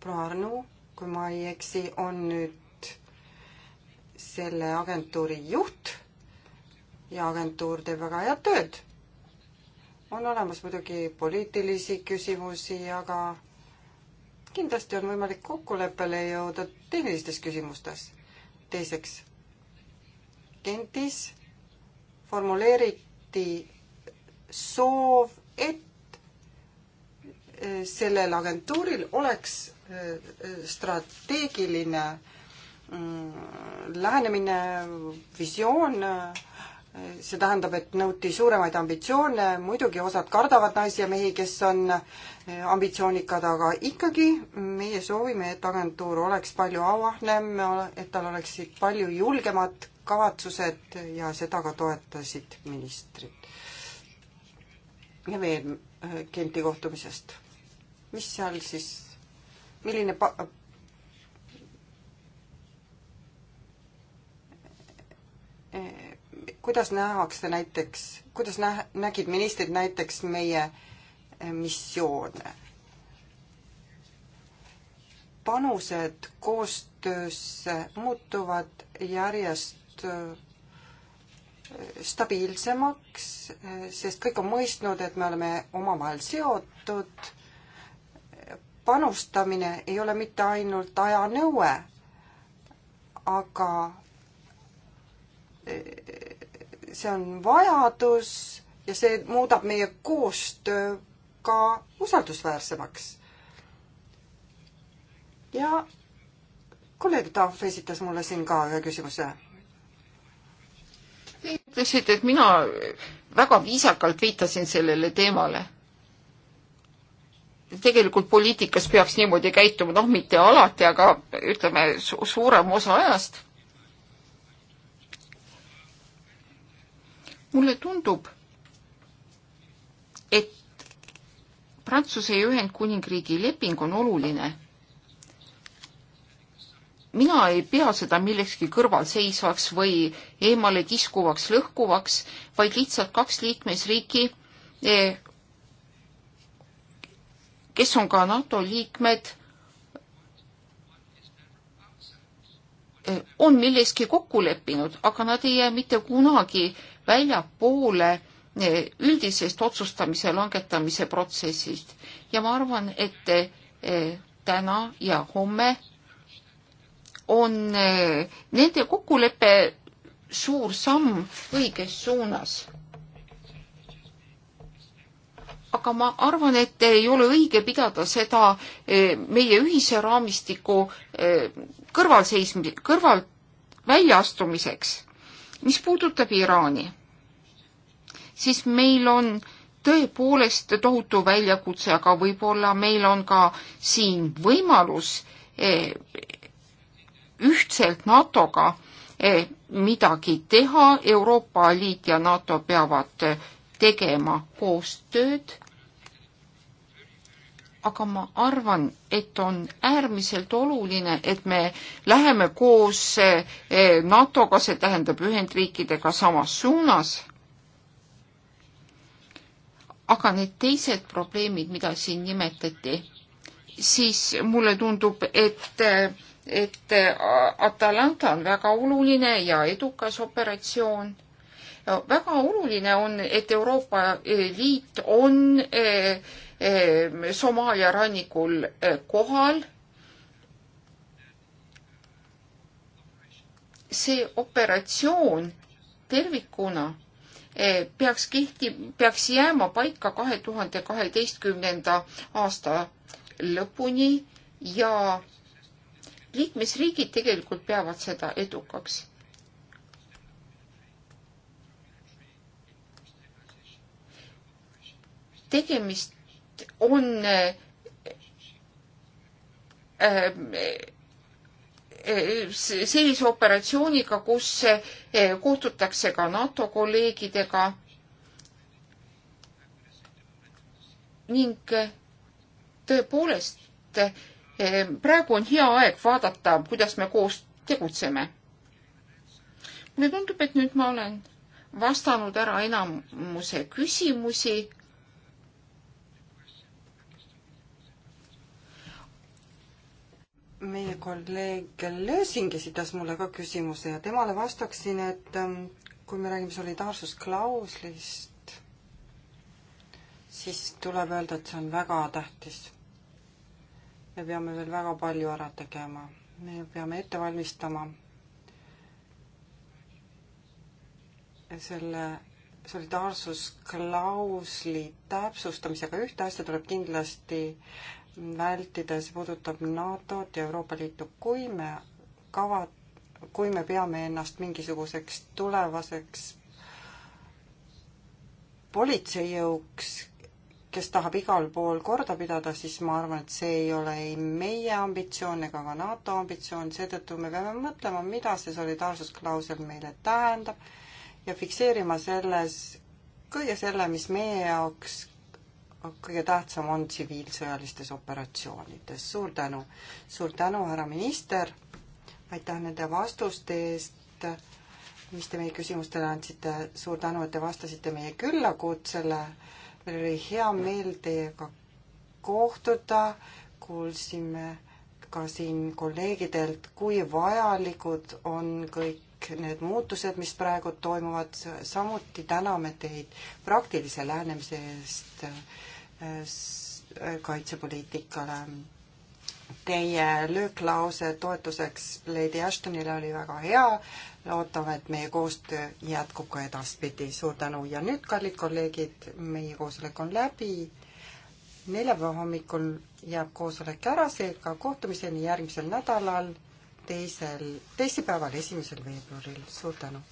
Praarnu, kui ma ei eksi, on nüüd selle agentuuri juht ja agentuur teeb väga head tööd. on olemas muidugi poliitilisi küsimusi, aga kindlasti on võimalik kokkuleppele jõuda tehnilistes küsimustes. teiseks, Gentis formuleeriti soov, et e, sellel agentuuril oleks e, e, strateegiline mm, lähenemine, visioon äh, see tähendab, et nõuti suuremaid ambitsioone, muidugi osad kardavad naisi ja mehi, kes on eh, ambitsioonikad, aga ikkagi meie soovime, et agentuur oleks palju avahnem, et tal oleksid palju julgemad kavatsused ja seda ka toetasid ministrid. ja veel eh, Genti kohtumisest. mis seal siis, milline pa-, e kuidas nähakse näiteks, kuidas nä-, nägid ministrid näiteks meie eh, missioone? panused koostöösse muutuvad järjest eh, stabiilsemaks, eh, sest kõik on mõistnud, et me oleme omavahel seotud. panustamine ei ole mitte ainult ajanõue, aga see on vajadus ja see muudab meie koostöö ka usaldusväärsemaks. ja kolleeg Tahv esitas mulle siin ka ühe küsimuse. Te ütlesite, et mina väga viisakalt viitasin sellele teemale. tegelikult poliitikas peaks niimoodi käituma, noh, mitte alati, aga ütleme su, suurem osa ajast mulle tundub, et Prantsuse ja Ühendkuningriigi leping on oluline. mina ei pea seda millekski kõrvalseisvaks või eemale kiskuvaks lõhkuvaks, vaid lihtsalt kaks liikmesriiki, eh, kes on ka NATO liikmed, eh, on milleski kokku leppinud, aga nad ei jää mitte kunagi väljapoole eh, üldisest otsustamise langetamise protsessist ja ma arvan, et eh, täna ja homme on eh, nende kokkulepe suur samm õiges suunas aga ma arvan, et ei ole õige pidada seda meie ühise raamistiku kõrvalseismi-, kõrval väljaastumiseks mis puudutab Iraani, siis meil on tõepoolest tohutu väljakutse, aga võib-olla meil on ka siin võimalus eh, ühtselt NATO-ga eh, midagi teha, Euroopa Liit ja NATO peavad eh, tegema koostööd aga ma arvan, et on äärmiselt oluline, et me läheme koos eh, NATO-ga, see tähendab Ühendriikidega samas suunas. aga need teised probleemid, mida siin nimetati, siis mulle tundub, et et Atalanta on väga oluline ja edukas operatsioon. väga oluline on, et Euroopa Liit on eh, Ehm, Somaalia rannikul eh, kohal. see operatsioon tervikuna eh, peaks kihti, peaks jääma paika kahe tuhande kaheteistkümnenda aasta lõpuni ja liikmesriigid tegelikult peavad seda edukaks. tegemist on äh, äh, sellise operatsiooniga, kus äh, kohtutakse ka NATO kolleegidega ning tõepoolest praegu on hea aeg vaadata, kuidas me koos tegutseme. mulle tundub, et nüüd ma olen vastanud ära enamuse küsimusi meie kolleeg Lösing esitas mulle ka küsimuse ja temale vastaksin, et ähm, kui me räägime solidaarsusklauslist, siis tuleb öelda, et see on väga tähtis. me peame veel väga palju ära tegema, me peame ette valmistama selle solidaarsusklausli täpsustamisega ühte asja tuleb kindlasti vältida, see puudutab NATO-t ja Euroopa Liitu, kui me kava, kui me peame ennast mingisuguseks tulevaseks politseijõuks, kes tahab igal pool korda pidada, siis ma arvan, et see ei ole ei meie ambitsioon ega ka NATO ambitsioon, seetõttu me peame mõtlema, mida see solidaarsusklausel meile tähendab ja fikseerima selles kõige selle, mis meie jaoks kõige tähtsam on tsiviilsõjalistes operatsioonides. suur tänu. suur tänu, härra minister. aitäh nende vastuste eest, mis te meie küsimustele andsite. suur tänu, et te vastasite meie küllakutsele. meil oli hea meel teiega kohtuda. kuulsime ka siin kolleegidelt, kui vajalikud on kõik need muutused, mis praegu toimuvad, samuti täname teid praktilise lähenemise eest Äh, kaitsepoliitikale. Teie lööklause toetuseks Lady Ashtonile oli väga hea. loodame, et meie koostöö jätkub ka edaspidi. suur tänu ja nüüd, kallid kolleegid, meie koosolek on läbi. neljapäeva hommikul jääb koosolek ära, seega kohtumiseni järgmisel nädalal teisel, teisipäeval, esimesel veebruaril. suur tänu!